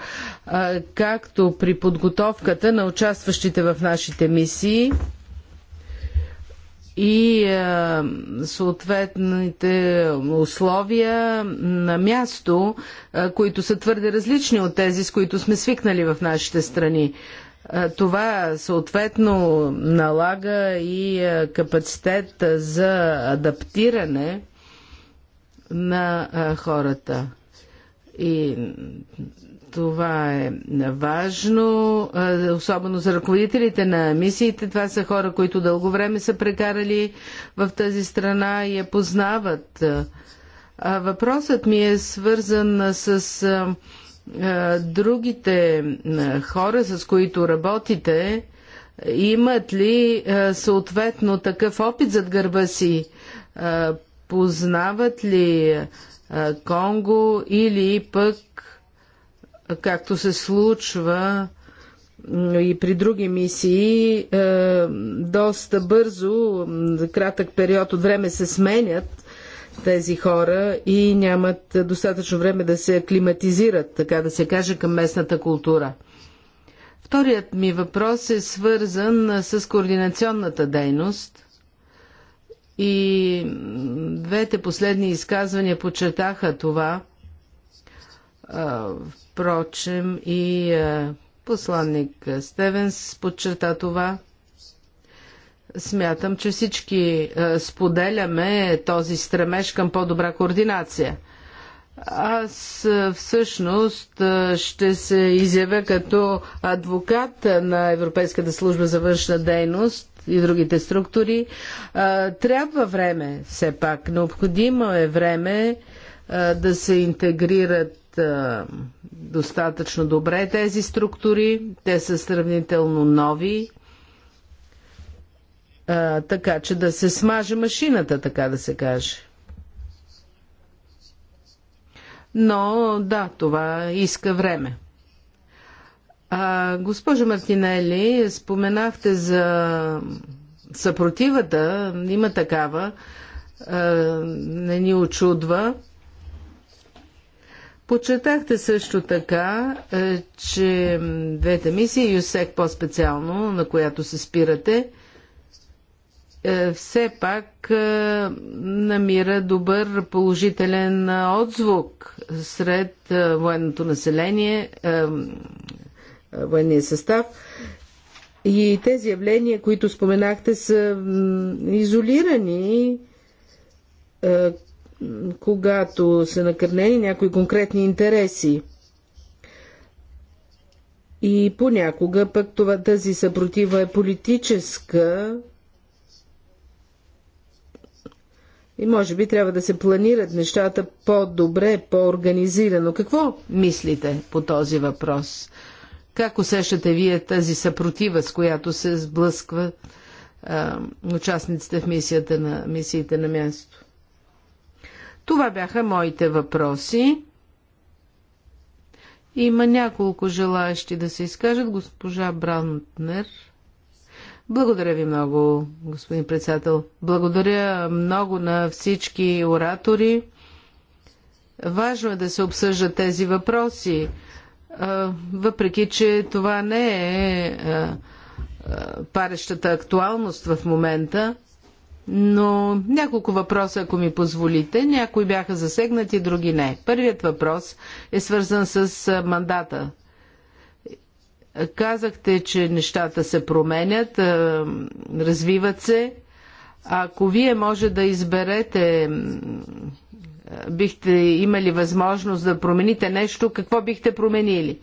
както при подготовката на участващите в нашите мисии и съответните условия на място, които са твърде различни от тези, с които сме свикнали в нашите страни. Това съответно налага и капацитет за адаптиране на хората. И това е важно, особено за ръководителите на мисиите. Това са хора, които дълго време са прекарали в тази страна и я познават. Въпросът ми е свързан с е, другите хора, с които работите, имат ли е, съответно такъв опит зад гърба си? Е, познават ли Конго или пък, както се случва и при други мисии, доста бързо, за кратък период от време се сменят тези хора и нямат достатъчно време да се аклиматизират, така да се каже, към местната култура. Вторият ми въпрос е свързан с координационната дейност. И двете последни изказвания подчертаха това. Впрочем, и посланник Стевенс подчерта това – Смятам, че всички е, споделяме този стремеж към по-добра координация. Аз е, всъщност е, ще се изявя като адвокат на Европейската служба за външна дейност и другите структури. Трябва време, все пак. Необходимо е време да се интегрират достатъчно добре тези структури. Те са сравнително нови а, така че да се смаже машината, така да се каже. Но да, това иска време. А, госпожо Мартинели, споменахте за съпротивата, има такава, а, не ни очудва. Почетахте също така, е, че двете мисии, ЮСЕК по-специално, на която се спирате, е, все пак е, намира добър положителен отзвук сред е, военното население, военния състав. И тези явления, които споменахте, са изолирани, когато са накърнени някои конкретни интереси. И понякога пък това, тази съпротива е политическа, И може би трябва да се планират нещата по-добре, по-организирано. Какво мислите по този въпрос? Как усещате вие тази съпротива, с която се сблъсква а, участниците в мисията на, мисиите на място? Това бяха моите въпроси. Има няколко желаящи да се изкажат. Госпожа Брантнер. Благодаря ви много, господин председател. Благодаря много на всички оратори. Важно е да се обсъждат тези въпроси, въпреки че това не е парещата актуалност в момента, но няколко въпроса, ако ми позволите. Някои бяха засегнати, други не. Първият въпрос е свързан с мандата Казахте, че нещата се променят, е, развиват се. Ако вие може да изберете, е, бихте имали възможност да промените нещо, какво бихте променили?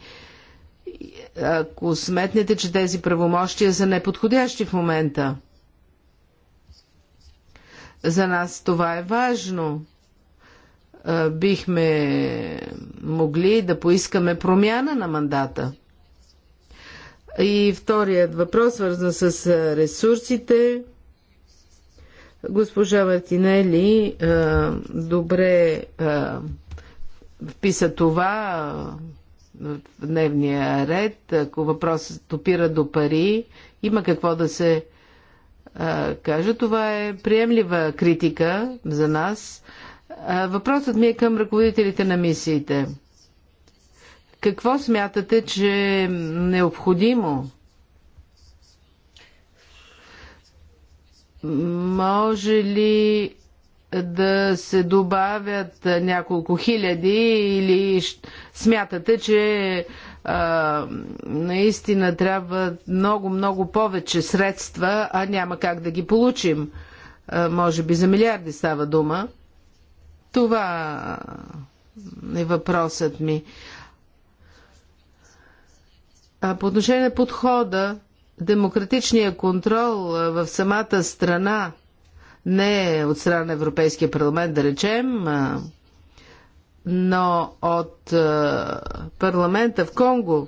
Ако сметнете, че тези правомощия са неподходящи в момента. За нас това е важно. Е, бихме могли да поискаме промяна на мандата. И вторият въпрос, свързан с ресурсите. Госпожа Мартинели добре вписа това в дневния ред. Ако въпросът топира до пари, има какво да се каже. Това е приемлива критика за нас. Въпросът ми е към ръководителите на мисиите. Какво смятате, че е необходимо? Може ли да се добавят няколко хиляди или смятате, че а, наистина трябва много-много повече средства, а няма как да ги получим? А, може би за милиарди става дума. Това е въпросът ми. По отношение на подхода, демократичния контрол в самата страна, не е от страна на Европейския парламент, да речем, но от парламента в Конго,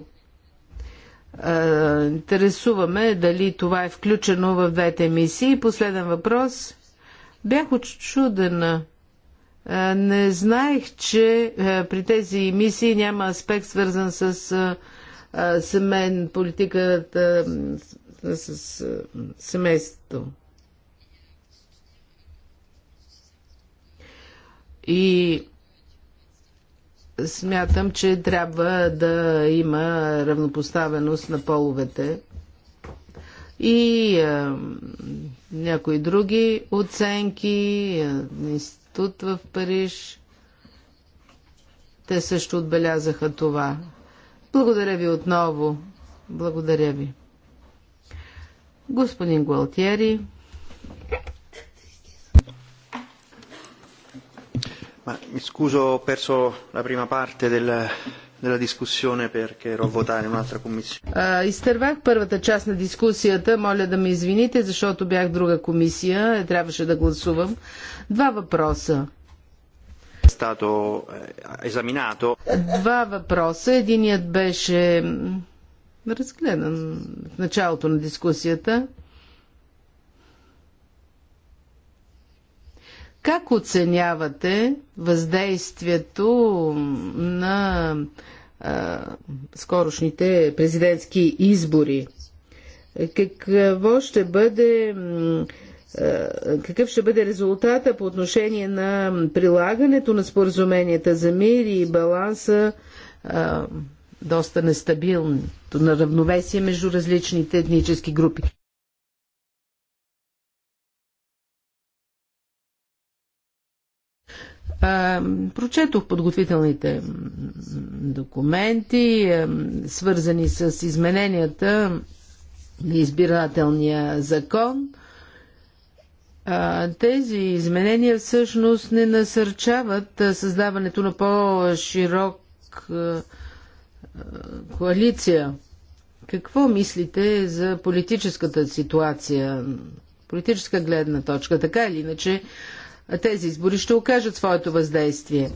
интересуваме дали това е включено в двете мисии. Последен въпрос. Бях очудена. Не знаех, че при тези мисии няма аспект свързан с семен, политиката с семейството. И смятам, че трябва да има равнопоставеност на половете и а, някои други оценки, институт в Париж. Те също отбелязаха това. Благодаря ви отново. Благодаря ви. Господин Гуалтиери. Ma, mi scuso, ho perso la prima parte del, della discussione perché ero a votare in un'altra commissione. изтървах първата част на дискусията. Моля да ме извините, защото бях друга комисия. Трябваше да гласувам. Два въпроса stato eh, esaminato. Два въпроса. Единият беше разгледан в началото на дискусията. Как оценявате въздействието на а, скорошните президентски избори? Какво ще бъде е, какъв ще бъде резултата по отношение на прилагането на споразуменията за мир и баланса а, е, доста нестабилното на равновесие между различните етнически групи. А, е, прочетох подготвителните документи, свързани с измененията на избирателния закон – тези изменения всъщност не насърчават създаването на по-широк коалиция. Какво мислите за политическата ситуация, политическа гледна точка? Така или иначе, тези избори ще окажат своето въздействие.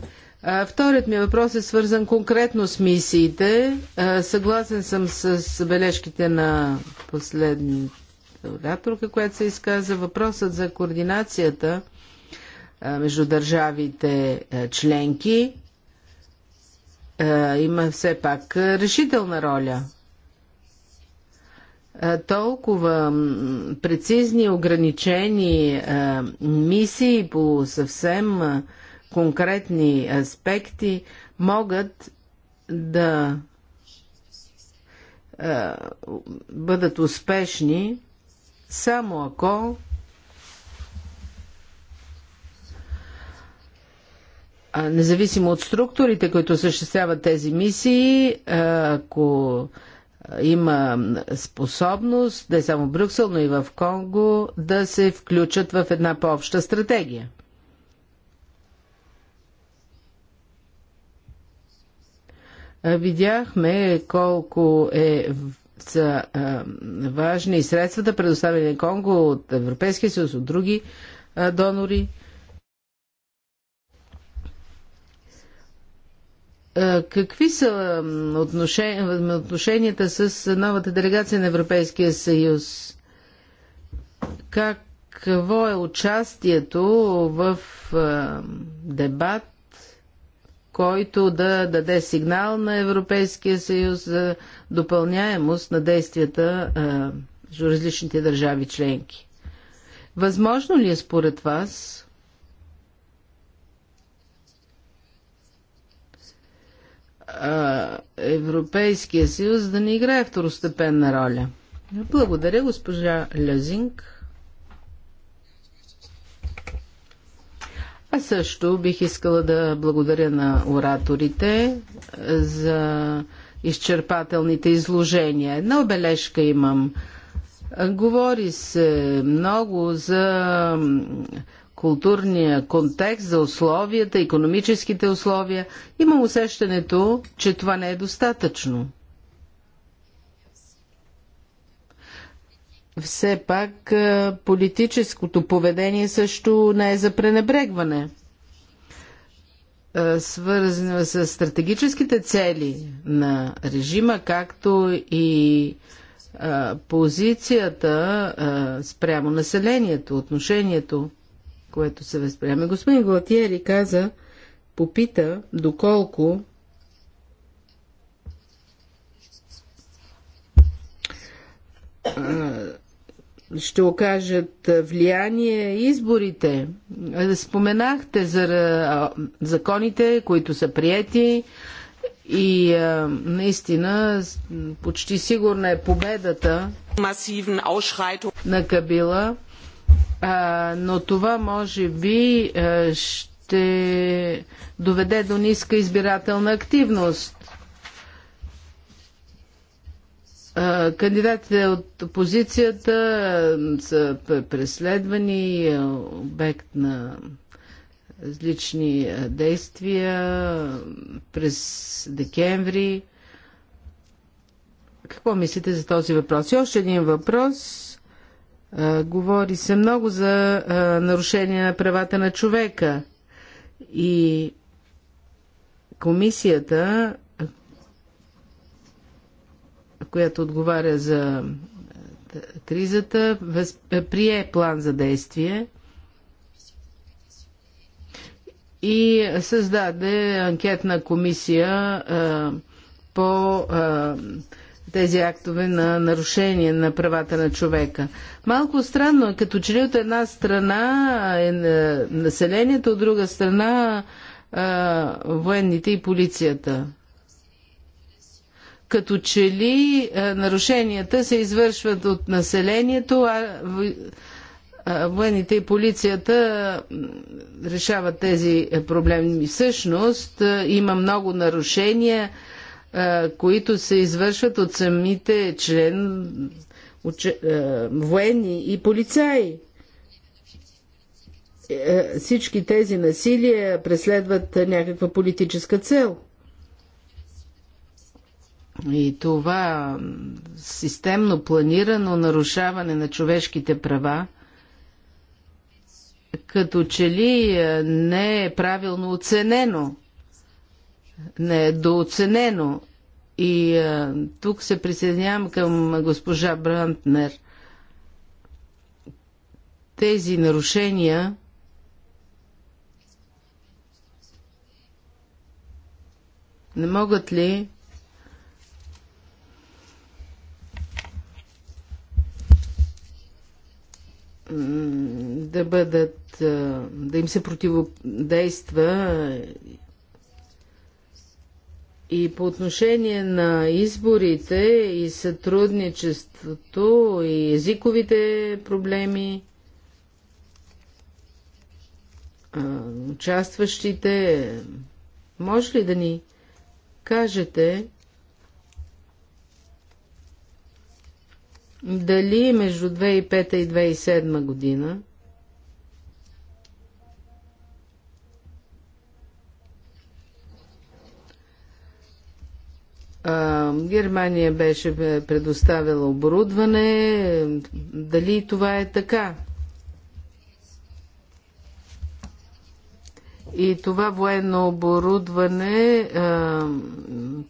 Вторият ми въпрос е свързан конкретно с мисиите. Съгласен съм с бележките на последните следващата ораторка, която се изказа. Въпросът за координацията между държавите членки има все пак решителна роля. Толкова прецизни, ограничени мисии по съвсем конкретни аспекти могат да бъдат успешни само ако независимо от структурите, които съществяват тези мисии, ако има способност, не само в Брюксел, но и в Конго, да се включат в една по-обща стратегия. Видяхме колко е са а, важни средствата, предоставени на Конго от Европейския съюз, от други а, донори. А, какви са отношенията с новата делегация на Европейския съюз? Какво е участието в а, дебат който да даде сигнал на Европейския съюз за допълняемост на действията между различните държави членки. Възможно ли е според вас а, Европейския съюз да не играе второстепенна роля? Благодаря, госпожа Лезинг. Аз също бих искала да благодаря на ораторите е, за изчерпателните изложения. Една обележка имам. Говори се много за културния контекст, за условията, економическите условия. Имам усещането, че това не е достатъчно. все пак политическото поведение също не е за пренебрегване. Свързано е с стратегическите цели на режима, както и позицията спрямо населението, отношението, което се възприема. Господин Галатиери каза, попита доколко ще окажат влияние изборите. Е, споменахте за законите, които са приети и наистина почти сигурна е победата на Кабила, но това може би ще доведе до ниска избирателна активност Кандидатите от опозицията са преследвани, е, обект на различни е, действия през декември. Какво мислите за този въпрос? И още един въпрос. Говори се много за нарушение на правата на човека. И комисията която отговаря за е, кризата, е, прие план за действие и създаде анкетна комисия а, е, по а, тези актове на нарушение на правата на човека. Малко странно е, като че ли от една страна е населението, от друга страна а, военните и полицията като че ли е, нарушенията се извършват от населението, а е, военните и полицията решават тези е, проблеми. Всъщност има много нарушения, които се извършват от самите член военни и полицаи. Всички тези насилия преследват някаква политическа цел – и това системно планирано нарушаване на човешките права като че ли е, не е правилно оценено, не е дооценено. И а, е, тук се присъединявам към госпожа Брантнер. Тези нарушения не могат ли да бъдат, да им се противодейства и по отношение на изборите и сътрудничеството и езиковите проблеми, участващите, може ли да ни кажете дали между 2005 и 2007 година Германия беше предоставила оборудване. Дали това е така? И това военно оборудване,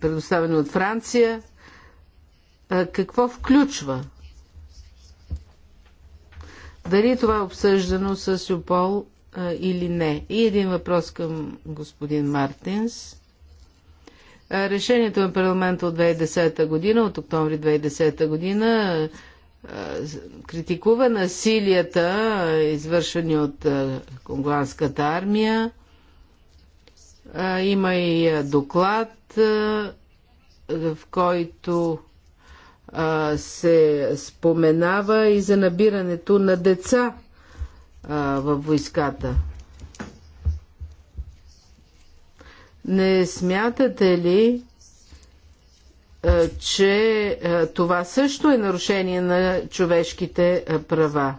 предоставено от Франция, какво включва? Дали това е обсъждано с Юпол или не? И един въпрос към господин Мартинс. Решението на парламента от 2010 година, от октомври 2010 година, критикува насилията, извършени от конгуанската армия. Има и доклад, в който а, се споменава и за набирането на деца а, във войската. Не смятате ли, а, че а, това също е нарушение на човешките а, права?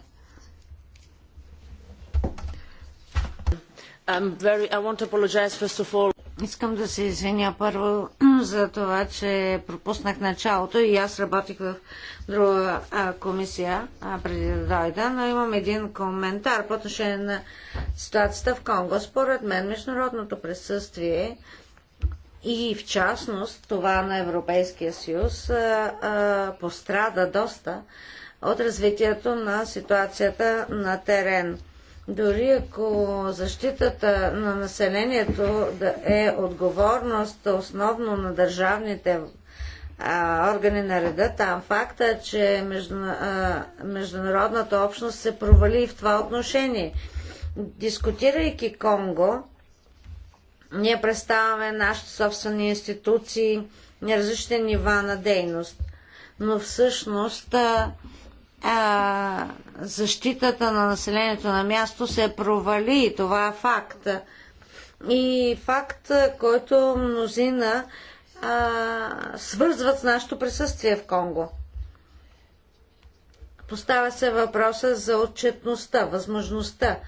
Very, all... Искам да се извиня първо за това, че пропуснах началото и аз работих в друга а, комисия а, преди да дойда, но имам един коментар по отношение на ситуацията в Конго. Според мен международното присъствие и в частност това на Европейския съюз а, а, пострада доста от развитието на ситуацията на терен. Дори ако защитата на населението е отговорност основно на държавните органи на реда там. Факта, е, че международната общност се провали и в това отношение. Дискутирайки Конго, ние представяме нашите собствени институции на различни нива на дейност. Но всъщност защитата на населението на място се провали. И това е факт. И факт, който мнозина а, свързват с нашето присъствие в Конго. Поставя се въпроса за отчетността, възможността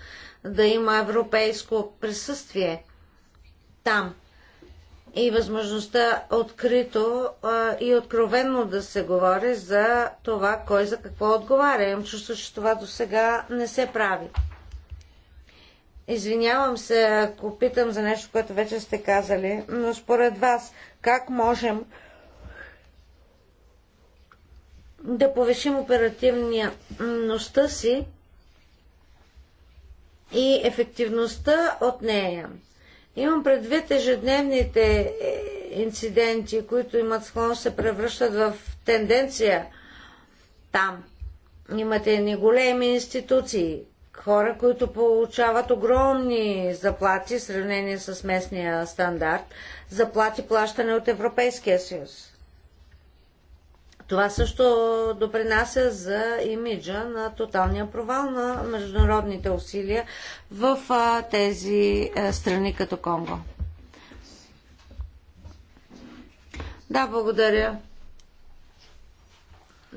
да има европейско присъствие там – и възможността открито а, и откровенно да се говори за това, кой за какво отговаря. Имам чувство, че това до сега не се прави. Извинявам се, ако питам за нещо, което вече сте казали, но според вас, как можем да повишим оперативността си и ефективността от нея? Имам предвид ежедневните е, инциденти, които имат склон се превръщат в тенденция там. Имате ни големи институции, хора, които получават огромни заплати в сравнение с местния стандарт, заплати плащане от Европейския съюз. Това също допринася за имиджа на тоталния провал на международните усилия в тези е, страни като Конго. Да, благодаря.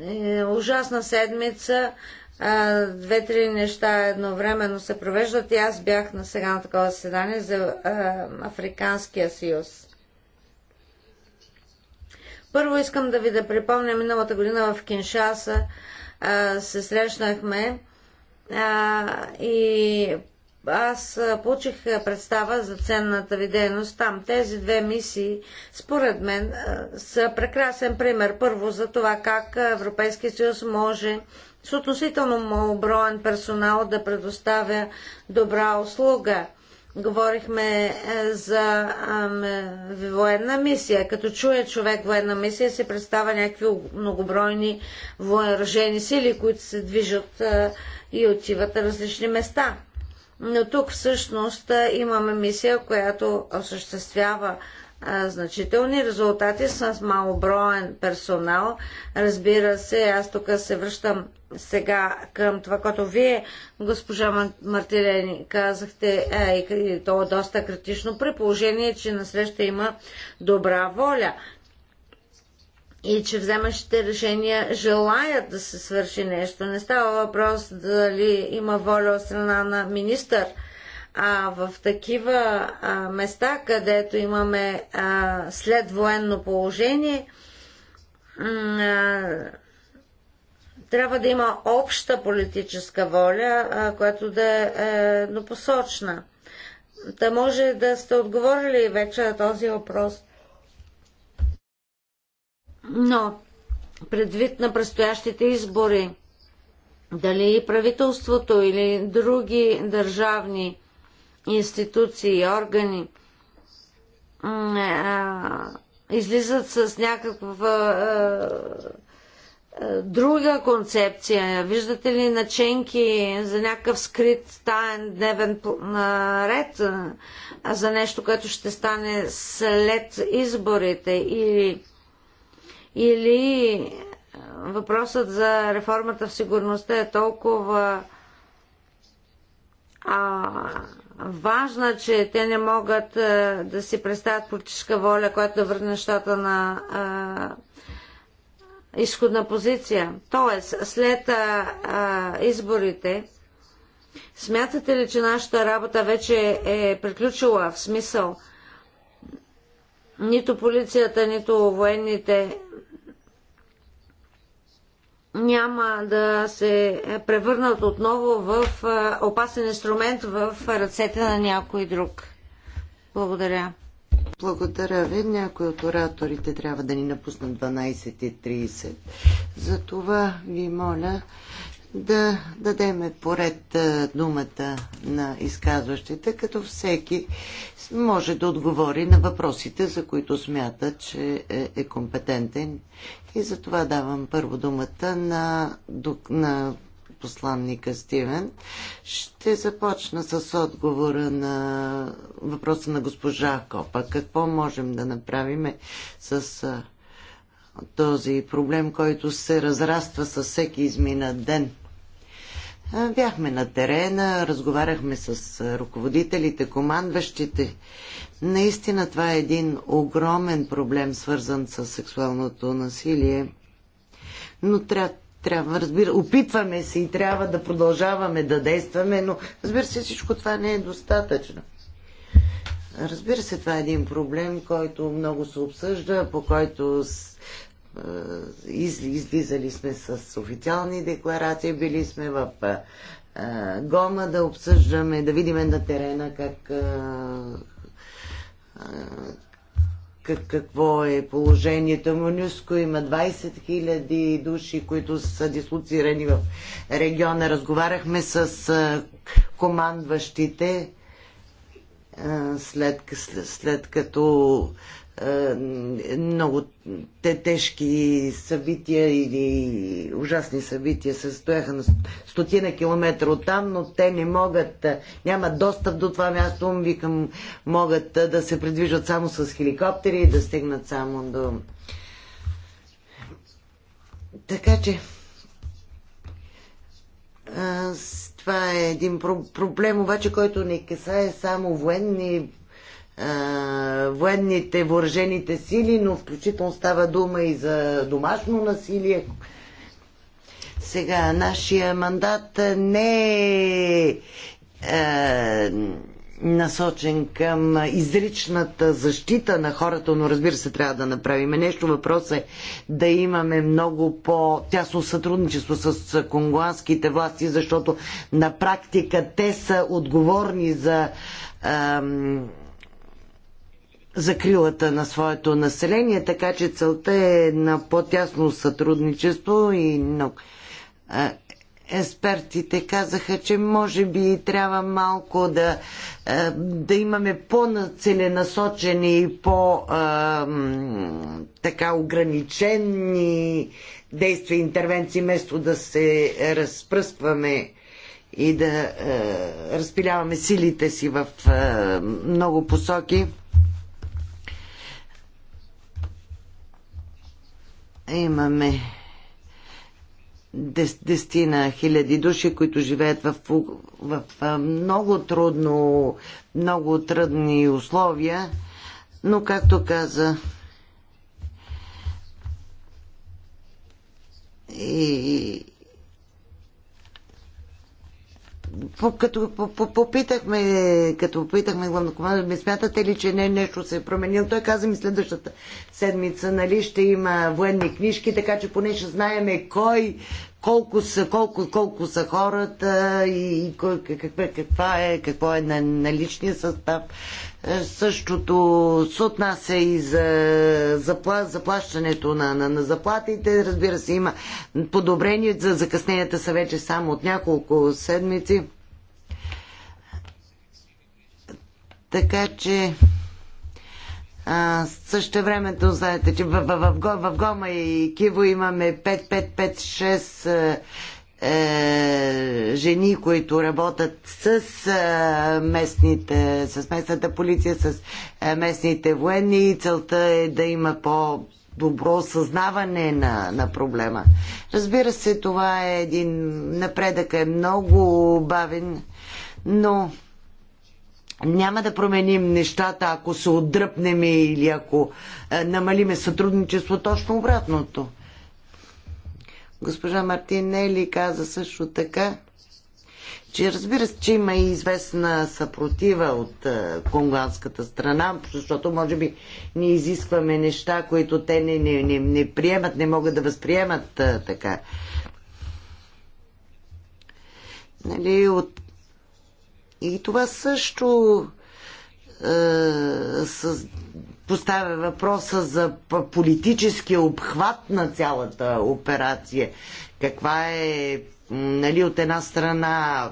Е, ужасна седмица. Две-три неща едновременно се провеждат и аз бях на сега на такова заседание за Африканския съюз. Първо искам да ви да припомня, миналата година в Киншаса а, се срещнахме а, и аз получих представа за ценната ви дейност там. Тези две мисии, според мен, са прекрасен пример. Първо за това как Европейския съюз може с относително малоброен персонал да предоставя добра услуга – Говорихме е, за е, военна мисия. Като чуе човек военна мисия, се представя някакви многобройни въоръжени сили, които се движат е, и отиват на различни места. Но тук всъщност имаме мисия, която осъществява значителни резултати с малоброен персонал. Разбира се, аз тук се връщам сега към това, което вие, госпожа Мартирени, казахте, е, и то е доста критично, при положение, че на среща има добра воля и че вземащите решения желаят да се свърши нещо. Не става въпрос дали има воля от страна на министър. А в такива а, места, където имаме а, след военно положение, а, трябва да има обща политическа воля, която да е, е еднопосочна. Да може да сте отговорили вече на този въпрос. Но, предвид на предстоящите избори, дали и правителството или други държавни институции и органи е, излизат с някаква е, е, друга концепция, виждате ли наченки за някакъв скрит таен дневен ред, за нещо, което ще стане след изборите или, или въпросът за реформата в сигурността е толкова а, важна, че те не могат а, да си представят политическа воля, която да върне нещата на а, изходна позиция. Тоест, след а, а, изборите, смятате ли, че нашата работа вече е приключила в смисъл нито полицията, нито военните няма да се превърнат отново в опасен инструмент в ръцете на някой друг. Благодаря. Благодаря ви. Някои от ораторите трябва да ни напуснат 12.30. Затова ви моля да дадеме поред думата на изказващите, като всеки може да отговори на въпросите, за които смята, че е, е компетентен. И затова давам първо думата на, на посланника Стивен. Ще започна с отговора на въпроса на госпожа Копа. Какво можем да направим с този проблем, който се разраства със всеки изминат ден? Бяхме на терена, разговаряхме с ръководителите, командващите. Наистина това е един огромен проблем, свързан с сексуалното насилие. Но тря трябва, разбира, опитваме се и трябва да продължаваме да действаме, но разбира се, всичко това не е достатъчно. Разбира се, това е един проблем, който много се обсъжда, по който е, из, излизали сме с официални декларации, били сме в а, е, е, Гома да обсъждаме, да видим на терена как а, как, какво е положението. Монюско има 20 000 души, които са дислоцирани в региона. Разговаряхме с командващите след, след, след като е, много те тежки събития или ужасни събития се стояха на стотина километра от там, но те не могат, е, нямат достъп до това място, викам, могат е, да се придвижат само с хеликоптери и да стигнат само до... Така че това е един проблем, обаче, който не касае само военни военните, въоръжените сили, но включително става дума и за домашно насилие. Сега, нашия мандат не е, е насочен към изричната защита на хората, но разбира се, трябва да направим нещо. Въпрос е да имаме много по-тясно сътрудничество с конгуанските власти, защото на практика те са отговорни за. Е, закрилата на своето население, така че целта е на по-тясно сътрудничество и много. Експертите казаха, че може би трябва малко да, да имаме по-целенасочени и по-така ограничени действия, интервенции, вместо да се разпръскваме и да разпиляваме силите си в много посоки. Имаме десетина хиляди души, които живеят в, в, в много трудно, много трудни условия, но както каза и като попитахме, като попитахме главнокомандата, ми смятате ли, че не нещо се е променило? Той каза ми следващата седмица, нали, ще има военни книжки, така че поне ще знаеме кой, колко са, колко, колко са хората и, и каква, каква е, какво е на, на личния състав. Е, същото се отнася и за запла, заплащането на, на, на заплатите. Разбира се, има подобрение за закъсненията са вече само от няколко седмици. Така че също времето, знаете, че в, в, в, в Гома и Киво имаме 5-5-5-6 е, жени, които работят с, е, местните, с местната полиция, с е, местните военни. Целта е да има по добро осъзнаване на, на проблема. Разбира се, това е един напредък е много бавен, но няма да променим нещата, ако се отдръпнем или ако намалиме сътрудничество, точно обратното. Госпожа Мартинели каза също така, че разбира се, че има и известна съпротива от е, конганската страна, защото може би ние изискваме неща, които те не, не, не, не приемат, не могат да възприемат а, е, така. Нали, от... И това също а, е, с поставя въпроса за политическия обхват на цялата операция. Каква е, нали, от една страна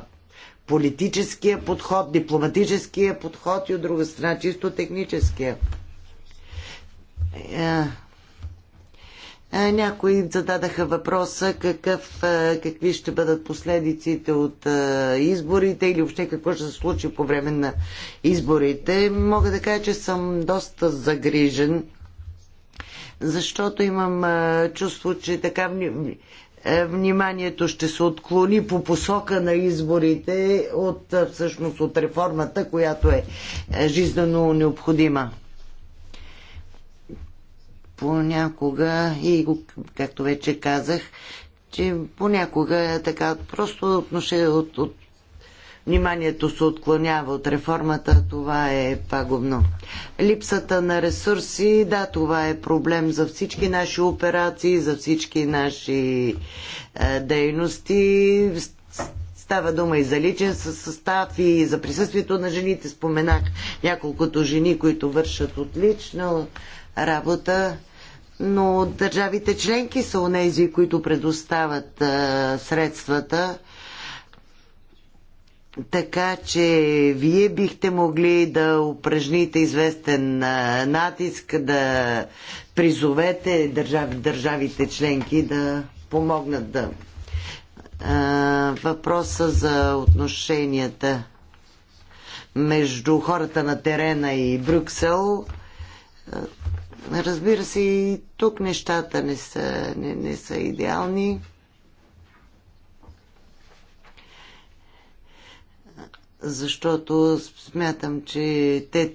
политическия подход, дипломатическия подход и от друга страна чисто техническия. Е, някои зададаха въпроса какъв, какви ще бъдат последиците от изборите или въобще какво ще се случи по време на изборите. Мога да кажа, че съм доста загрижен, защото имам чувство, че така вниманието ще се отклони по посока на изборите от всъщност от реформата, която е жизненно необходима понякога и както вече казах, че понякога така просто отноше от, от вниманието се отклонява от реформата, това е пагубно. Липсата на ресурси, да, това е проблем за всички наши операции, за всички наши е, дейности. Става дума и за личен състав, и за присъствието на жените. Споменах няколкото жени, които вършат отлична работа но държавите членки са онези, които предоставят а, средствата. Така че вие бихте могли да упражните известен а, натиск, да призовете държав, държавите членки да помогнат да. А, въпроса за отношенията между хората на терена и Брюксел Разбира се, и тук нещата не са, не, не са идеални. Защото смятам, че те,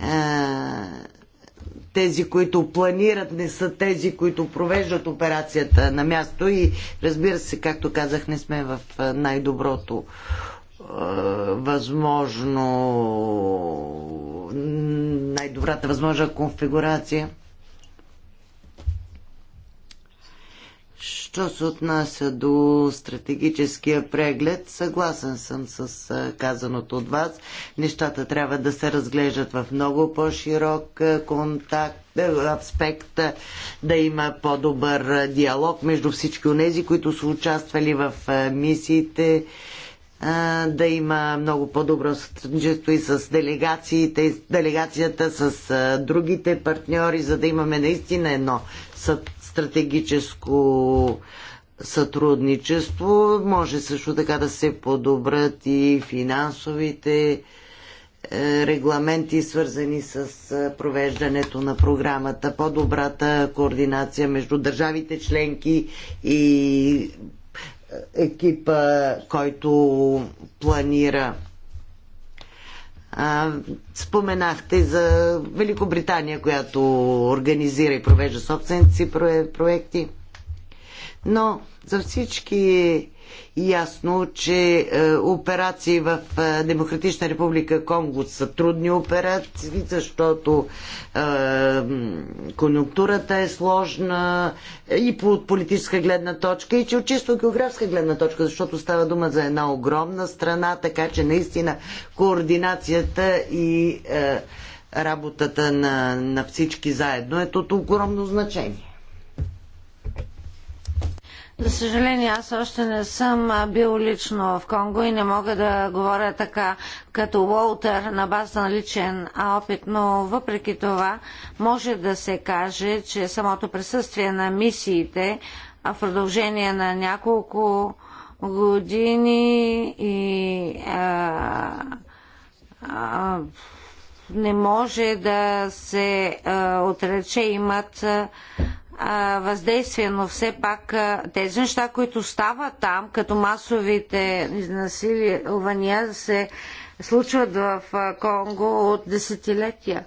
а, тези, които планират, не са тези, които провеждат операцията на място. И разбира се, както казах, не сме в най-доброто възможно най-добрата възможна конфигурация. Що се отнася до стратегическия преглед, съгласен съм с казаното от вас. Нещата трябва да се разглеждат в много по-широк контакт, е, аспект, да има по-добър диалог между всички от тези, които са участвали в мисиите, да има много по-добро сътрудничество и с делегациите, и с делегацията, с другите партньори, за да имаме наистина едно стратегическо сътрудничество. Може също така да се подобрат и финансовите е, регламенти, свързани с е, провеждането на програмата, по-добрата координация между държавите членки и екипа, който планира. споменахте за Великобритания, която организира и провежда собствените си проекти. Но за всички ясно, че е, операции в е, Демократична република Конго са трудни операции, защото е, конюнктурата е сложна е, и от политическа гледна точка, и че от чисто географска гледна точка, защото става дума за една огромна страна, така че наистина координацията и е, работата на, на всички заедно е от огромно значение. За съжаление, аз още не съм бил лично в Конго и не мога да говоря така като Уолтер на база на личен опит, но въпреки това може да се каже, че самото присъствие на мисиите в продължение на няколко години и а, а, не може да се а, отрече имат въздействие, но все пак тези неща, които стават там, като масовите изнасилвания, се случват в Конго от десетилетия.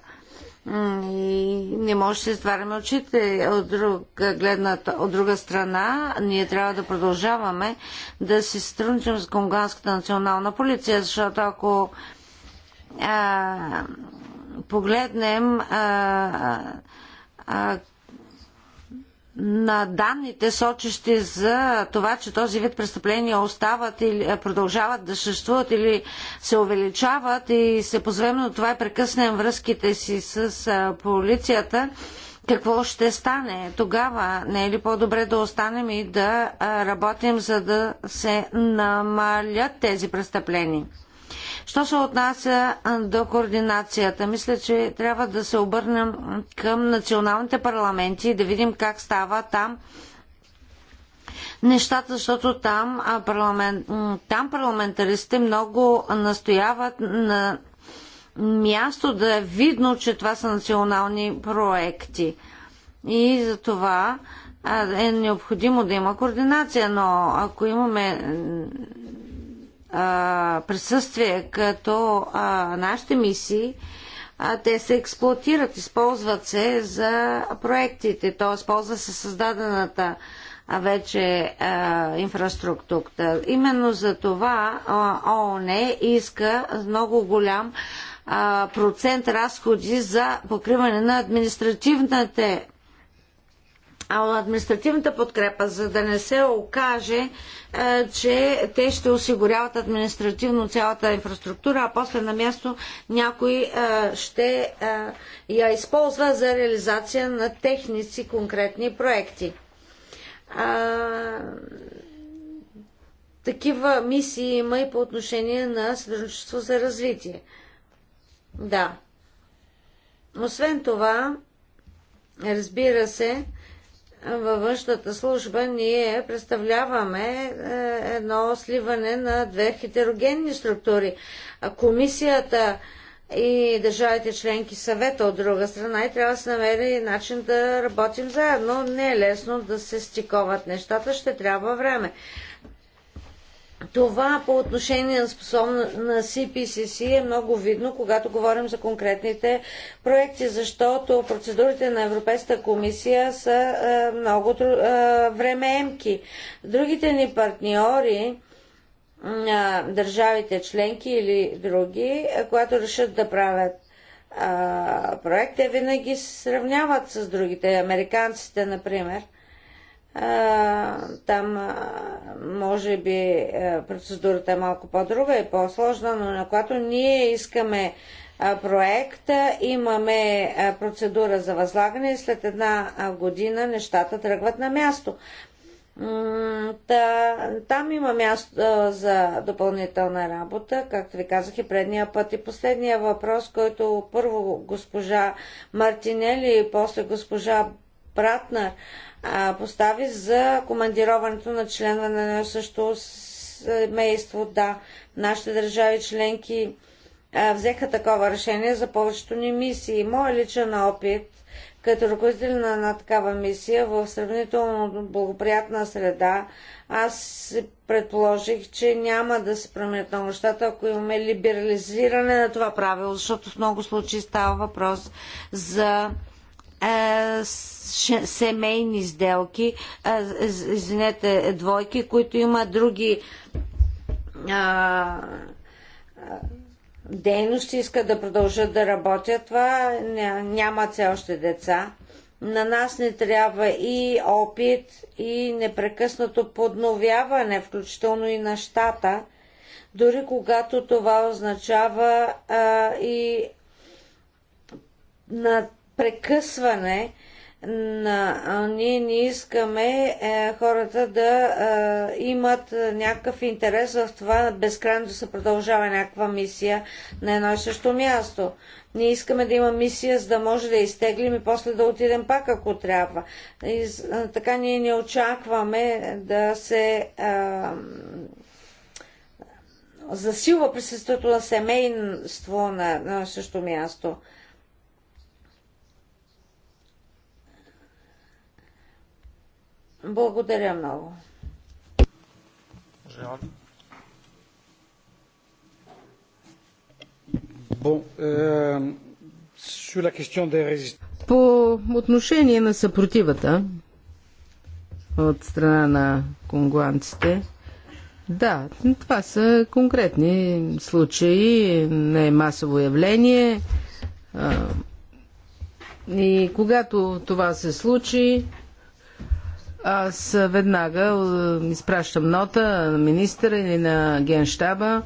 И не може да се затваряме очите. От друга, гледната, от друга страна, ние трябва да продължаваме да си сътрудничим с Конганската национална полиция, защото ако а, погледнем а, а, на данните, сочещи за това, че този вид престъпления остават или продължават да съществуват или се увеличават и се позовем на това и е прекъснем връзките си с полицията, какво ще стане тогава? Не е ли по-добре да останем и да работим, за да се намалят тези престъпления? Що се отнася до координацията? Мисля, че трябва да се обърнем към националните парламенти и да видим как става там нещата, защото там, парламент, там парламентаристите много настояват на място да е видно, че това са национални проекти. И за това е необходимо да има координация, но ако имаме присъствие като а, нашите мисии, а те се експлуатират, използват се за проектите, т.е. използва се създадената а вече а, инфраструктурата. Именно за това ООН иска много голям а, процент разходи за покриване на административните а административната подкрепа, за да не се окаже, е, че те ще осигуряват административно цялата инфраструктура, а после на място някой е, ще е, я използва за реализация на техници конкретни проекти. Такива мисии има и по отношение на сътрудничество за развитие. Да. Освен това, разбира се, във външната служба ние представляваме е, едно сливане на две хетерогенни структури. Комисията и държавите членки съвета от друга страна и трябва да се намери начин да работим заедно. Не е лесно да се стиковат нещата, ще трябва време. Това по отношение на способна на CPCC е много видно, когато говорим за конкретните проекти, защото процедурите на Европейската комисия са е, много е, времеемки. Другите ни партньори, е, държавите членки или други, е, когато решат да правят е, проект, те винаги се сравняват с другите, американците, например. А, там а, може би а, процедурата е малко по-друга и по-сложна, но на която ние искаме проекта, имаме процедура за възлагане и след една година нещата тръгват на място. Та, там има място за допълнителна работа, както ви казах и предния път. И последния въпрос, който първо госпожа Мартинели и после госпожа Братнар постави за командироването на членове на едно също семейство. Да, нашите държави членки взеха такова решение за повечето ни мисии. Моя личен опит като ръководител на, на такава мисия в сравнително благоприятна среда, аз предположих, че няма да се променят много нещата, ако имаме либерализиране на това правило, защото в много случаи става въпрос за семейни сделки, извинете, двойки, които имат други дейности, искат да продължат да работят, това нямат все още деца. На нас не трябва и опит, и непрекъснато подновяване, включително и на щата, дори когато това означава а, и на прекъсване на... ние не искаме е, хората да е, имат някакъв интерес в това безкрайно да се продължава някаква мисия на едно и също място. Ние искаме да има мисия, за да може да изтеглим и после да отидем пак, ако трябва. И, така ние не очакваме да се е, засилва присъствието на семейство на, на същото място. Благодаря много. Euh, По отношение на съпротивата от страна на конгуанците, да, това са конкретни случаи, не е масово явление. И когато това се случи, аз веднага е, изпращам нота на министъра или на генштаба.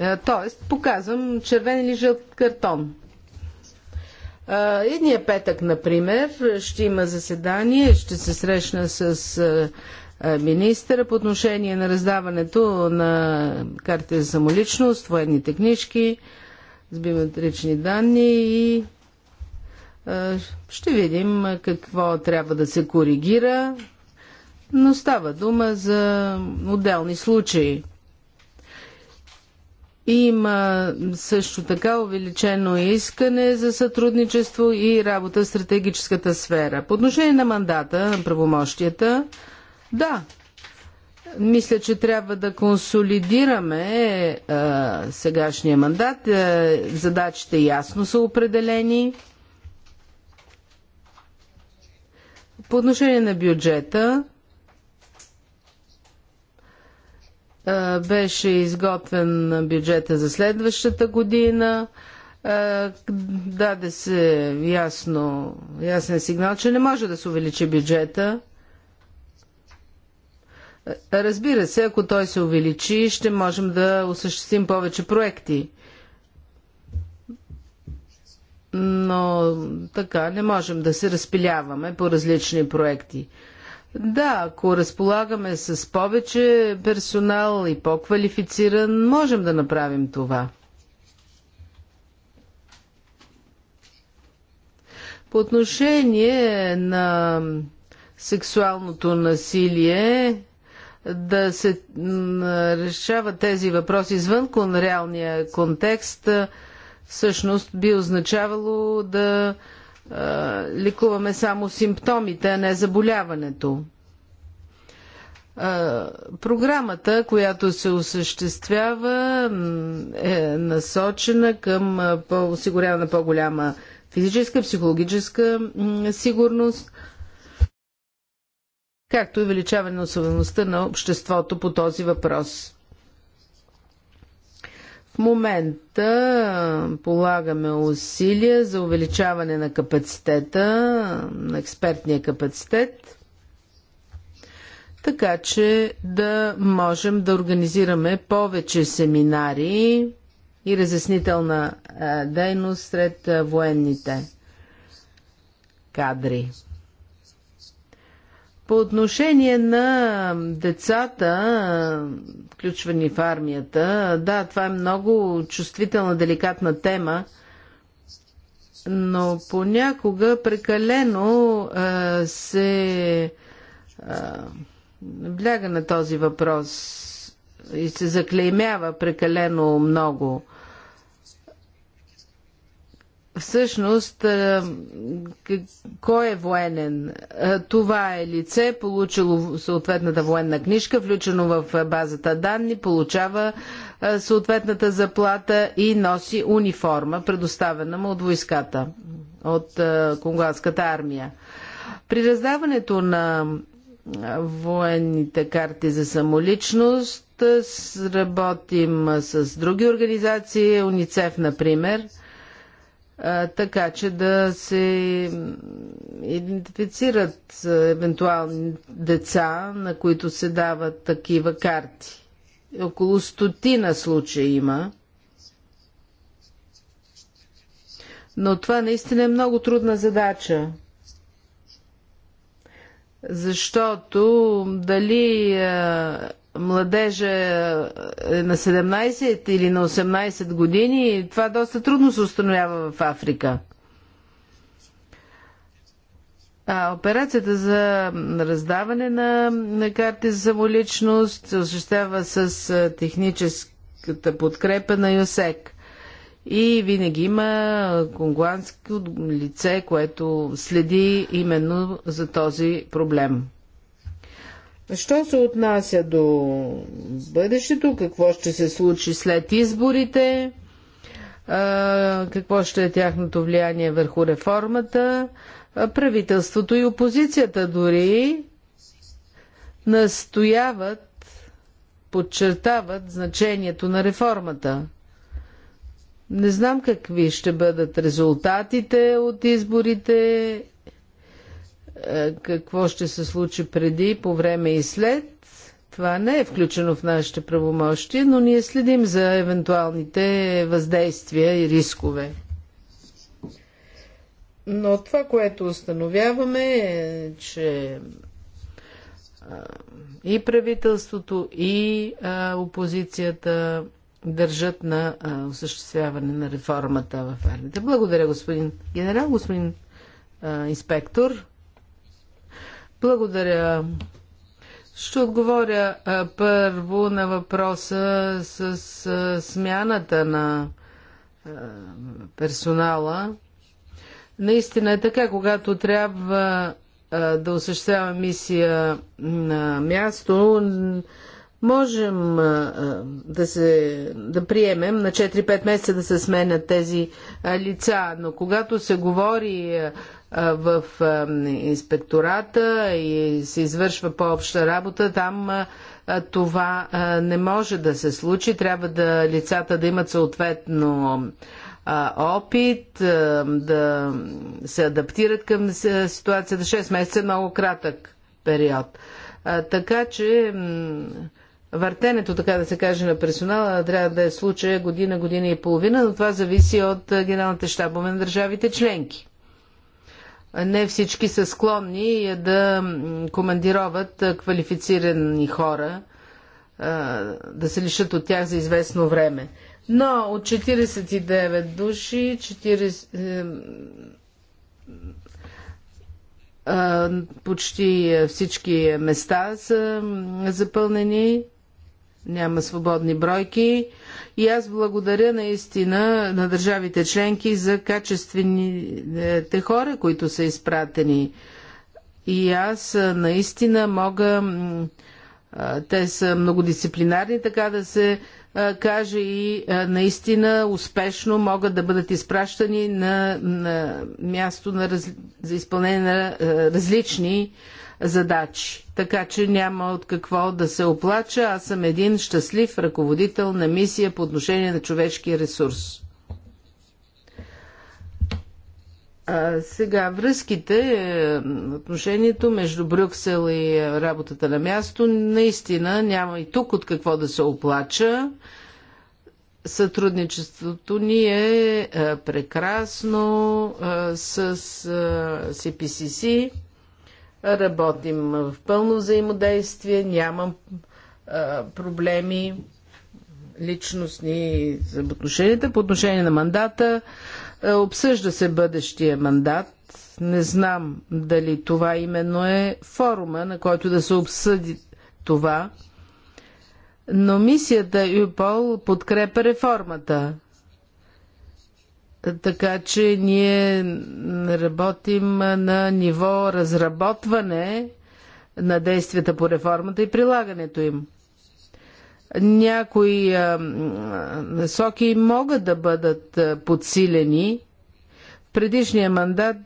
Е, тоест, показвам червен или жълт картон. Е, едния петък, например, ще има заседание, ще се срещна с министъра по отношение на раздаването на карти за самоличност, военните книжки, с биометрични данни и е, ще видим какво трябва да се коригира, но става дума за отделни случаи. Има също така увеличено искане за сътрудничество и работа в стратегическата сфера. По отношение на мандата, на правомощията, да, мисля, че трябва да консолидираме а, е, сегашния мандат. А, е, задачите ясно са определени По отношение на бюджета, беше изготвен бюджета за следващата година. Даде се ясно, ясен сигнал, че не може да се увеличи бюджета. Разбира се, ако той се увеличи, ще можем да осъществим повече проекти но така не можем да се разпиляваме по различни проекти. Да, ако разполагаме с повече персонал и по-квалифициран, можем да направим това. По отношение на сексуалното насилие, да се решават тези въпроси извън реалния контекст, всъщност би означавало да а, ликуваме само симптомите, а не заболяването. А, програмата, която се осъществява, е насочена към осигуряване на по-голяма физическа, психологическа сигурност, както и увеличаване на особеността на обществото по този въпрос. В момента полагаме усилия за увеличаване на капацитета, на експертния капацитет, така че да можем да организираме повече семинари и разяснителна дейност сред военните кадри. По отношение на децата, включвани в армията, да, това е много чувствителна, деликатна тема, но понякога прекалено а, се а, бляга на този въпрос и се заклеймява прекалено много всъщност кой е военен? Това е лице, получило съответната военна книжка, включено в базата данни, получава съответната заплата и носи униформа, предоставена му от войската, от конгланската армия. При раздаването на военните карти за самоличност работим с други организации, УНИЦЕФ, например – така че да се идентифицират евентуални деца, на които се дават такива карти. Около стотина случаи има. Но това наистина е много трудна задача. Защото дали младежа е на 17 или на 18 години, това доста трудно се установява в Африка. А, операцията за раздаване на, на карти за самоличност се осъществява с техническата подкрепа на ЮСЕК. И винаги има конгуанско лице, което следи именно за този проблем. Що се отнася до бъдещето, какво ще се случи след изборите, какво ще е тяхното влияние върху реформата, правителството и опозицията дори настояват, подчертават значението на реформата. Не знам какви ще бъдат резултатите от изборите е, какво ще се случи преди, по време и след. Това не е включено в нашите правомощи, но ние следим за евентуалните въздействия и рискове. Но това, което установяваме е, че и правителството, и опозицията държат на осъществяване на реформата в армията. Благодаря, господин генерал, господин инспектор. Благодаря. Ще отговоря а, първо на въпроса с а, смяната на а, персонала. Наистина е така, когато трябва да осъществява мисия на място, Можем да, се, да приемем на 4-5 месеца да се сменят тези лица, но когато се говори в инспектората и се извършва по-обща работа, там това не може да се случи. Трябва да лицата да имат съответно опит, да се адаптират към ситуацията. 6 месеца е много кратък период. Така че въртенето, така да се каже, на персонала трябва да е случая година, година и половина, но това зависи от генералните щабове на държавите членки. Не всички са склонни да командироват квалифицирани хора, да се лишат от тях за известно време. Но от 49 души, 40, почти всички места са запълнени няма свободни бройки. И аз благодаря наистина на държавите членки за качествените хора, които са изпратени. И аз наистина мога. Те са многодисциплинарни, така да се каже, и наистина успешно могат да бъдат изпращани на, на място на, за изпълнение на различни задачи. Така че няма от какво да се оплача. Аз съм един щастлив ръководител на мисия по отношение на човешкия ресурс. А, сега, връзките, е, отношението между Брюксел и е, работата на място, наистина няма и тук от какво да се оплача. Сътрудничеството ни е, е прекрасно с CPCC. Работим в пълно взаимодействие, нямам а, проблеми личностни взаимоотношенията. По отношение на мандата, обсъжда се бъдещия мандат. Не знам дали това именно е форума, на който да се обсъди това. Но мисията ЮПОЛ подкрепа реформата. Така че ние работим на ниво разработване на действията по реформата и прилагането им. Някои насоки могат да бъдат подсилени. В предишния мандат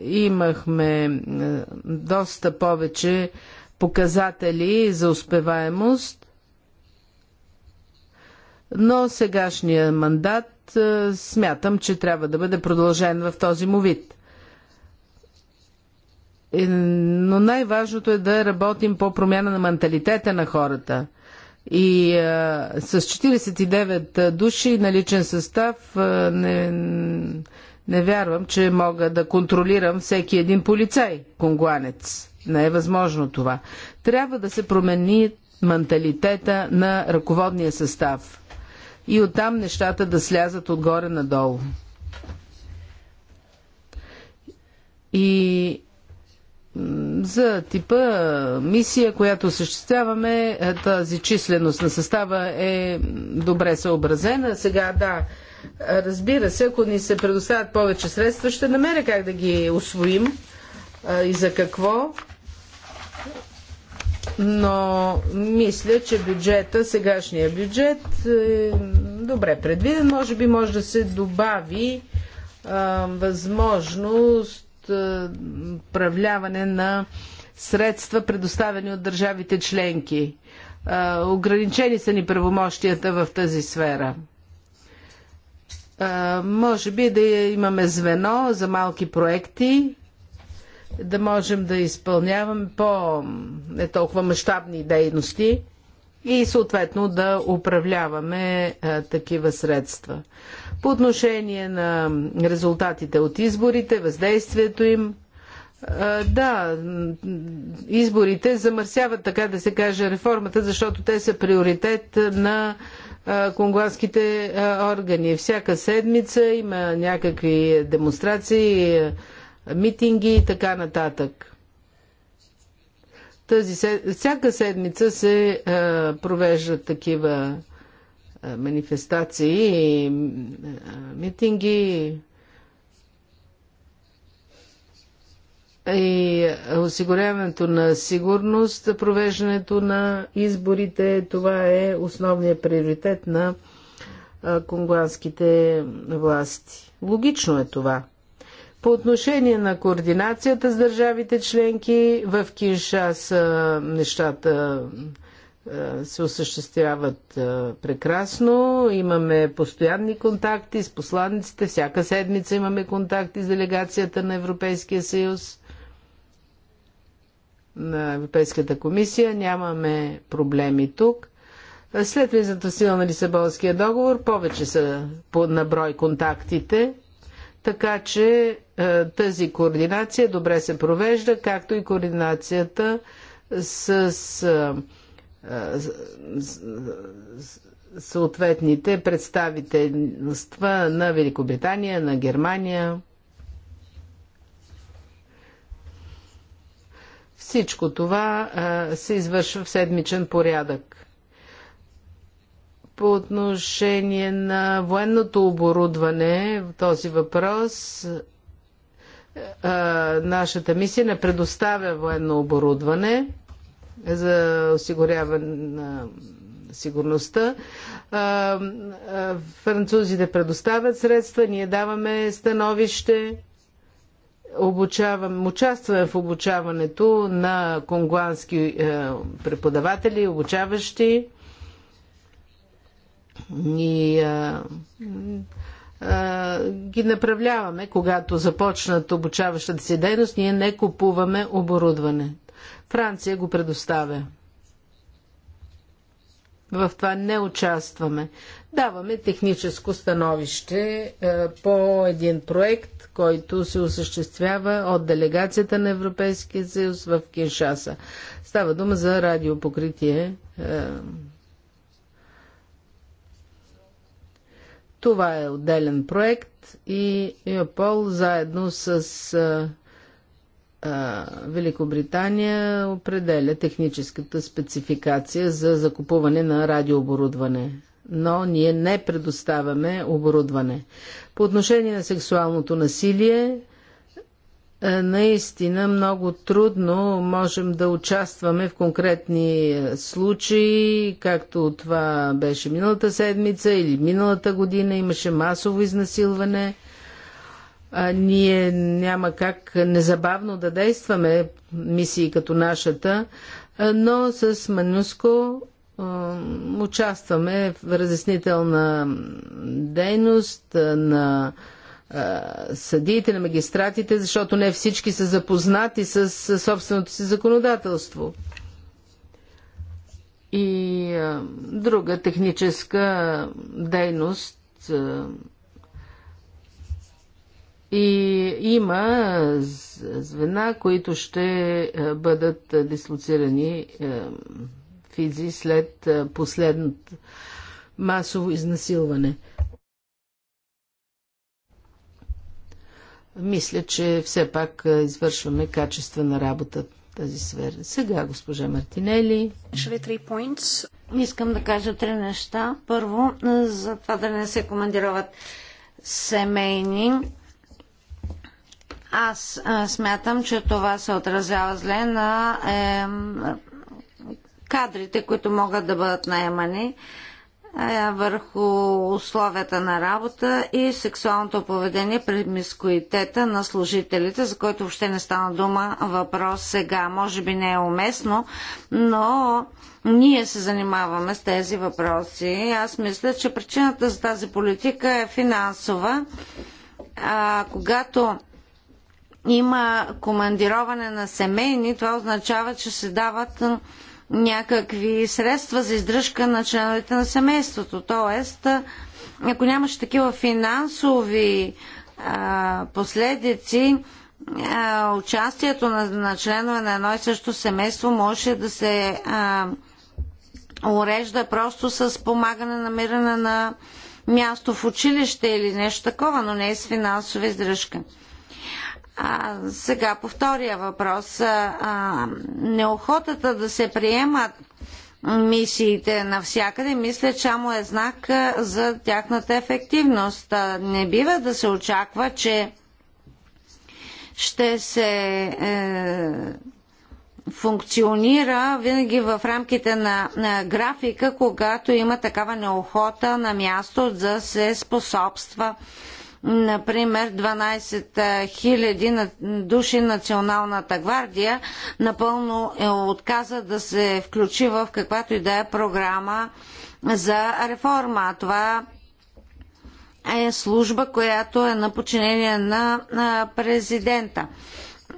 имахме доста повече показатели за успеваемост, но сегашния мандат е, смятам, че трябва да бъде продължен в този му вид. Но най-важното е да работим по промяна на менталитета на хората. И а, е, с 49 души на личен състав а, е, не, не вярвам, че мога да контролирам всеки един полицай, конгуанец. Не е възможно това. Трябва да се промени менталитета на ръководния състав и оттам нещата да слязат отгоре надолу. И за типа мисия, която осъществяваме, е, тази численост на състава е добре съобразена. Сега да, разбира се, ако ни се предоставят повече средства, ще намеря как да ги освоим и за какво но мисля, че бюджета, сегашния бюджет е добре предвиден. Може би може да се добави а, възможност а, управляване на средства, предоставени от държавите членки. А, ограничени са ни правомощията в тази сфера. А, може би да имаме звено за малки проекти, да можем да изпълняваме по не толкова мащабни дейности и съответно да управляваме а, такива средства. По отношение на резултатите от изборите, въздействието им, а, да, изборите замърсяват, така да се каже, реформата, защото те са приоритет на конгуанските органи. Всяка седмица има някакви демонстрации, митинги и така нататък. Тази, всяка седмица се е, провеждат такива е, манифестации, е, митинги и осигуряването на сигурност, провеждането на изборите, това е основният приоритет на конгуанските власти. Логично е това. По отношение на координацията с държавите членки, в Киншас нещата се осъществяват прекрасно. Имаме постоянни контакти с посланниците. Всяка седмица имаме контакти с делегацията на Европейския съюз, на Европейската комисия. Нямаме проблеми тук. След влизането сила на Лисабонския договор повече са на брой контактите така че е, тази координация добре се провежда, както и координацията с е, съответните представителства на Великобритания, на Германия. Всичко това е, се извършва в седмичен порядък. По отношение на военното оборудване, този въпрос, нашата мисия не предоставя военно оборудване за осигуряване на сигурността. Французите предоставят средства, ние даваме становище, обучаваме, участваме в обучаването на конгуански е, преподаватели, обучаващи. Ние а, а, ги направляваме, когато започнат обучаващата си дейност, ние не купуваме оборудване. Франция го предоставя. В това не участваме. Даваме техническо становище а, по един проект, който се осъществява от делегацията на Европейския съюз в Киншаса. Става дума за радиопокритие. А, Това е отделен проект и Юпол заедно с Великобритания определя техническата спецификация за закупуване на радиооборудване, но ние не предоставяме оборудване. По отношение на сексуалното насилие, е, наистина много трудно можем да участваме в конкретни е, случаи, както това беше миналата седмица или миналата година, имаше масово изнасилване. А, ние няма как незабавно да действаме мисии като нашата, е, но с Манюско участваме в разяснителна дейност на съдиите, на магистратите, защото не всички са запознати с собственото си законодателство. И а, друга техническа дейност. и има звена, които ще бъдат дислоцирани в Изи след последното масово изнасилване. мисля, че все пак извършваме качествена работа в тази сфера. Сега, госпожа Мартинели. Искам да кажа три неща. Първо, за това да не се командироват семейни. Аз а, смятам, че това се отразява зле на е, кадрите, които могат да бъдат наемани върху условията на работа и сексуалното поведение при мискоитета на служителите, за който въобще не стана дума въпрос сега. Може би не е уместно, но ние се занимаваме с тези въпроси. Аз мисля, че причината за тази политика е финансова. А, когато има командироване на семейни, това означава, че се дават някакви средства за издръжка на членовете на семейството. Тоест, ако нямаше такива финансови а, последици, а, участието на, на членове на едно и също семейство може да се а, урежда просто с помагане намиране на място в училище или нещо такова, но не и с финансова издръжка. А, сега по втория въпрос. А, неохотата да се приемат мисиите навсякъде, мисля, че само е знак за тяхната ефективност. Не бива да се очаква, че ще се е, функционира винаги в рамките на, на графика, когато има такава неохота на място да се способства например 12 000 души Националната гвардия напълно е отказа да се включи в каквато и да е програма за реформа. Това е служба, която е на подчинение на, на президента.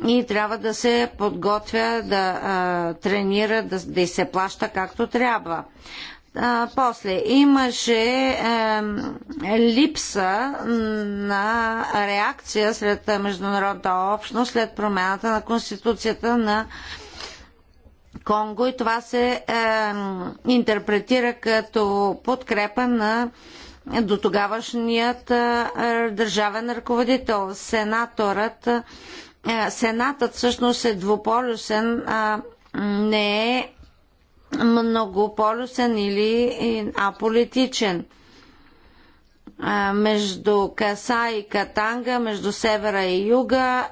И трябва да се подготвя, да а, тренира, да, да и се плаща както трябва. А, после имаше е, липса на реакция след международната общност, след промяната на конституцията на Конго и това се е, интерпретира като подкрепа на до тогавашният е, държавен ръководител. Сенаторът, е, сенатът всъщност е двуполюсен, а не е многополюсен или аполитичен. Между Каса и Катанга, между севера и юга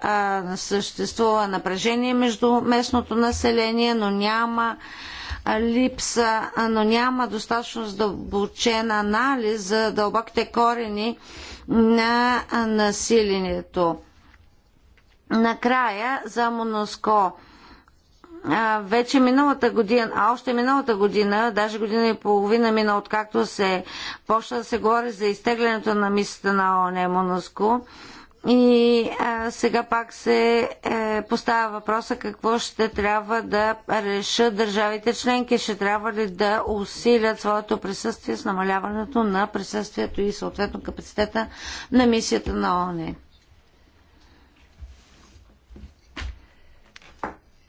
съществува напрежение между местното население, но няма липса, но няма достатъчно задълбочен анализ за дълбоките корени на насилието. Накрая за Моноско вече миналата година, а още миналата година, даже година и половина мина, откакто се почна да се говори за изтеглянето на мисията на ООН е Монуско, и а, сега пак се е, поставя въпроса какво ще трябва да решат държавите членки. Ще трябва ли да усилят своето присъствие с намаляването на присъствието и съответно капацитета на мисията на ОНЕ?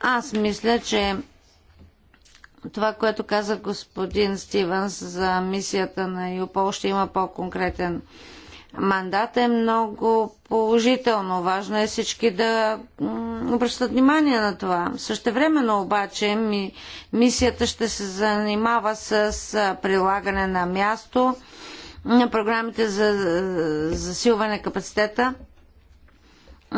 Аз мисля, че това, което каза господин Стивенс за мисията на ЮПОЛ, ще има по-конкретен мандат е много положително. Важно е всички да обръщат внимание на това. времено обаче ми, мисията ще се занимава с прилагане на място на програмите за засилване на капацитета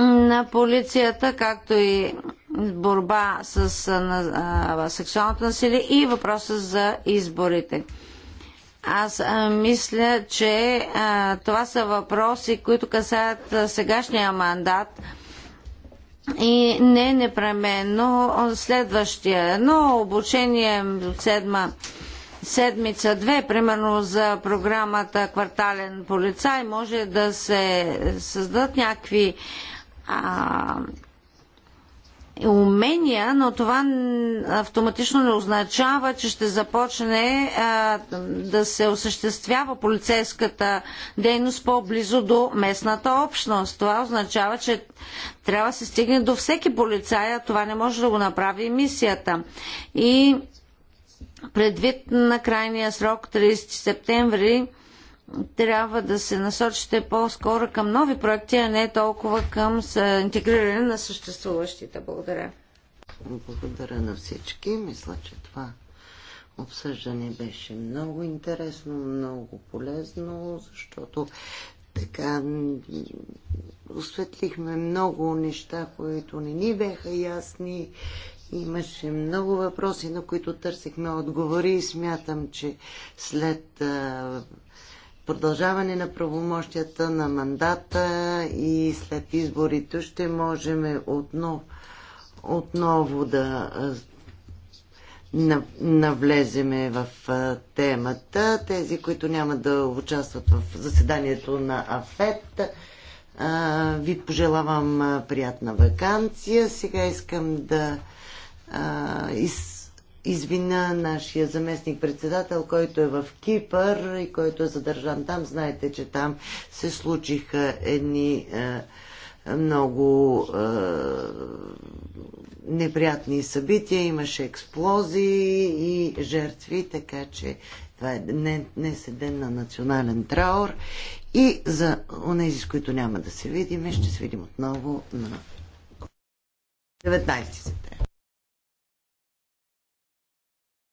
на полицията, както и борба с а, сексуалното насилие и въпроса за изборите. Аз а, мисля, че а, това са въпроси, които касаят а, сегашния мандат и не непременно следващия. Но обучение седма седмица, две, примерно за програмата Квартален полицай, може да се създадат някакви а, а, е умения, но това автоматично не означава, че ще започне а, да се осъществява полицейската дейност по-близо до местната общност. Това означава, че трябва да се стигне до всеки полицай, а това не може да го направи и мисията. И предвид на крайния срок 30 септември, трябва да се насочите по-скоро към нови проекти, а не толкова към интегриране на съществуващите. Благодаря. Благодаря на всички. Мисля, че това обсъждане беше много интересно, много полезно, защото така осветлихме много неща, които не ни бяха ясни. Имаше много въпроси, на които търсихме отговори и смятам, че след продължаване на правомощията на мандата и след изборите ще можем отново, отново да навлеземе в темата. Тези, които няма да участват в заседанието на АФЕТ, ви пожелавам приятна вакансия. Сега искам да из извина нашия заместник-председател, който е в Кипър и който е задържан там. Знаете, че там се случиха едни е, много е, неприятни събития, имаше експлозии и жертви, така че това е днес не е ден на национален траур. И за онези, с които няма да се видим, ще се видим отново на 19 септември.